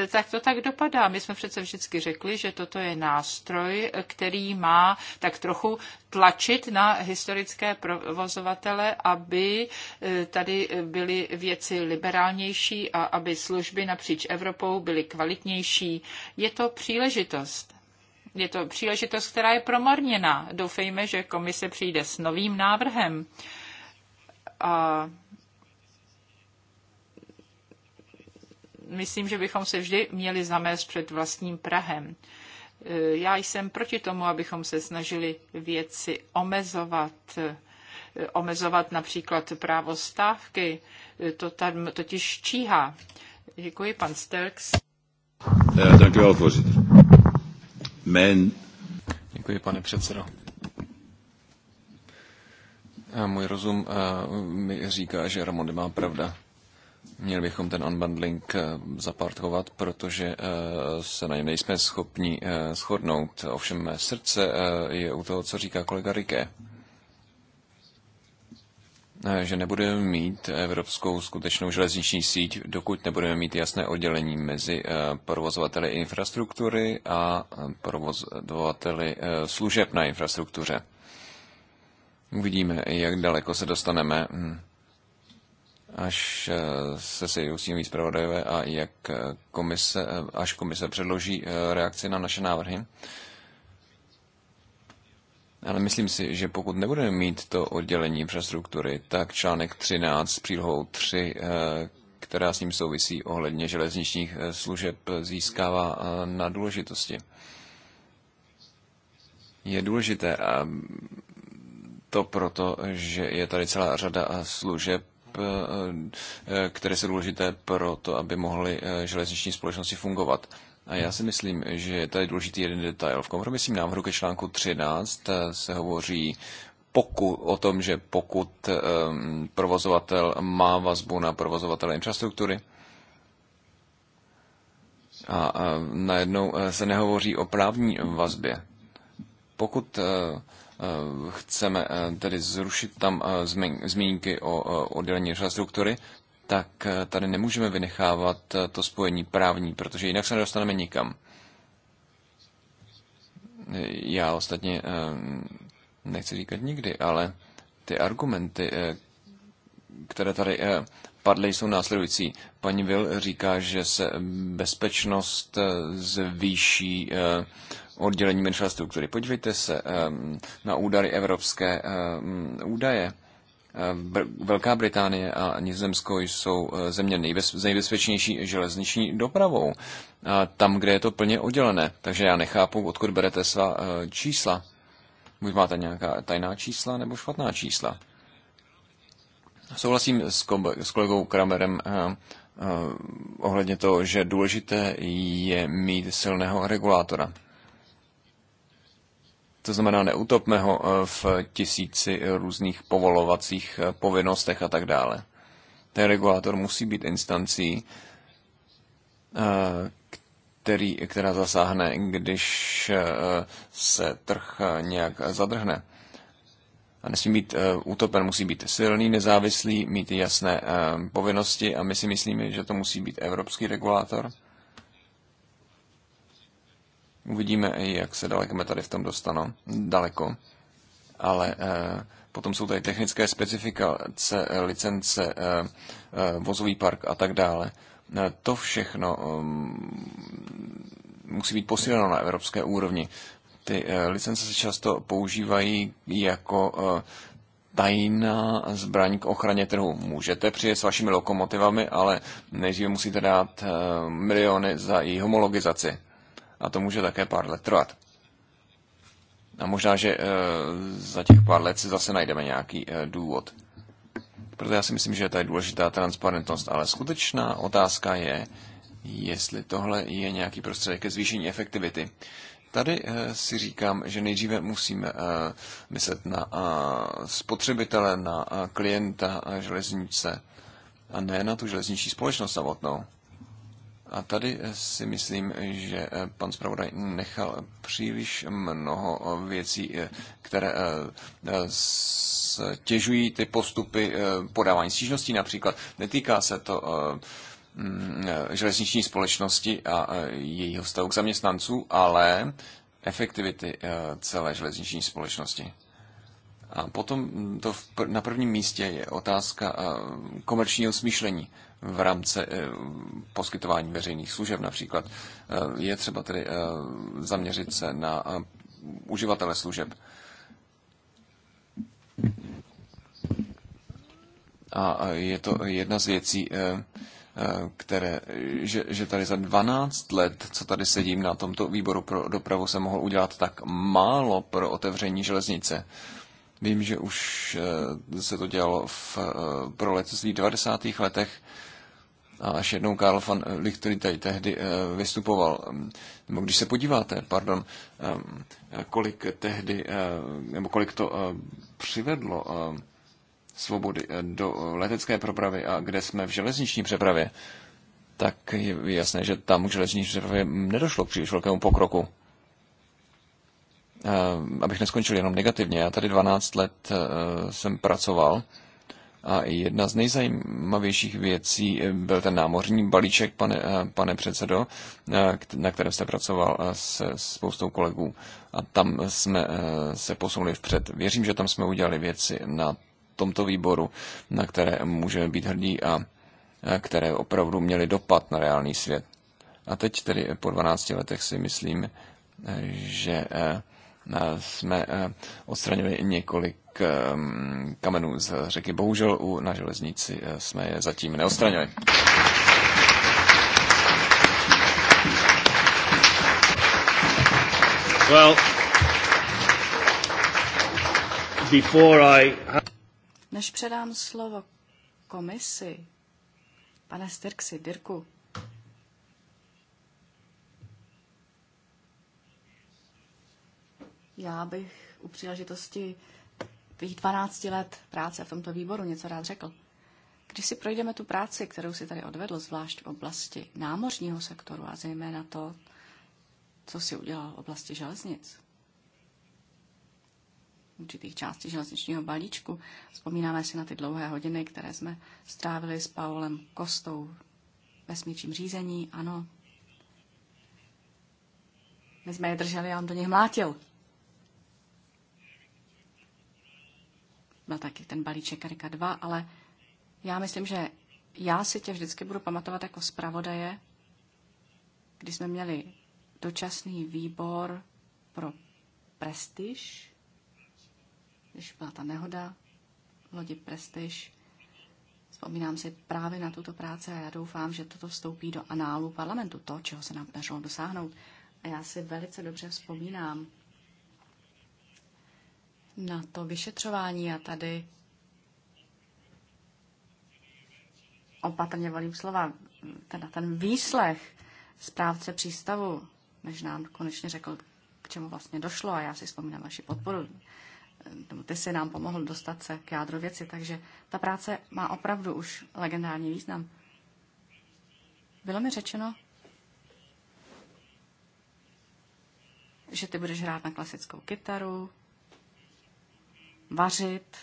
tak to tak dopadá. My jsme přece vždycky řekli, že toto je nástroj, který má tak trochu tlačit na historické provozovatele, aby eh, tady byly věci liberálnější a aby služby napříč Evropou byly kvalitnější. Je to příležitost. Je to příležitost, která je promarněná. Doufejme, že komise přijde s novým návrhem. A myslím, že bychom se vždy měli zamést před vlastním Prahem. Eh, já jsem proti tomu, abychom se snažili věci omezovat, eh, omezovat například právo stávky. Eh, to tam totiž číhá. Děkuji, pan Stelks. Děkuji, pane předsedo. A můj rozum mi říká, že Ramon má pravda. Měli bychom ten unbundling eh, zapartovat, protože eh, se na něm nejsme schopni eh, shodnout. Ovšem mé srdce je u toho, co říká kolega Rike. Že nebudeme mít evropskou skutečnou železniční síť, dokud nebudeme mít jasné oddělení mezi provozovateli infrastruktury a provozovateli služeb na infrastruktuře. Uvidíme, jak daleko se dostaneme. Hm až eh, se si s víc zpravodajové a jak eh, komise, eh, až komise předloží reakci na naše návrhy. Ale myslím si, že pokud nebudeme mít to oddělení infrastruktury, tak článek 13 s přílohou 3, která s ním souvisí ohledně železničních služeb, získává na důležitosti. Je důležité to proto, že je tady celá řada služeb, Eh, eh, které jsou důležité pro to, aby mohly eh, železniční společnosti fungovat. A já si myslím, že je tady důležitý jeden detail. V kompromisním návrhu ke článku 13 se hovoří poku, o tom, že pokud um, provozovatel má vazbu na provozovatele infrastruktury, a, uh, najednou se nehovoří o právní vazbě. Pokud uh, Eh, chceme eh, tedy zrušit tam eh, zmínky o oddělení infrastruktury, tak tady nemůžeme vynechávat to spojení právní, protože jinak se nedostaneme nikam. Já ostatně nechci říkat nikdy, ale ty argumenty, které tady padly, jsou následující. Paní Vil říká, že se bezpečnost zvýší oddělení infrastruktury. Podívejte se na údary evropské údaje. Velká Británie a Nizozemsko jsou eh, země nejbez, s nejbezpečnější železniční dopravou, a tam, kde je to plně oddělené. Takže já nechápu, odkud berete svá eh, čísla. Buď máte nějaká tajná čísla nebo špatná čísla. Souhlasím s, s kolegou Kramerem eh, ohledně toho, že důležité je mít silného regulátora. To znamená, neutopme ho eh, v tisíci různých povolovacích eh, povinnostech a tak dále. Ten regulátor musí být instancí, eh, který, která zasáhne, když se trh nějak zadrhne. A nesmí být útopen, musí být silný, nezávislý, mít jasné povinnosti a my si myslíme, že to musí být evropský regulátor Uvidíme, jak se daleko my tady v tom dostanou, daleko, ale eh, potom jsou tady technické specifikace, eh, licence, eh, vozový park a tak dále. To všechno mm, musí být posíleno na evropské úrovni. Ty licence se často používají jako tajná zbraň k ochraně trhu. Můžete přijet s vašimi lokomotivami, ale nejdříve musíte dát miliony za její homologizaci a to může také pár let trvat. A možná, že eh, za těch pár let si zase najdeme nějaký eh, důvod. Proto já si myslím, že je tady důležitá transparentnost, ale skutečná otázka je, jestli tohle je nějaký prostředek ke zvýšení efektivity. Tady eh, si říkám, že nejdříve musíme myslet na spotřebitele, na klienta železnice a ne na tu železniční společnost samotnou. A tady si myslím, že eh, pan zpravodaj nechal příliš mnoho eh, věcí, eh, které stěžují ty postupy podávání stížností například. Netýká se to mm, železniční společnosti a jejího vztahu k zaměstnanců, ale efektivity celé železniční společnosti. A potom to na prvním místě je otázka eh, komerčního smýšlení v rámci eh, poskytování veřejných služeb například. Eh, je třeba tedy zaměřit se na uživatele služeb. A je to jedna z věcí, které, že, že tady za 12 let, co tady sedím na tomto výboru pro dopravu, se mohl udělat tak málo pro otevření železnice. Vím, že už eh, se to dělalo v eh, proletství 90. letech a až jednou Karl van Lichter tady tehdy eh, vystupoval. Mm, nebo když se podíváte, pardon, kolik tehdy, nebo kolik to přivedlo svobody do letecké přepravy a kde jsme v železniční přepravě, tak je jasné, že tam k železniční přepravě nedošlo k příliš velkému pokroku. Eh, abych neskončil jenom negativně. Já tady 12 let eh, jsem pracoval a jedna z nejzajímavějších věcí eh, byl ten námořní balíček, pane, pane předsedo, na kterém jste pracoval se spoustou kolegů. A tam jsme se posunuli vpřed. Věřím, že tam jsme udělali věci na tomto výboru, na které můžeme být hrdí a které opravdu měly dopad na reálný svět. A teď tedy po 12 letech si myslím, že Eh, jsme eh, odstraňovali několik ehm, kamenů z řeky. Bohužel u, na železnici eh, jsme je zatím neodstranili. Well, before I... Než předám slovo komisi, pane Styrksi, Dirku, Já bych u příležitosti těch 12 let práce v tomto výboru něco rád řekl. Když si projdeme tu práci, kterou si tady odvedl, zvlášť v oblasti námořního sektoru a zejména to, co si udělal v oblasti železnic, určitých částí železničního balíčku. Vzpomínáme si na ty dlouhé hodiny, které jsme strávili s Paulem Kostou ve smíčím řízení, ano. My jsme je drželi a on do nich mlátil. byl no taky ten balíček Karika 2, ale já myslím, že já si tě vždycky budu pamatovat jako zpravodaje, když jsme měli dočasný výbor pro prestiž, když byla ta nehoda lodi prestiž. Vzpomínám si právě na tuto práci a já doufám, že toto vstoupí do análu parlamentu, to, čeho se nám dařilo dosáhnout. A já si velice dobře vzpomínám na to vyšetřování a tady opatrně volím slova, teda ten výslech správce přístavu, než nám konečně řekl, k čemu vlastně došlo a já si vzpomínám vaši podporu, ty si nám pomohl dostat se k jádru věci, takže ta práce má opravdu už legendární význam. Bylo mi řečeno, že ty budeš hrát na klasickou kytaru, vařit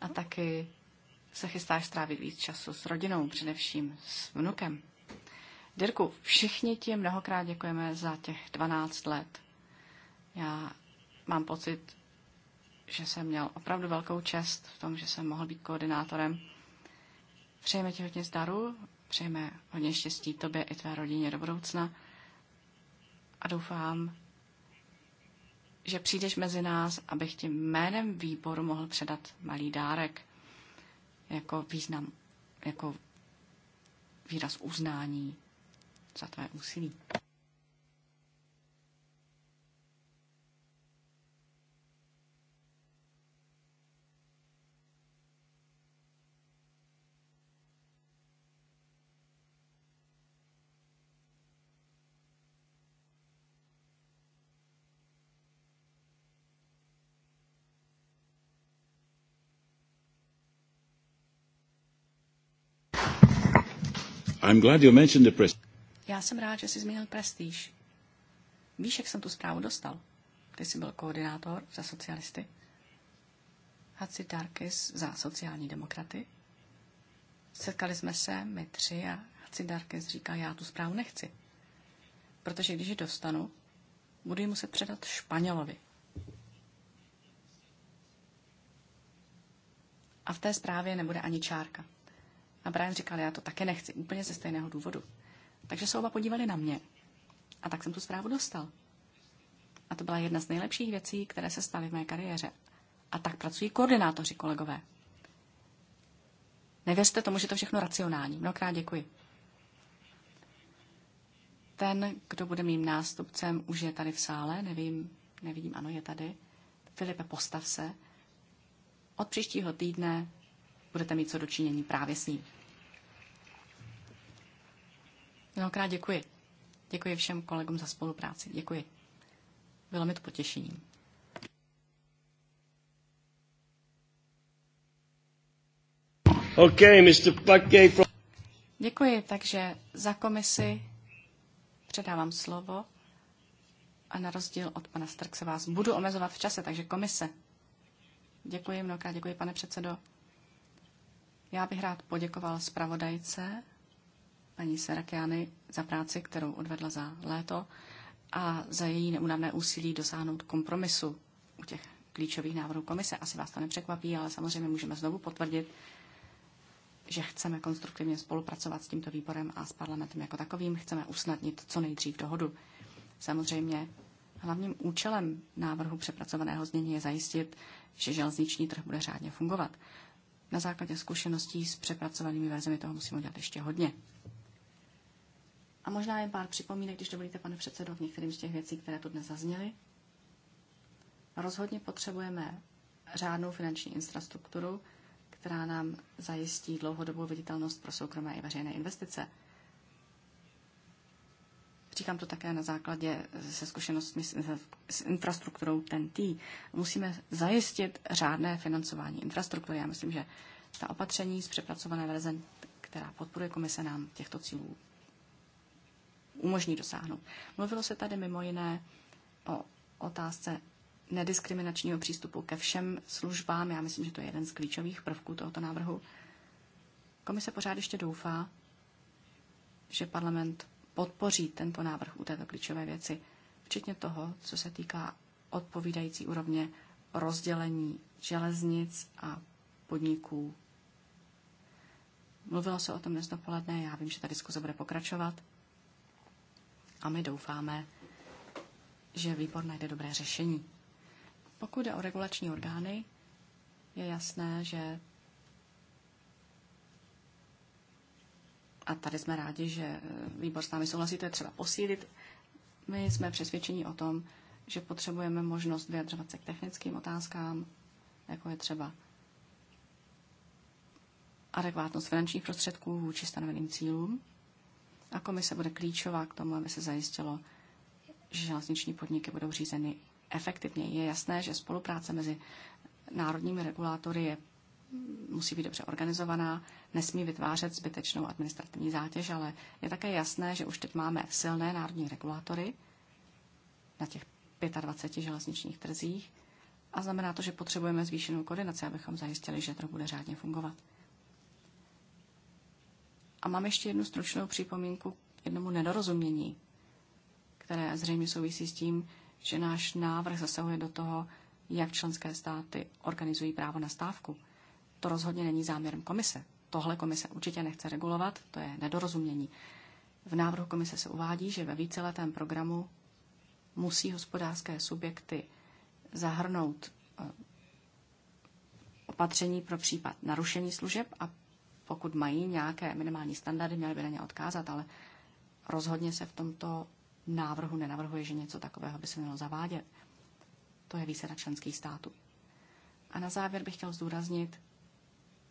a taky se chystáš strávit víc času s rodinou, především s vnukem. Dirku, všichni ti mnohokrát děkujeme za těch 12 let. Já mám pocit, že jsem měl opravdu velkou čest v tom, že jsem mohl být koordinátorem. Přejeme ti hodně zdaru, přejeme hodně štěstí tobě i tvé rodině do budoucna a doufám, že přijdeš mezi nás, abych ti jménem výboru mohl předat malý dárek jako význam, jako výraz uznání za tvé úsilí. I'm glad you mentioned the pres- Já jsem rád, že jsi zmínil prestíž. Víš, jak jsem tu zprávu dostal? Ty jsi byl koordinátor za socialisty. Hatsi Darkis za sociální demokraty. Setkali jsme se, my tři, a Hatsi Darkis říká, já tu zprávu nechci. Protože když ji dostanu, budu ji muset předat Španělovi. A v té zprávě nebude ani čárka. A Brian říkal, já to také nechci, úplně ze stejného důvodu. Takže se oba podívali na mě. A tak jsem tu zprávu dostal. A to byla jedna z nejlepších věcí, které se staly v mé kariéře. A tak pracují koordinátoři, kolegové. Nevěřte tomu, že to všechno racionální. Mnohokrát děkuji. Ten, kdo bude mým nástupcem, už je tady v sále, nevím, nevidím, ano, je tady. Filipe, postav se. Od příštího týdne budete mít co dočinění právě s ním. Mnohokrát děkuji. Děkuji všem kolegům za spolupráci. Děkuji. Bylo mi to potěšením. Okay, Mr. from... Děkuji, takže za komisi předávám slovo a na rozdíl od pana Strkse vás budu omezovat v čase, takže komise. Děkuji mnohokrát, děkuji pane předsedo. Já bych rád poděkoval zpravodajce paní Serakiany za práci, kterou odvedla za léto a za její neunavné úsilí dosáhnout kompromisu u těch klíčových návrhů komise. Asi vás to nepřekvapí, ale samozřejmě můžeme znovu potvrdit, že chceme konstruktivně spolupracovat s tímto výborem a s parlamentem jako takovým. Chceme usnadnit co nejdřív dohodu. Samozřejmě hlavním účelem návrhu přepracovaného znění je zajistit, že železniční trh bude řádně fungovat. Na základě zkušeností s přepracovanými verzemi toho musíme dělat ještě hodně. A možná jen pár připomínek, když dovolíte, pane předsedo, v některým z těch věcí, které tu dnes zazněly. Rozhodně potřebujeme řádnou finanční infrastrukturu, která nám zajistí dlouhodobou viditelnost pro soukromé i veřejné investice. Říkám to také na základě se zkušenostmi s infrastrukturou TNT. Musíme zajistit řádné financování infrastruktury. Já myslím, že ta opatření z přepracované verze, která podporuje komise, nám těchto cílů umožní dosáhnout. Mluvilo se tady mimo jiné o otázce nediskriminačního přístupu ke všem službám. Já myslím, že to je jeden z klíčových prvků tohoto návrhu. Komise pořád ještě doufá, že parlament podpoří tento návrh u této klíčové věci, včetně toho, co se týká odpovídající úrovně rozdělení železnic a podniků. Mluvilo se o tom dnes dopoledne, já vím, že ta diskuze bude pokračovat a my doufáme, že výbor najde dobré řešení. Pokud jde o regulační orgány, je jasné, že a tady jsme rádi, že e, výbor s námi souhlasí, to je třeba posílit. My jsme přesvědčeni o tom, že potřebujeme možnost vyjadřovat se k technickým otázkám, jako je třeba adekvátnost finančních prostředků vůči stanoveným cílům. A komise bude klíčová k tomu, aby se zajistilo, že železniční podniky budou řízeny efektivně. Je jasné, že spolupráce mezi národními regulátory je, musí být dobře organizovaná, nesmí vytvářet zbytečnou administrativní zátěž, ale je také jasné, že už teď máme silné národní regulátory na těch 25 železničních trzích a znamená to, že potřebujeme zvýšenou koordinaci, abychom zajistili, že to bude řádně fungovat. A mám ještě jednu stručnou připomínku k jednomu nedorozumění, které zřejmě souvisí s tím, že náš návrh zasahuje do toho, jak členské státy organizují právo na stávku. To rozhodně není záměrem komise. Tohle komise určitě nechce regulovat, to je nedorozumění. V návrhu komise se uvádí, že ve víceletém programu musí hospodářské subjekty zahrnout eh, opatření pro případ narušení služeb a pokud mají nějaké minimální standardy, měli by na ně odkázat, ale rozhodně se v tomto návrhu nenavrhuje, že něco takového by se mělo zavádět. To je výsada členských států. A na závěr bych chtěl zdůraznit,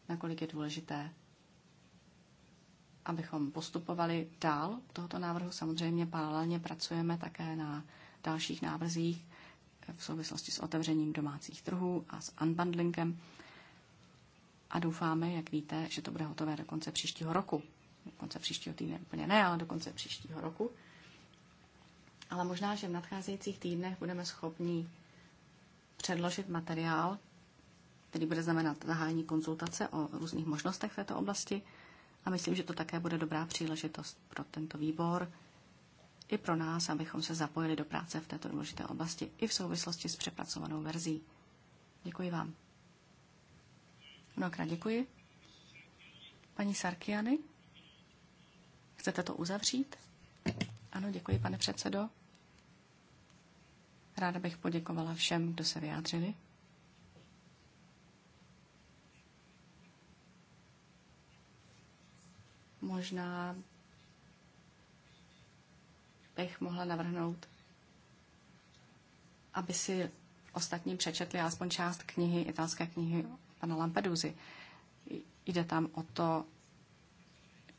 nakolik je důležité, abychom postupovali dál tohoto návrhu. Samozřejmě paralelně pracujeme také na dalších návrzích v souvislosti s otevřením domácích trhů a s unbundlingem a doufáme, jak víte, že to bude hotové do konce příštího roku. Do konce příštího týdne úplně ne, ale do konce příštího roku. Ale možná, že v nadcházejících týdnech budeme schopni předložit materiál, který bude znamenat zahájení konzultace o různých možnostech v této oblasti. A myslím, že to také bude dobrá příležitost pro tento výbor i pro nás, abychom se zapojili do práce v této důležité oblasti i v souvislosti s přepracovanou verzí. Děkuji vám. Mnohokrát děkuji. Paní Sarkiany, chcete to uzavřít? Ano, děkuji, pane předsedo. Ráda bych poděkovala všem, kdo se vyjádřili. Možná bych mohla navrhnout, aby si ostatní přečetli aspoň část knihy, italské knihy na Lampeduzi. Jde tam o to,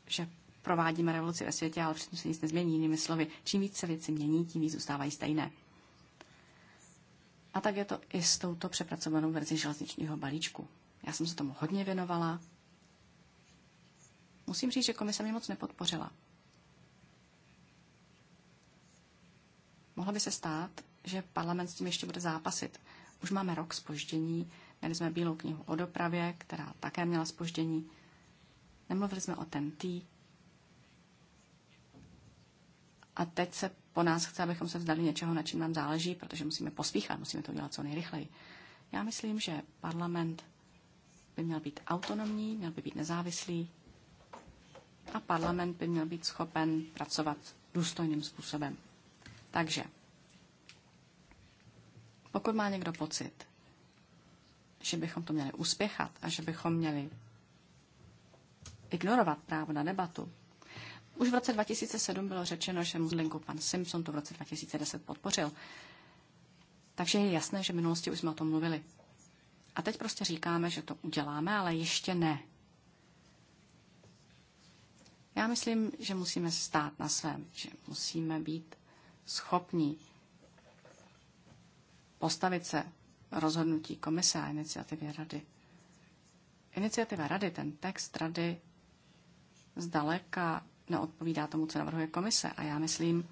že provádíme revoluci ve světě, ale přitom se nic nezmění. Jinými slovy, čím více věci mění, tím víc zůstávají stejné. A tak je to i s touto přepracovanou verzi železničního balíčku. Já jsem se tomu hodně věnovala. Musím říct, že komise mě moc nepodpořila. Mohlo by se stát, že parlament s tím ještě bude zápasit. Už máme rok spoždění Měli jsme bílou knihu o dopravě, která také měla spoždění. Nemluvili jsme o TNT. A teď se po nás chce, abychom se vzdali něčeho, na čím nám záleží, protože musíme pospíchat, musíme to udělat co nejrychleji. Já myslím, že parlament by měl být autonomní, měl by být nezávislý a parlament by měl být schopen pracovat důstojným způsobem. Takže, pokud má někdo pocit, že bychom to měli uspěchat a že bychom měli ignorovat právo na debatu. Už v roce 2007 bylo řečeno, že Muzlinku pan Simpson to v roce 2010 podpořil. Takže je jasné, že v minulosti už jsme o tom mluvili. A teď prostě říkáme, že to uděláme, ale ještě ne. Já myslím, že musíme stát na svém, že musíme být schopní postavit se rozhodnutí komise a iniciativě rady. Iniciativa rady, ten text rady zdaleka neodpovídá tomu, co navrhuje komise. A já myslím,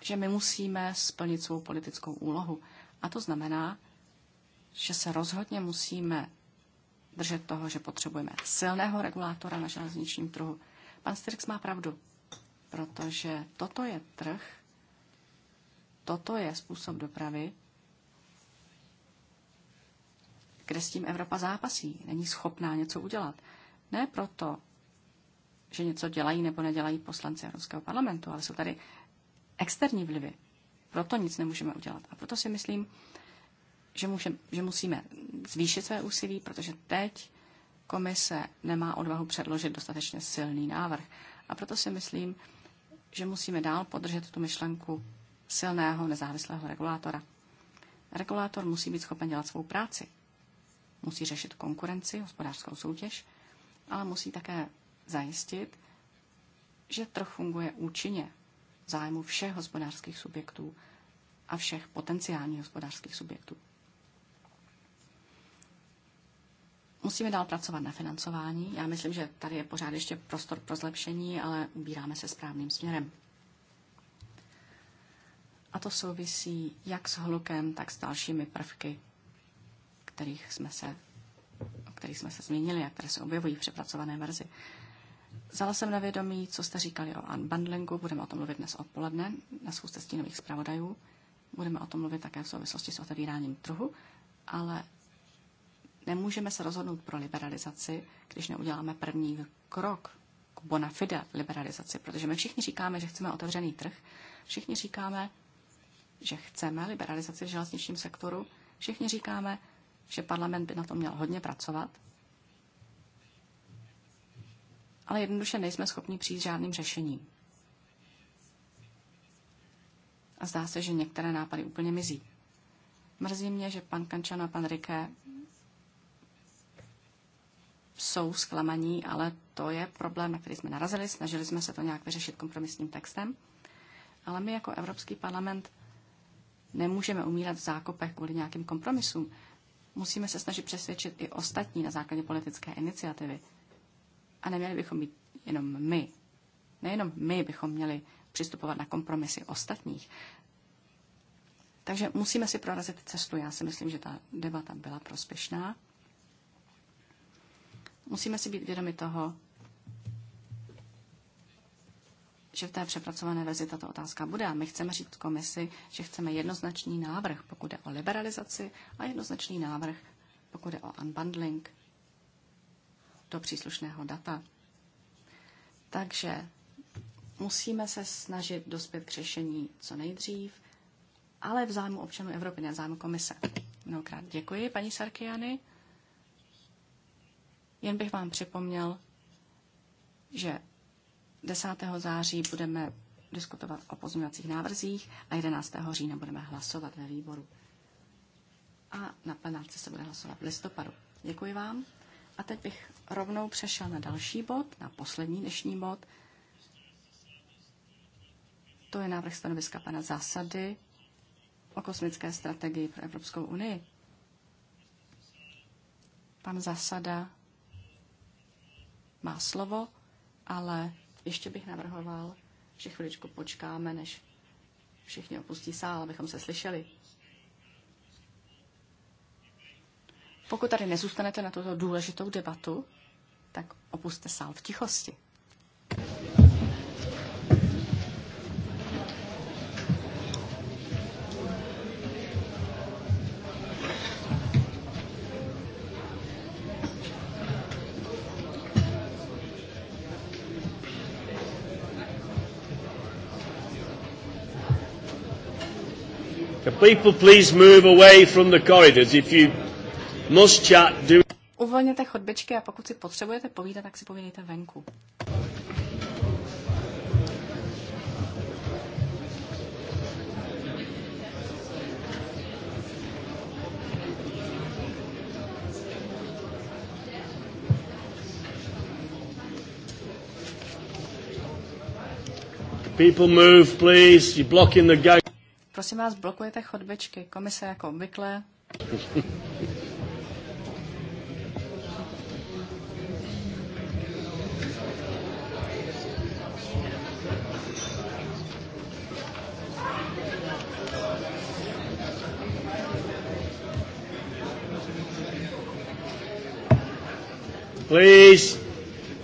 že my musíme splnit svou politickou úlohu. A to znamená, že se rozhodně musíme držet toho, že potřebujeme silného regulátora na železničním trhu. Pan Styrx má pravdu, protože toto je trh, toto je způsob dopravy, kde s tím Evropa zápasí. Není schopná něco udělat. Ne proto, že něco dělají nebo nedělají poslanci Evropského parlamentu, ale jsou tady externí vlivy. Proto nic nemůžeme udělat. A proto si myslím, že, můžem, že musíme zvýšit své úsilí, protože teď komise nemá odvahu předložit dostatečně silný návrh. A proto si myslím, že musíme dál podržet tu myšlenku silného nezávislého regulátora. Regulátor musí být schopen dělat svou práci musí řešit konkurenci, hospodářskou soutěž, ale musí také zajistit, že trh funguje účinně v zájmu všech hospodářských subjektů a všech potenciálních hospodářských subjektů. Musíme dál pracovat na financování. Já myslím, že tady je pořád ještě prostor pro zlepšení, ale ubíráme se správným směrem. A to souvisí jak s hlukem, tak s dalšími prvky kterých jsme se, o kterých jsme se zmínili a které se objevují v přepracované verzi. Zala jsem na vědomí, co jste říkali o unbundlingu, budeme o tom mluvit dnes odpoledne na schůzce stínových zpravodajů. Budeme o tom mluvit také v souvislosti s otevíráním trhu, ale nemůžeme se rozhodnout pro liberalizaci, když neuděláme první krok k bona fide liberalizaci, protože my všichni říkáme, že chceme otevřený trh, všichni říkáme, že chceme liberalizaci v železničním sektoru, všichni říkáme, že parlament by na to měl hodně pracovat, ale jednoduše nejsme schopni přijít žádným řešením. A zdá se, že některé nápady úplně mizí. Mrzí mě, že pan Kančan a pan Rike jsou zklamaní, ale to je problém, na který jsme narazili. Snažili jsme se to nějak vyřešit kompromisním textem. Ale my jako Evropský parlament nemůžeme umírat v zákopech kvůli nějakým kompromisům. Musíme se snažit přesvědčit i ostatní na základě politické iniciativy. A neměli bychom být jenom my. Nejenom my bychom měli přistupovat na kompromisy ostatních. Takže musíme si prorazit cestu. Já si myslím, že ta debata byla prospěšná. Musíme si být vědomi toho, že v té přepracované verzi tato otázka bude. A my chceme říct komisi, že chceme jednoznačný návrh, pokud jde o liberalizaci, a jednoznačný návrh, pokud jde o unbundling do příslušného data. Takže musíme se snažit dospět k řešení co nejdřív, ale v zájmu občanů Evropy, ne v zájmu komise. Mnohokrát děkuji, paní Sarkiany. Jen bych vám připomněl, že 10. září budeme diskutovat o pozměňovacích návrzích a 11. října budeme hlasovat ve výboru. A na plenárce se bude hlasovat v listopadu. Děkuji vám. A teď bych rovnou přešel na další bod, na poslední dnešní bod. To je návrh stanoviska pana Zásady o kosmické strategii pro Evropskou unii. Pan Zásada má slovo, ale ještě bych navrhoval, že chviličku počkáme, než všichni opustí sál, abychom se slyšeli. Pokud tady nezůstanete na tuto důležitou debatu, tak opuste sál v tichosti. people please move away from the corridors if you must chat, do... Uvolněte chodbičky a pokud si potřebujete povídat, tak si povídejte venku. People move, please. You're blocking the gate. Prosím vás, blokujete chodbečky. Komise jako obvykle. Please,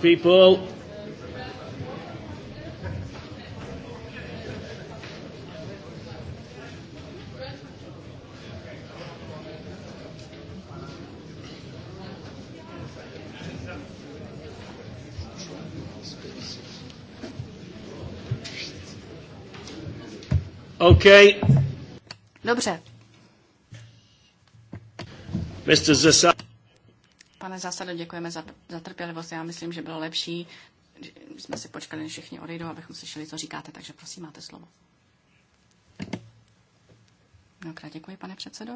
people. OK. Dobře. Mr. Zesa. Pane zásado, děkujeme za, za trpělivost. Já myslím, že bylo lepší, že jsme si počkali, než všichni odejdou, abychom slyšeli, co říkáte. Takže prosím, máte slovo. Mnohokrát děkuji, pane předsedo.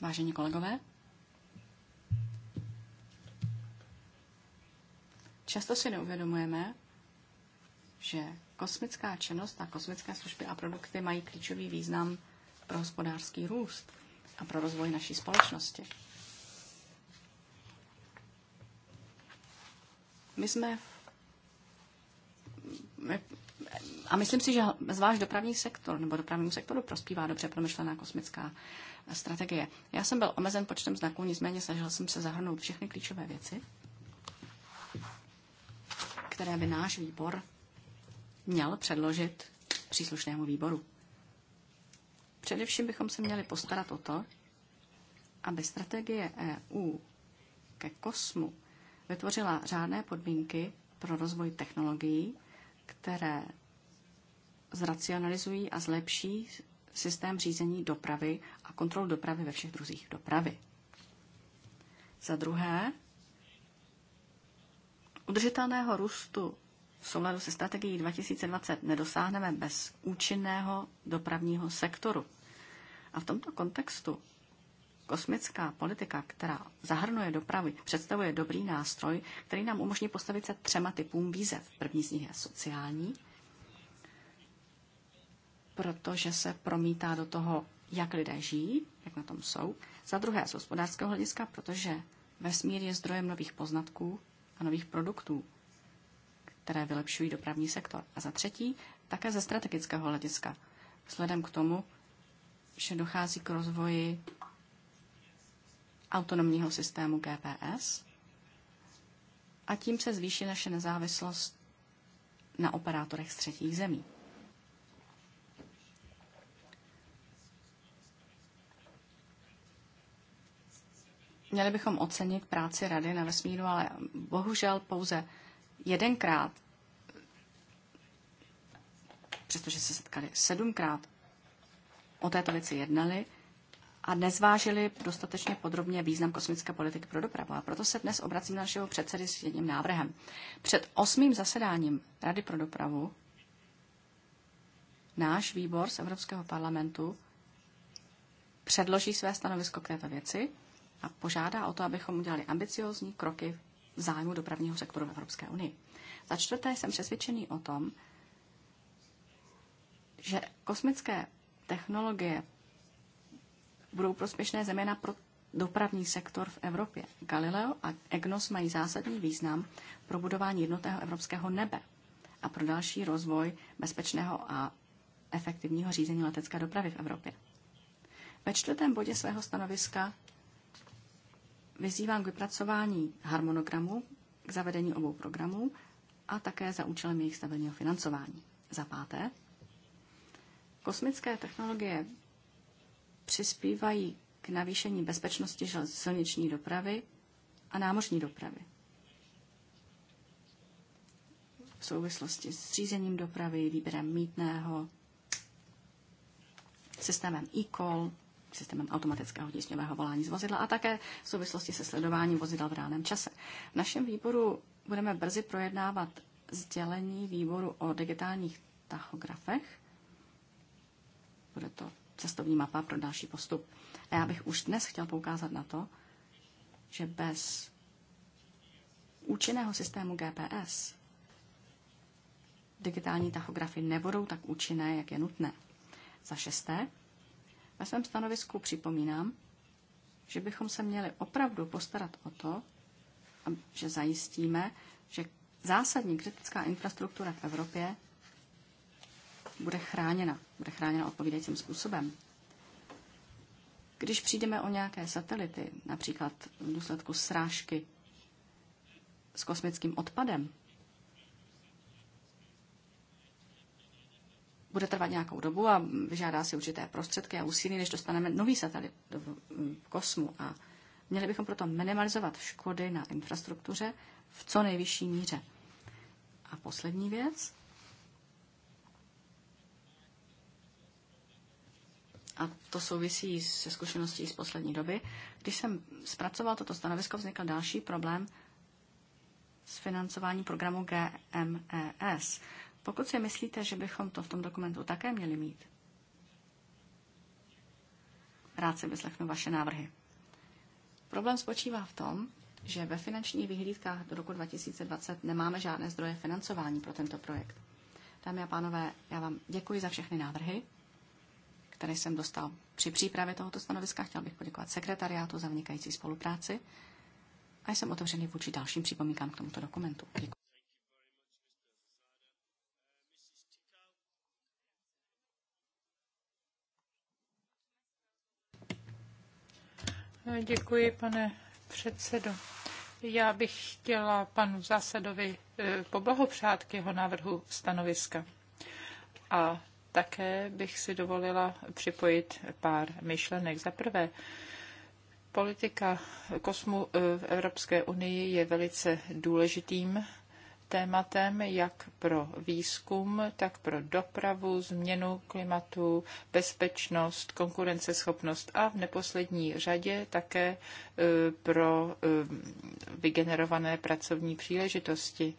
Vážení kolegové. Často si neuvědomujeme, že Kosmická činnost a kosmické služby a produkty mají klíčový význam pro hospodářský růst a pro rozvoj naší společnosti. My jsme my, a myslím si, že zvlášť dopravní sektor nebo dopravnímu sektoru prospívá dobře promyšlená kosmická strategie. Já jsem byl omezen počtem znaků, nicméně snažil jsem se zahrnout všechny klíčové věci, které by náš výbor měl předložit příslušnému výboru. Především bychom se měli postarat o to, aby strategie EU ke kosmu vytvořila řádné podmínky pro rozvoj technologií, které zracionalizují a zlepší systém řízení dopravy a kontrol dopravy ve všech druzích dopravy. Za druhé, udržitelného růstu v souladu se strategií 2020 nedosáhneme bez účinného dopravního sektoru. A v tomto kontextu kosmická politika, která zahrnuje dopravy, představuje dobrý nástroj, který nám umožní postavit se třema typům výzev. První z nich je sociální, protože se promítá do toho, jak lidé žijí, jak na tom jsou. Za druhé z hospodářského hlediska, protože vesmír je zdrojem nových poznatků a nových produktů, které vylepšují dopravní sektor. A za třetí, také ze strategického hlediska, vzhledem k tomu, že dochází k rozvoji autonomního systému GPS a tím se zvýší naše nezávislost na operátorech z třetích zemí. Měli bychom ocenit práci Rady na vesmíru, ale bohužel pouze jedenkrát, přestože se setkali sedmkrát, o této věci jednali a nezvážili dostatečně podrobně význam kosmické politiky pro dopravu. A proto se dnes obracím na našeho předsedy s jedním návrhem. Před osmým zasedáním Rady pro dopravu náš výbor z Evropského parlamentu předloží své stanovisko k této věci a požádá o to, abychom udělali ambiciozní kroky v zájmu dopravního sektoru v Evropské unii. Za čtvrté jsem přesvědčený o tom, že kosmické technologie budou prospěšné zejména pro dopravní sektor v Evropě. Galileo a EGNOS mají zásadní význam pro budování jednotného evropského nebe a pro další rozvoj bezpečného a efektivního řízení letecké dopravy v Evropě. Ve čtvrtém bodě svého stanoviska vyzývám k vypracování harmonogramu, k zavedení obou programů a také za účelem jejich stabilního financování. Za páté, kosmické technologie přispívají k navýšení bezpečnosti silniční dopravy a námořní dopravy. V souvislosti s řízením dopravy, výběrem mítného, systémem e-call, systémem automatického tísňového volání z vozidla a také v souvislosti se sledováním vozidla v reálném čase. V našem výboru budeme brzy projednávat sdělení výboru o digitálních tachografech. Bude to cestovní mapa pro další postup. A já bych už dnes chtěl poukázat na to, že bez účinného systému GPS digitální tachografy nebudou tak účinné, jak je nutné. Za šesté, na svém stanovisku připomínám, že bychom se měli opravdu postarat o to, že zajistíme, že zásadní kritická infrastruktura v Evropě bude chráněna, bude chráněna odpovídajícím způsobem. Když přijdeme o nějaké satelity, například v důsledku srážky s kosmickým odpadem, bude trvat nějakou dobu a vyžádá si určité prostředky a úsilí, než dostaneme nový satelit do mm, kosmu. A měli bychom proto minimalizovat škody na infrastruktuře v co nejvyšší míře. A poslední věc. A to souvisí se zkušeností z poslední doby. Když jsem zpracoval toto stanovisko, vznikl další problém s financováním programu GMES. Pokud si myslíte, že bychom to v tom dokumentu také měli mít, rád si vyslechnu vaše návrhy. Problém spočívá v tom, že ve finančních vyhlídkách do roku 2020 nemáme žádné zdroje financování pro tento projekt. Dámy a pánové, já vám děkuji za všechny návrhy, které jsem dostal při přípravě tohoto stanoviska. Chtěl bych poděkovat sekretariátu za vnikající spolupráci a jsem otevřený vůči dalším připomínkám k tomuto dokumentu. Děkuji. Děkuji, pane předsedo. Já bych chtěla panu Zásadovi eh, poblahopřát k jeho návrhu stanoviska. A také bych si dovolila připojit pár myšlenek. Za prvé, politika kosmu eh, v Evropské unii je velice důležitým tématem jak pro výzkum, tak pro dopravu, změnu klimatu, bezpečnost, konkurenceschopnost a v neposlední řadě také e, pro e, vygenerované pracovní příležitosti e,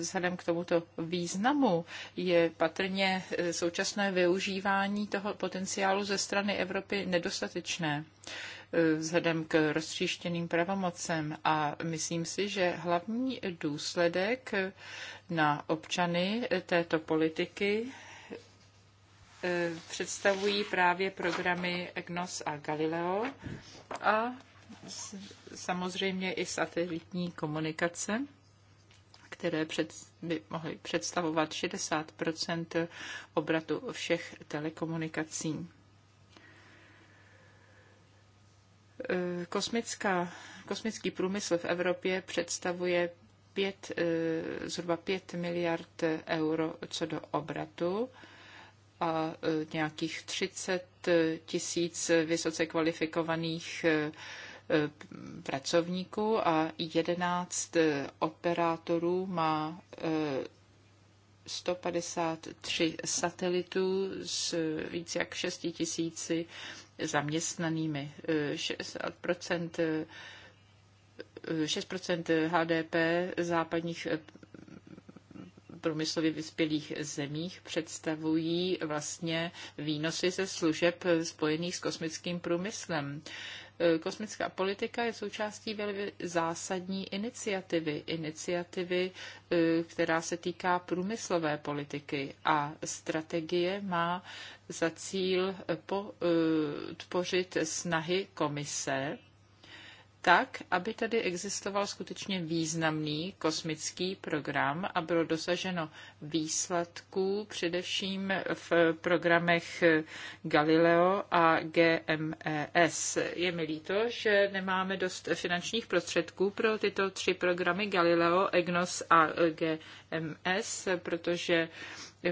vzhledem k tomuto významu je patrně současné využívání toho potenciálu ze strany Evropy nedostatečné vzhledem k roztříštěným pravomocem a myslím si, že hlavní důsledek na občany této politiky eh, představují právě programy EGNOS a Galileo a samozřejmě i satelitní komunikace, které před, by mohly představovat 60 obratu všech telekomunikací. E, kosmická, kosmický průmysl v Evropě představuje pět, e, zhruba 5 miliard euro co do obratu a e, nějakých 30 tisíc vysoce kvalifikovaných pracovníků a 11 operátorů má 153 satelitů s více jak 6 tisíci zaměstnanými. 6 HDP západních průmyslově vyspělých zemích představují vlastně výnosy ze služeb spojených s kosmickým průmyslem. E, kosmická politika je součástí velmi zásadní iniciativy, iniciativy, e, která se týká průmyslové politiky a strategie má za cíl podpořit e, snahy komise tak, aby tady existoval skutečně významný kosmický program a bylo dosaženo výsledků především v programech Galileo a GMES. Je mi líto, že nemáme dost finančních prostředků pro tyto tři programy Galileo, EGNOS a GMS, e protože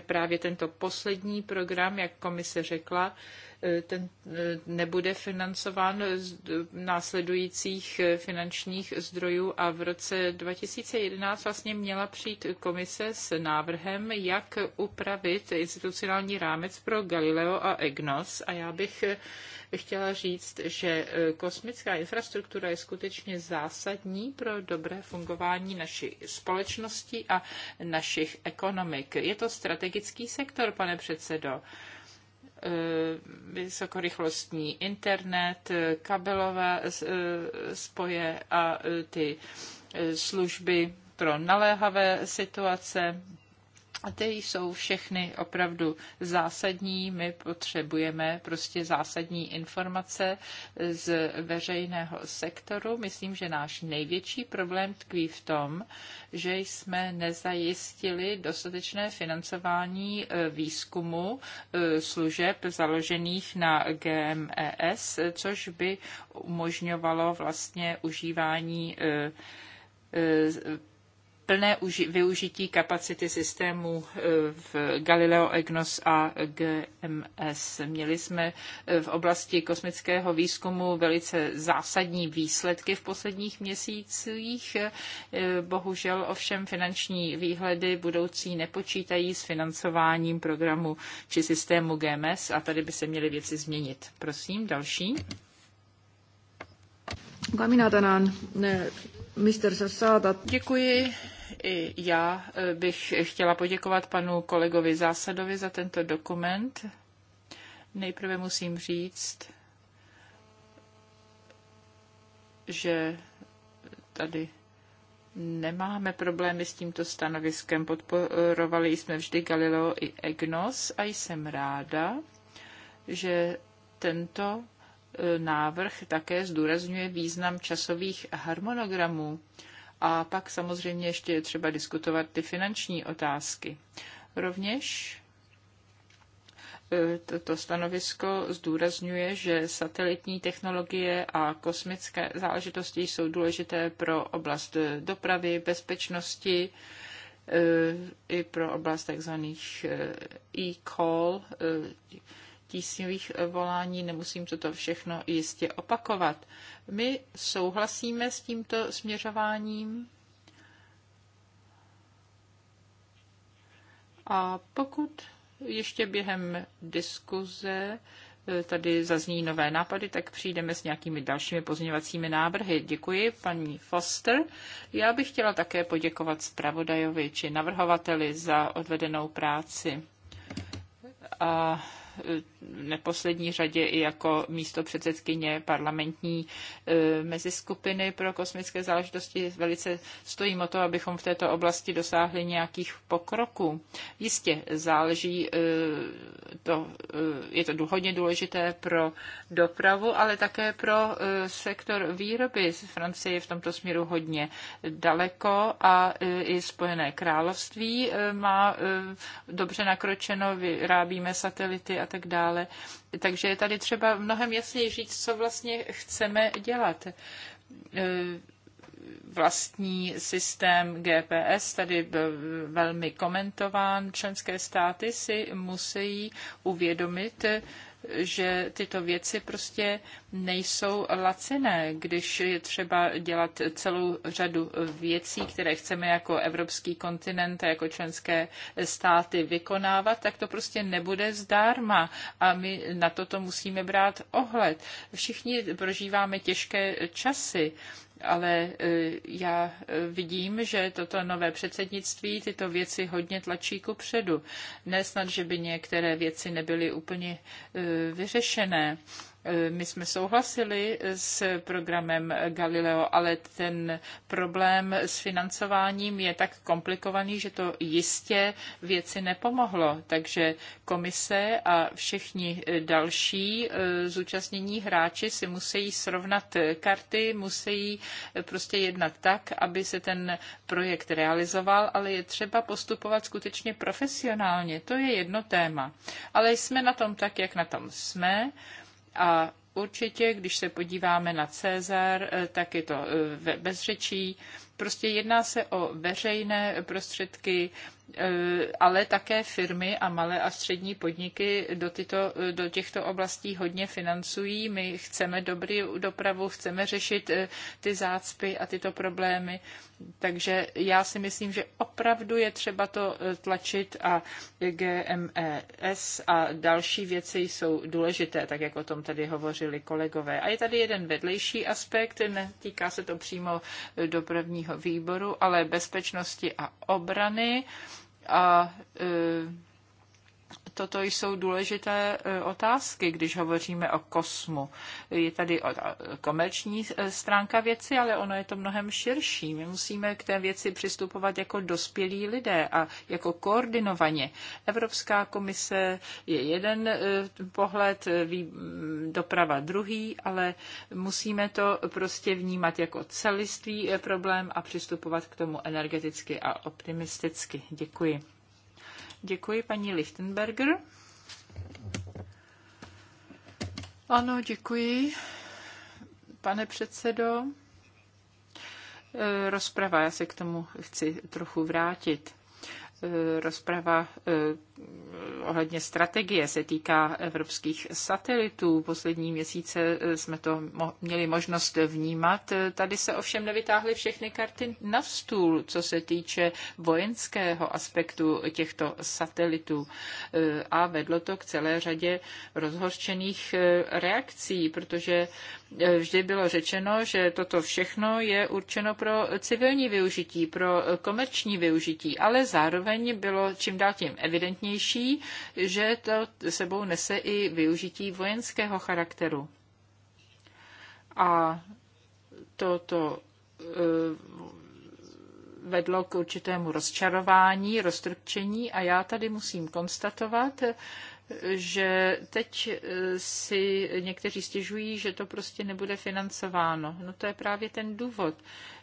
právě tento poslední program, jak komise řekla, Eh, ten eh, nebude financován z následujících eh, finančních zdrojů a v roce 2011 vlastně měla přijít komise s návrhem, jak upravit institucionální rámec pro Galileo a EGNOS a já bych chtěla říct, že kosmická infrastruktura je skutečně zásadní pro dobré fungování naší společnosti a našich ekonomik. Je to strategický sektor, pane předsedo. Eh, vysokorychlostní internet, eh, kabelové eh, spoje a ty služby pro naléhavé situace, a ty jsou všechny opravdu zásadní. My potřebujeme prostě zásadní informace z veřejného sektoru. Myslím, že náš největší problém tkví v tom, že jsme nezajistili dostatečné financování e, výzkumu e, služeb založených na GMES, což by umožňovalo vlastně užívání e, plné využití kapacity systémů e, v Galileo, EGNOS a GMS. Měli jsme e, v oblasti kosmického výzkumu velice zásadní výsledky v posledních měsících. E, bohužel ovšem finanční výhledy budoucí nepočítají s financováním programu či systému GMS a tady by se měly věci změnit. Prosím, další. Děkuji, i já e, bych chtěla poděkovat panu kolegovi Zásadovi za tento dokument. Nejprve musím říct, že tady nemáme problémy s tímto stanoviskem. Podporovali jsme vždy Galileo i EGNOS a jsem ráda, že tento e, návrh také zdůrazňuje význam časových harmonogramů a pak samozřejmě ještě je třeba diskutovat ty finanční otázky. Rovněž e, toto stanovisko zdůrazňuje, že satelitní technologie a kosmické záležitosti jsou důležité pro oblast dopravy, bezpečnosti, e, i pro oblast takzvaných e, e-call, tísňových eh, volání, nemusím toto všechno jistě opakovat. My souhlasíme s tímto směřováním a pokud ještě během diskuze eh, tady zazní nové nápady, tak přijdeme s nějakými dalšími pozměňovacími návrhy. Děkuji paní Foster. Já bych chtěla také poděkovat zpravodajovi či navrhovateli za odvedenou práci. A eh, neposlední řadě i jako místo předsedkyně parlamentní e, meziskupiny pro kosmické záležitosti velice stojí o to, abychom v této oblasti dosáhli nějakých pokroků. Jistě záleží, e, to, e, je to hodně důležité pro dopravu, ale také pro sektor výroby. Francie je v tomto směru hodně daleko a i Spojené království má dobře nakročeno, vyrábíme satelity a tak dále dále. Takže je tady třeba mnohem jasněji říct, co vlastně chceme dělat e, vlastní systém GPS tady byl velmi komentován. Členské státy si musí uvědomit, že tyto věci prostě nejsou laciné, když je třeba dělat celou řadu věcí, které chceme jako evropský kontinent a jako členské státy vykonávat, tak to prostě nebude zdarma a my na toto musíme brát ohled. Všichni prožíváme těžké časy ale e, já e, vidím, že toto nové předsednictví tyto věci hodně tlačí ku předu. Nesnad, že by některé věci nebyly úplně e, vyřešené. Eh, my jsme souhlasili s programem Galileo, ale ten problém s financováním je tak komplikovaný, že to jistě věci nepomohlo. Takže komise a všichni eh, další eh, zúčastnění hráči si musí srovnat karty, musí prostě jednat tak, aby se ten projekt realizoval, ale je třeba postupovat skutečně profesionálně. To je jedno téma. Ale jsme na tom tak, jak na tom jsme. A určitě, když se podíváme na Cezar, eh, tak je to eh, bez řečí. Prostě jedná se o veřejné prostředky, eh, ale také firmy a malé a střední podniky do, tyto, do těchto oblastí hodně financují. My chceme dobrý dopravu, chceme řešit ty zácpy a tyto problémy. Takže já si myslím, že opravdu je třeba to eh, tlačit a GMES a další věci jsou důležité, tak jak o tom tady hovořili kolegové. A je tady jeden vedlejší aspekt, netýká se to přímo eh, dopravního výboru, ale bezpečnosti a obrany. A e, Toto jsou důležité e, otázky, když hovoříme o kosmu. Je tady komerční e, stránka věci, ale ono je to mnohem širší. My musíme k té věci přistupovat jako dospělí lidé a jako koordinovaně. Evropská komise je jeden e, pohled, doprava druhý, ale musíme to prostě vnímat jako celistvý problém a přistupovat k tomu energeticky a optimisticky. Děkuji. Děkuji, paní Lichtenberger. Ano, děkuji, pane předsedo. Eh, rozprava, já se k tomu chci trochu vrátit. Eh, rozprava eh, ohledně strategie se týká evropských satelitů. Poslední měsíce jsme to mo- měli možnost vnímat. Tady se ovšem nevytáhly všechny karty na stůl, co se týče vojenského aspektu těchto satelitů. E, a vedlo to k celé řadě rozhorčených e, reakcí, protože e, vždy bylo řečeno, že toto všechno je určeno pro civilní využití, pro komerční využití, ale zároveň bylo čím dál tím evidentní, nejvýznamnější, že to sebou nese i využití vojenského charakteru. A toto eh, vedlo k určitému rozčarování, roztrpčení a já tady musím konstatovat, že teď eh, si někteří stěžují, že to prostě nebude financováno. No to je právě ten důvod.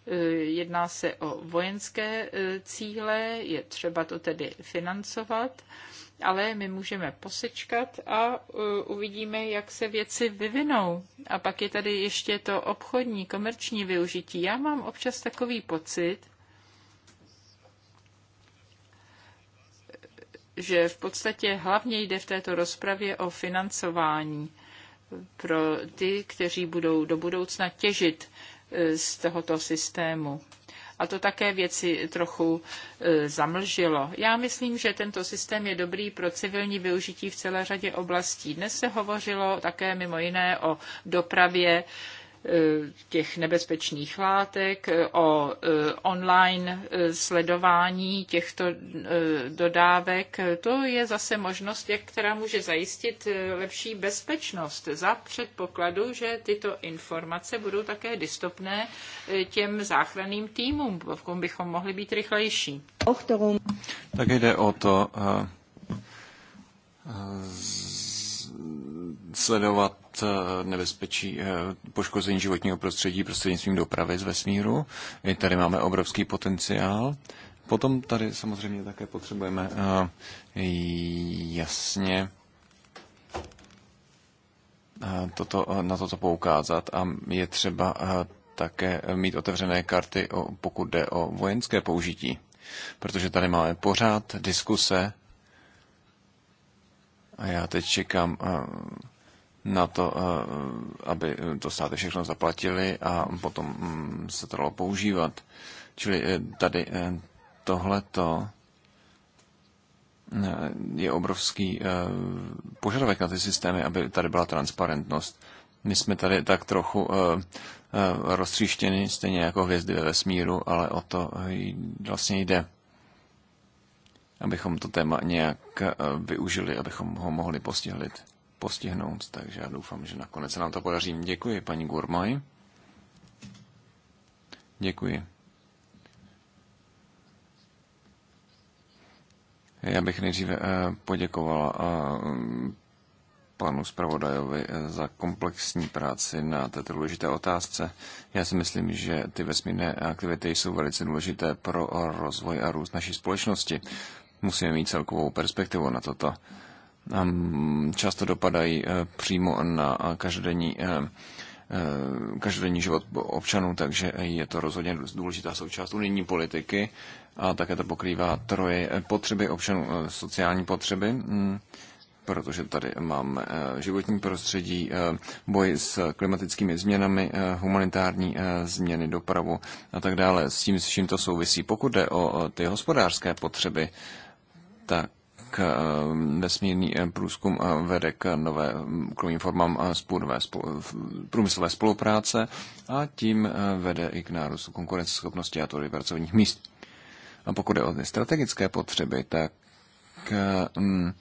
Eh, jedná se o vojenské eh, cíle, je třeba to tedy financovat, ale my můžeme posečkat a uvidíme, jak se věci vyvinou. A pak je tady ještě to obchodní, komerční využití. Já mám občas takový pocit, že v podstatě hlavně jde v této rozpravě o financování pro ty, kteří budou do budoucna těžit e, z tohoto systému. A to také věci trochu e, zamlžilo. Já myslím, že tento systém je dobrý pro civilní využití v celé řadě oblastí. Dnes se hovořilo také mimo jiné o dopravě těch nebezpečných látek, e, o e, online e, sledování těchto dodávek. To je zase možnost, jak která může zajistit lepší bezpečnost za předpokladu, že tyto informace budou také dostupné těm záchranným týmům, v kom bychom mohli být rychlejší. Tak jde o to, z sledovat eh, nebezpečí eh, poškození životního prostředí prostřednictvím dopravy z vesmíru. My tady máme obrovský potenciál. Potom tady samozřejmě také potřebujeme eh, jasně toto, na toto poukázat a je třeba také mít otevřené karty, pokud jde o vojenské použití. Protože tady máme pořád diskuse a já teď čekám na to, eh, aby to státy všechno zaplatili a potom mm, se to dalo používat. Čili eh, tady eh, tohleto je obrovský požadavek na ty systémy, aby tady byla transparentnost. My jsme tady tak trochu roztříštěni, stejně jako hvězdy ve vesmíru, ale o to vlastně jde abychom to téma nějak využili, abychom ho mohli postihlit postihnout, takže já doufám, že nakonec se nám to podaří. Děkuji, paní Gurmaj. Děkuji. Já bych nejdříve eh, poděkovala eh, panu zpravodajovi eh, za komplexní práci na této důležité otázce. Já si myslím, že ty vesmírné aktivity jsou velice důležité pro rozvoj a růst naší společnosti. Musíme mít celkovou perspektivu na toto. Mm, často dopadají e, přímo na každodenní e, e, každodenní život občanů, takže je to rozhodně důležitá součást unijní politiky a také to pokrývá troje potřeby občanů, sociální potřeby, mm, protože tady mám životní prostředí, boj s klimatickými změnami, humanitární změny, dopravu a tak dále. S tím, s čím to souvisí. Pokud jde o ty hospodářské potřeby, tak tak eh, vesmírný eh, průzkum eh, vede k nové mm, novým formám spůrové, průmyslové spolupráce a tím vede i k nárůstu konkurenceschopnosti a tvorby pracovních míst. A pokud jde o ty strategické potřeby, tak mm,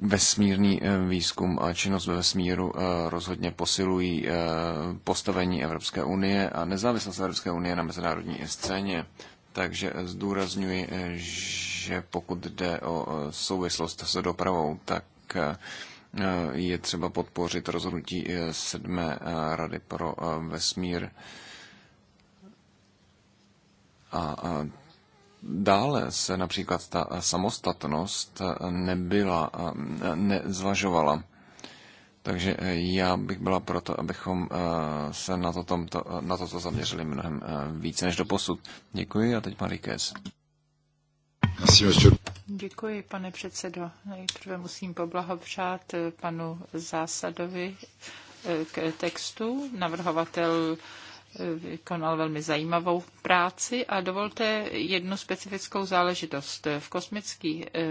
vesmírný výzkum a činnost ve vesmíru rozhodně posilují postavení Evropské unie a nezávislost Evropské unie na mezinárodní scéně. Takže zdůrazňuji, eh, že pokud jde o eh, souvislost s dopravou, tak eh, je třeba podpořit rozhodnutí sedmé rady pro vesmír. A dále se například ta samostatnost nebyla, nezvažovala takže eh, já bych byla proto, abychom eh, se na, to tomto, eh, na toto zaměřili mnohem více než do posud. Děkuji a teď Marikes. Děkuji, pane předsedo. Nejprve musím poblahopřát panu Zásadovi k textu. Navrhovatel vykonal velmi zajímavou práci a dovolte jednu specifickou záležitost. V kosmický, eh,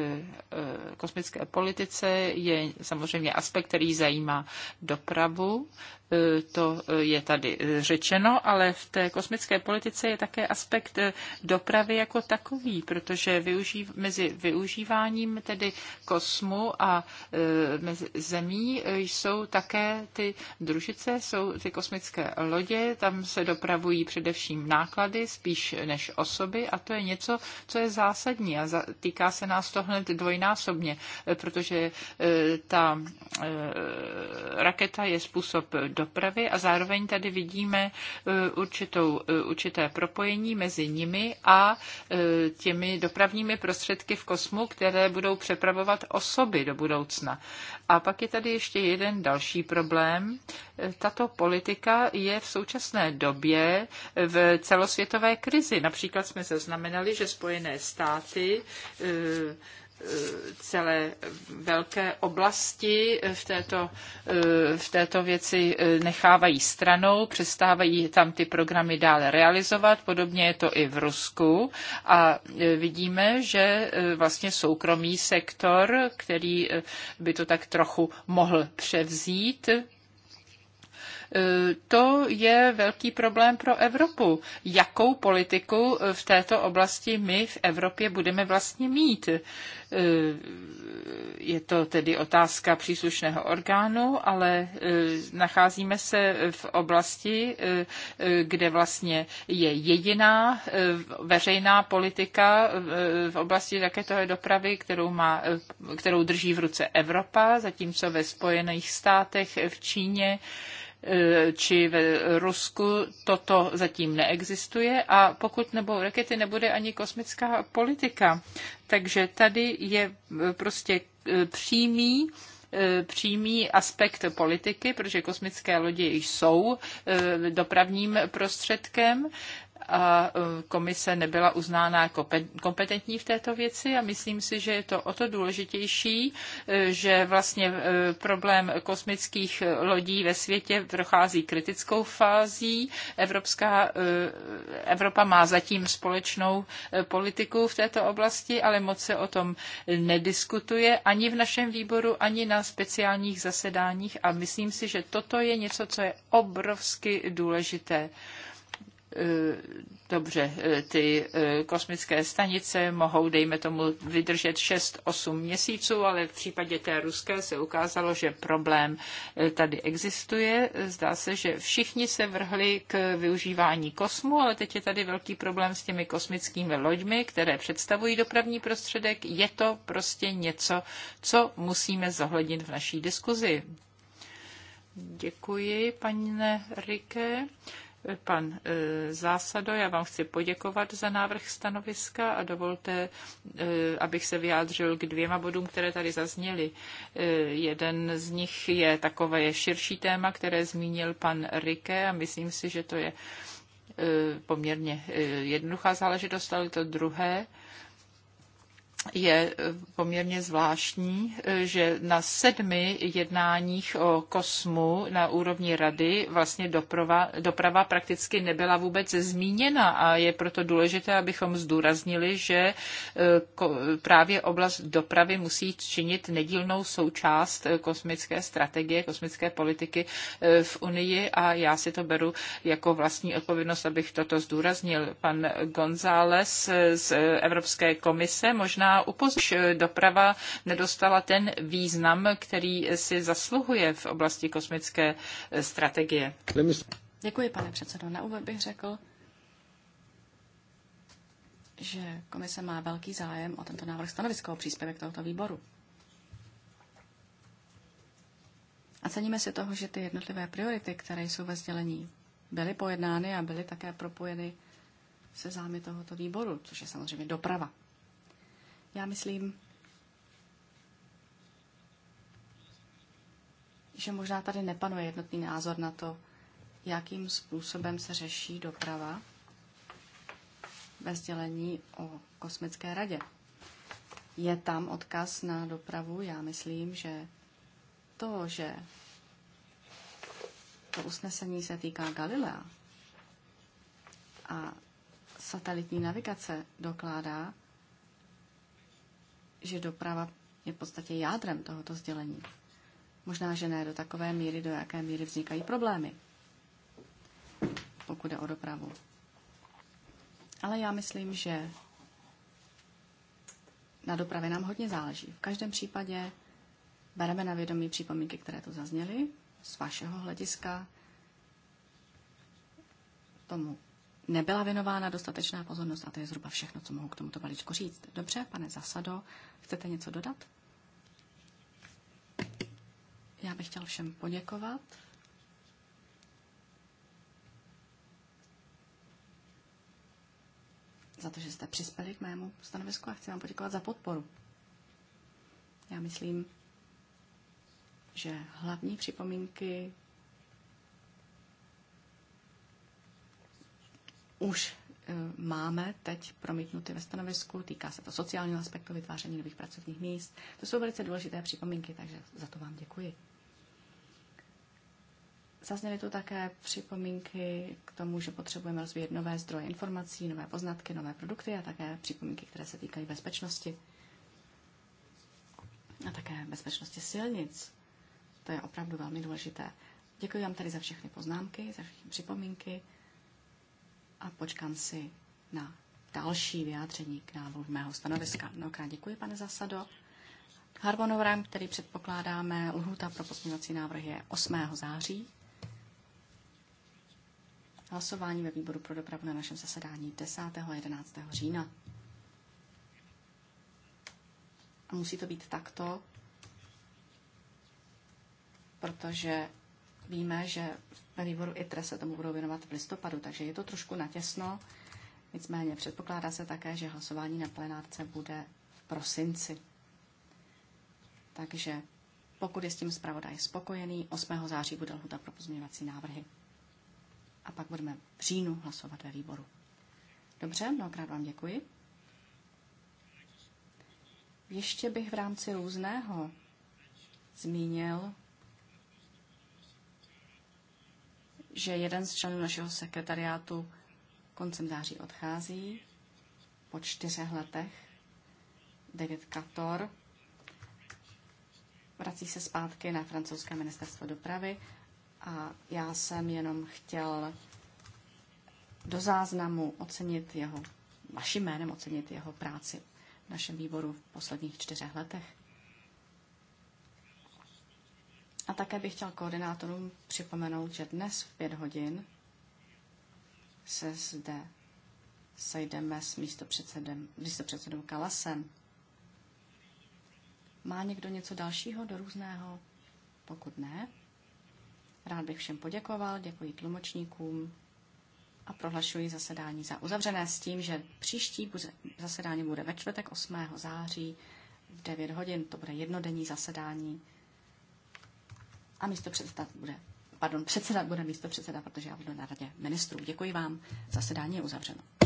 eh, kosmické politice je samozřejmě aspekt, který zajímá dopravu. E, to e, je tady e, řečeno, ale v té kosmické politice je také aspekt dopravy jako takový, protože využív, mezi využíváním tedy kosmu a mezi zemí jsou také ty družice, jsou ty kosmické lodě, tam se dopravují především náklady spíš než osoby a to je něco, co je zásadní a týká se nás to hned dvojnásobně, protože ta raketa je způsob dopravy a zároveň tady vidíme eh, určitou, eh, určité propojení mezi nimi a eh, těmi dopravními prostředky v kosmu, které budou přepravovat osoby do budoucna. A pak je tady ještě jeden další problém. Tato politika je v současné době v celosvětové krizi. Například jsme zaznamenali, že Spojené státy celé velké oblasti v této, v této věci eh, nechávají stranou, přestávají tam ty programy dále realizovat. Podobně je to i v Rusku. A eh, vidíme, že eh, vlastně soukromý sektor, který by to tak trochu mohl převzít, to je velký problém pro Evropu. Jakou politiku v této oblasti my v Evropě budeme vlastně mít? Eh, je to tedy otázka příslušného orgánu, ale eh, nacházíme se v oblasti, eh, kde vlastně je jediná veřejná politika v oblasti raketové dopravy, kterou, má, kterou drží v ruce Evropa, zatímco ve Spojených státech, v Číně, E, či v Rusku toto zatím neexistuje a pokud nebo rakety, nebude ani kosmická politika. Takže tady je e, prostě e, přímý přímý aspekt politiky, protože kosmické lodi jsou dopravním prostředkem a e, komise nebyla uznána jako kompetentní v této věci a myslím si, že je to o to důležitější, e, že vlastně e, problém kosmických lodí ve světě prochází kritickou fází. Evropská, Evropa má zatím společnou politiku v této oblasti, ale moc se o tom nediskutuje ani v našem výboru, ani na speciálních zasedáních a myslím si, že toto je něco, co je obrovsky důležité. Eh, dobře, eh, ty eh, kosmické stanice mohou, dejme tomu, vydržet 6-8 měsíců, ale v případě té ruské se ukázalo, že problém tady existuje. Zdá se, že všichni se vrhli k využívání kosmu, ale teď je tady velký problém s těmi kosmickými loďmi, které představují dopravní prostředek. Je to prostě něco, co musíme zohlednit v naší diskuzi. Děkuji, paní Rike. Pan e, Zásado, já vám chci poděkovat za návrh stanoviska a dovolte, e, abych se vyjádřil k dvěma bodům, které tady zazněly. E, jeden z nich je takové širší téma, které zmínil pan Rike a myslím si, že to je poměrně jednoduchá záležitost, ale to druhé je eh, poměrně zvláštní, eh, že na sedmi jednáních o kosmu na úrovni rady vlastně doprava, doprava prakticky nebyla vůbec zmíněna a je proto důležité, abychom zdůraznili, že eh, právě oblast dopravy musí činit nedílnou součást kosmické strategie, kosmické politiky v Unii a já si to beru jako vlastní odpovědnost, abych toto zdůraznil. Pan González z Evropské komise možná možná že doprava nedostala ten význam, který si zasluhuje v oblasti kosmické e, strategie. Děkuji, pane předsedo. Na úvod bych řekl, že komise má velký zájem o tento návrh stanoviska o příspěvek tohoto výboru. A ceníme si toho, že ty jednotlivé priority, které jsou ve sdělení, byly pojednány a byly také propojeny se zájmy tohoto výboru, což je samozřejmě doprava. Já myslím, že možná tady nepanuje jednotný názor na to, jakým způsobem se řeší doprava ve sdělení o kosmické radě. Je tam odkaz na dopravu? Já myslím, že to, že to usnesení se týká Galilea a satelitní navigace dokládá, že doprava je v podstatě jádrem tohoto sdělení. Možná, že ne do takové míry, do jaké míry vznikají problémy, pokud jde o dopravu. Ale já myslím, že na dopravě nám hodně záleží. V každém případě bereme na vědomí připomínky, které tu zazněly z vašeho hlediska. Tomu nebyla věnována dostatečná pozornost a to je zhruba všechno, co mohu k tomuto balíčku říct. Dobře, pane Zasado, chcete něco dodat? Já bych chtěl všem poděkovat. za to, že jste přispěli k mému stanovisku a chci vám poděkovat za podporu. Já myslím, že hlavní připomínky už eh, máme teď promítnuty ve stanovisku. Týká se to sociálního aspektu vytváření nových pracovních míst. To jsou velice důležité připomínky, takže za to vám děkuji. Zazněly tu také připomínky k tomu, že potřebujeme rozvíjet nové zdroje informací, nové poznatky, nové produkty a také připomínky, které se týkají bezpečnosti. A také bezpečnosti silnic. To je opravdu velmi důležité. Děkuji vám tady za všechny poznámky, za všechny připomínky a počkám si na další vyjádření k návrhu mého stanoviska. Mnohokrát děkuji, pane Zasado. Harmonogram, který předpokládáme, lhůta pro pozměňovací návrh je 8. září. Hlasování ve výboru pro dopravu na našem zasedání 10. a 11. října. A musí to být takto, protože Víme, že ve výboru ITRE se tomu budou věnovat v listopadu, takže je to trošku natěsno. Nicméně předpokládá se také, že hlasování na plenárce bude v prosinci. Takže pokud je s tím zpravodaj spokojený, 8. září bude lhuta pro pozměňovací návrhy. A pak budeme v říjnu hlasovat ve výboru. Dobře, mnohokrát vám děkuji. Ještě bych v rámci různého zmínil že jeden z členů našeho sekretariátu koncem září odchází po čtyřech letech. David Kator vrací se zpátky na francouzské ministerstvo dopravy a já jsem jenom chtěl do záznamu ocenit jeho, vaším jménem ocenit jeho práci v našem výboru v posledních čtyřech letech. A také bych chtěl koordinátorům připomenout, že dnes v pět hodin se zde sejdeme s místopředsedem, místopředsedou Kalasem. Má někdo něco dalšího do různého? Pokud ne, rád bych všem poděkoval, děkuji tlumočníkům a prohlašuji zasedání za uzavřené s tím, že příští zasedání bude ve čtvrtek 8. září v 9 hodin. To bude jednodenní zasedání a místo předseda bude, pardon, předseda bude místo předseda, protože já budu na radě ministrů. Děkuji vám, zasedání je uzavřeno.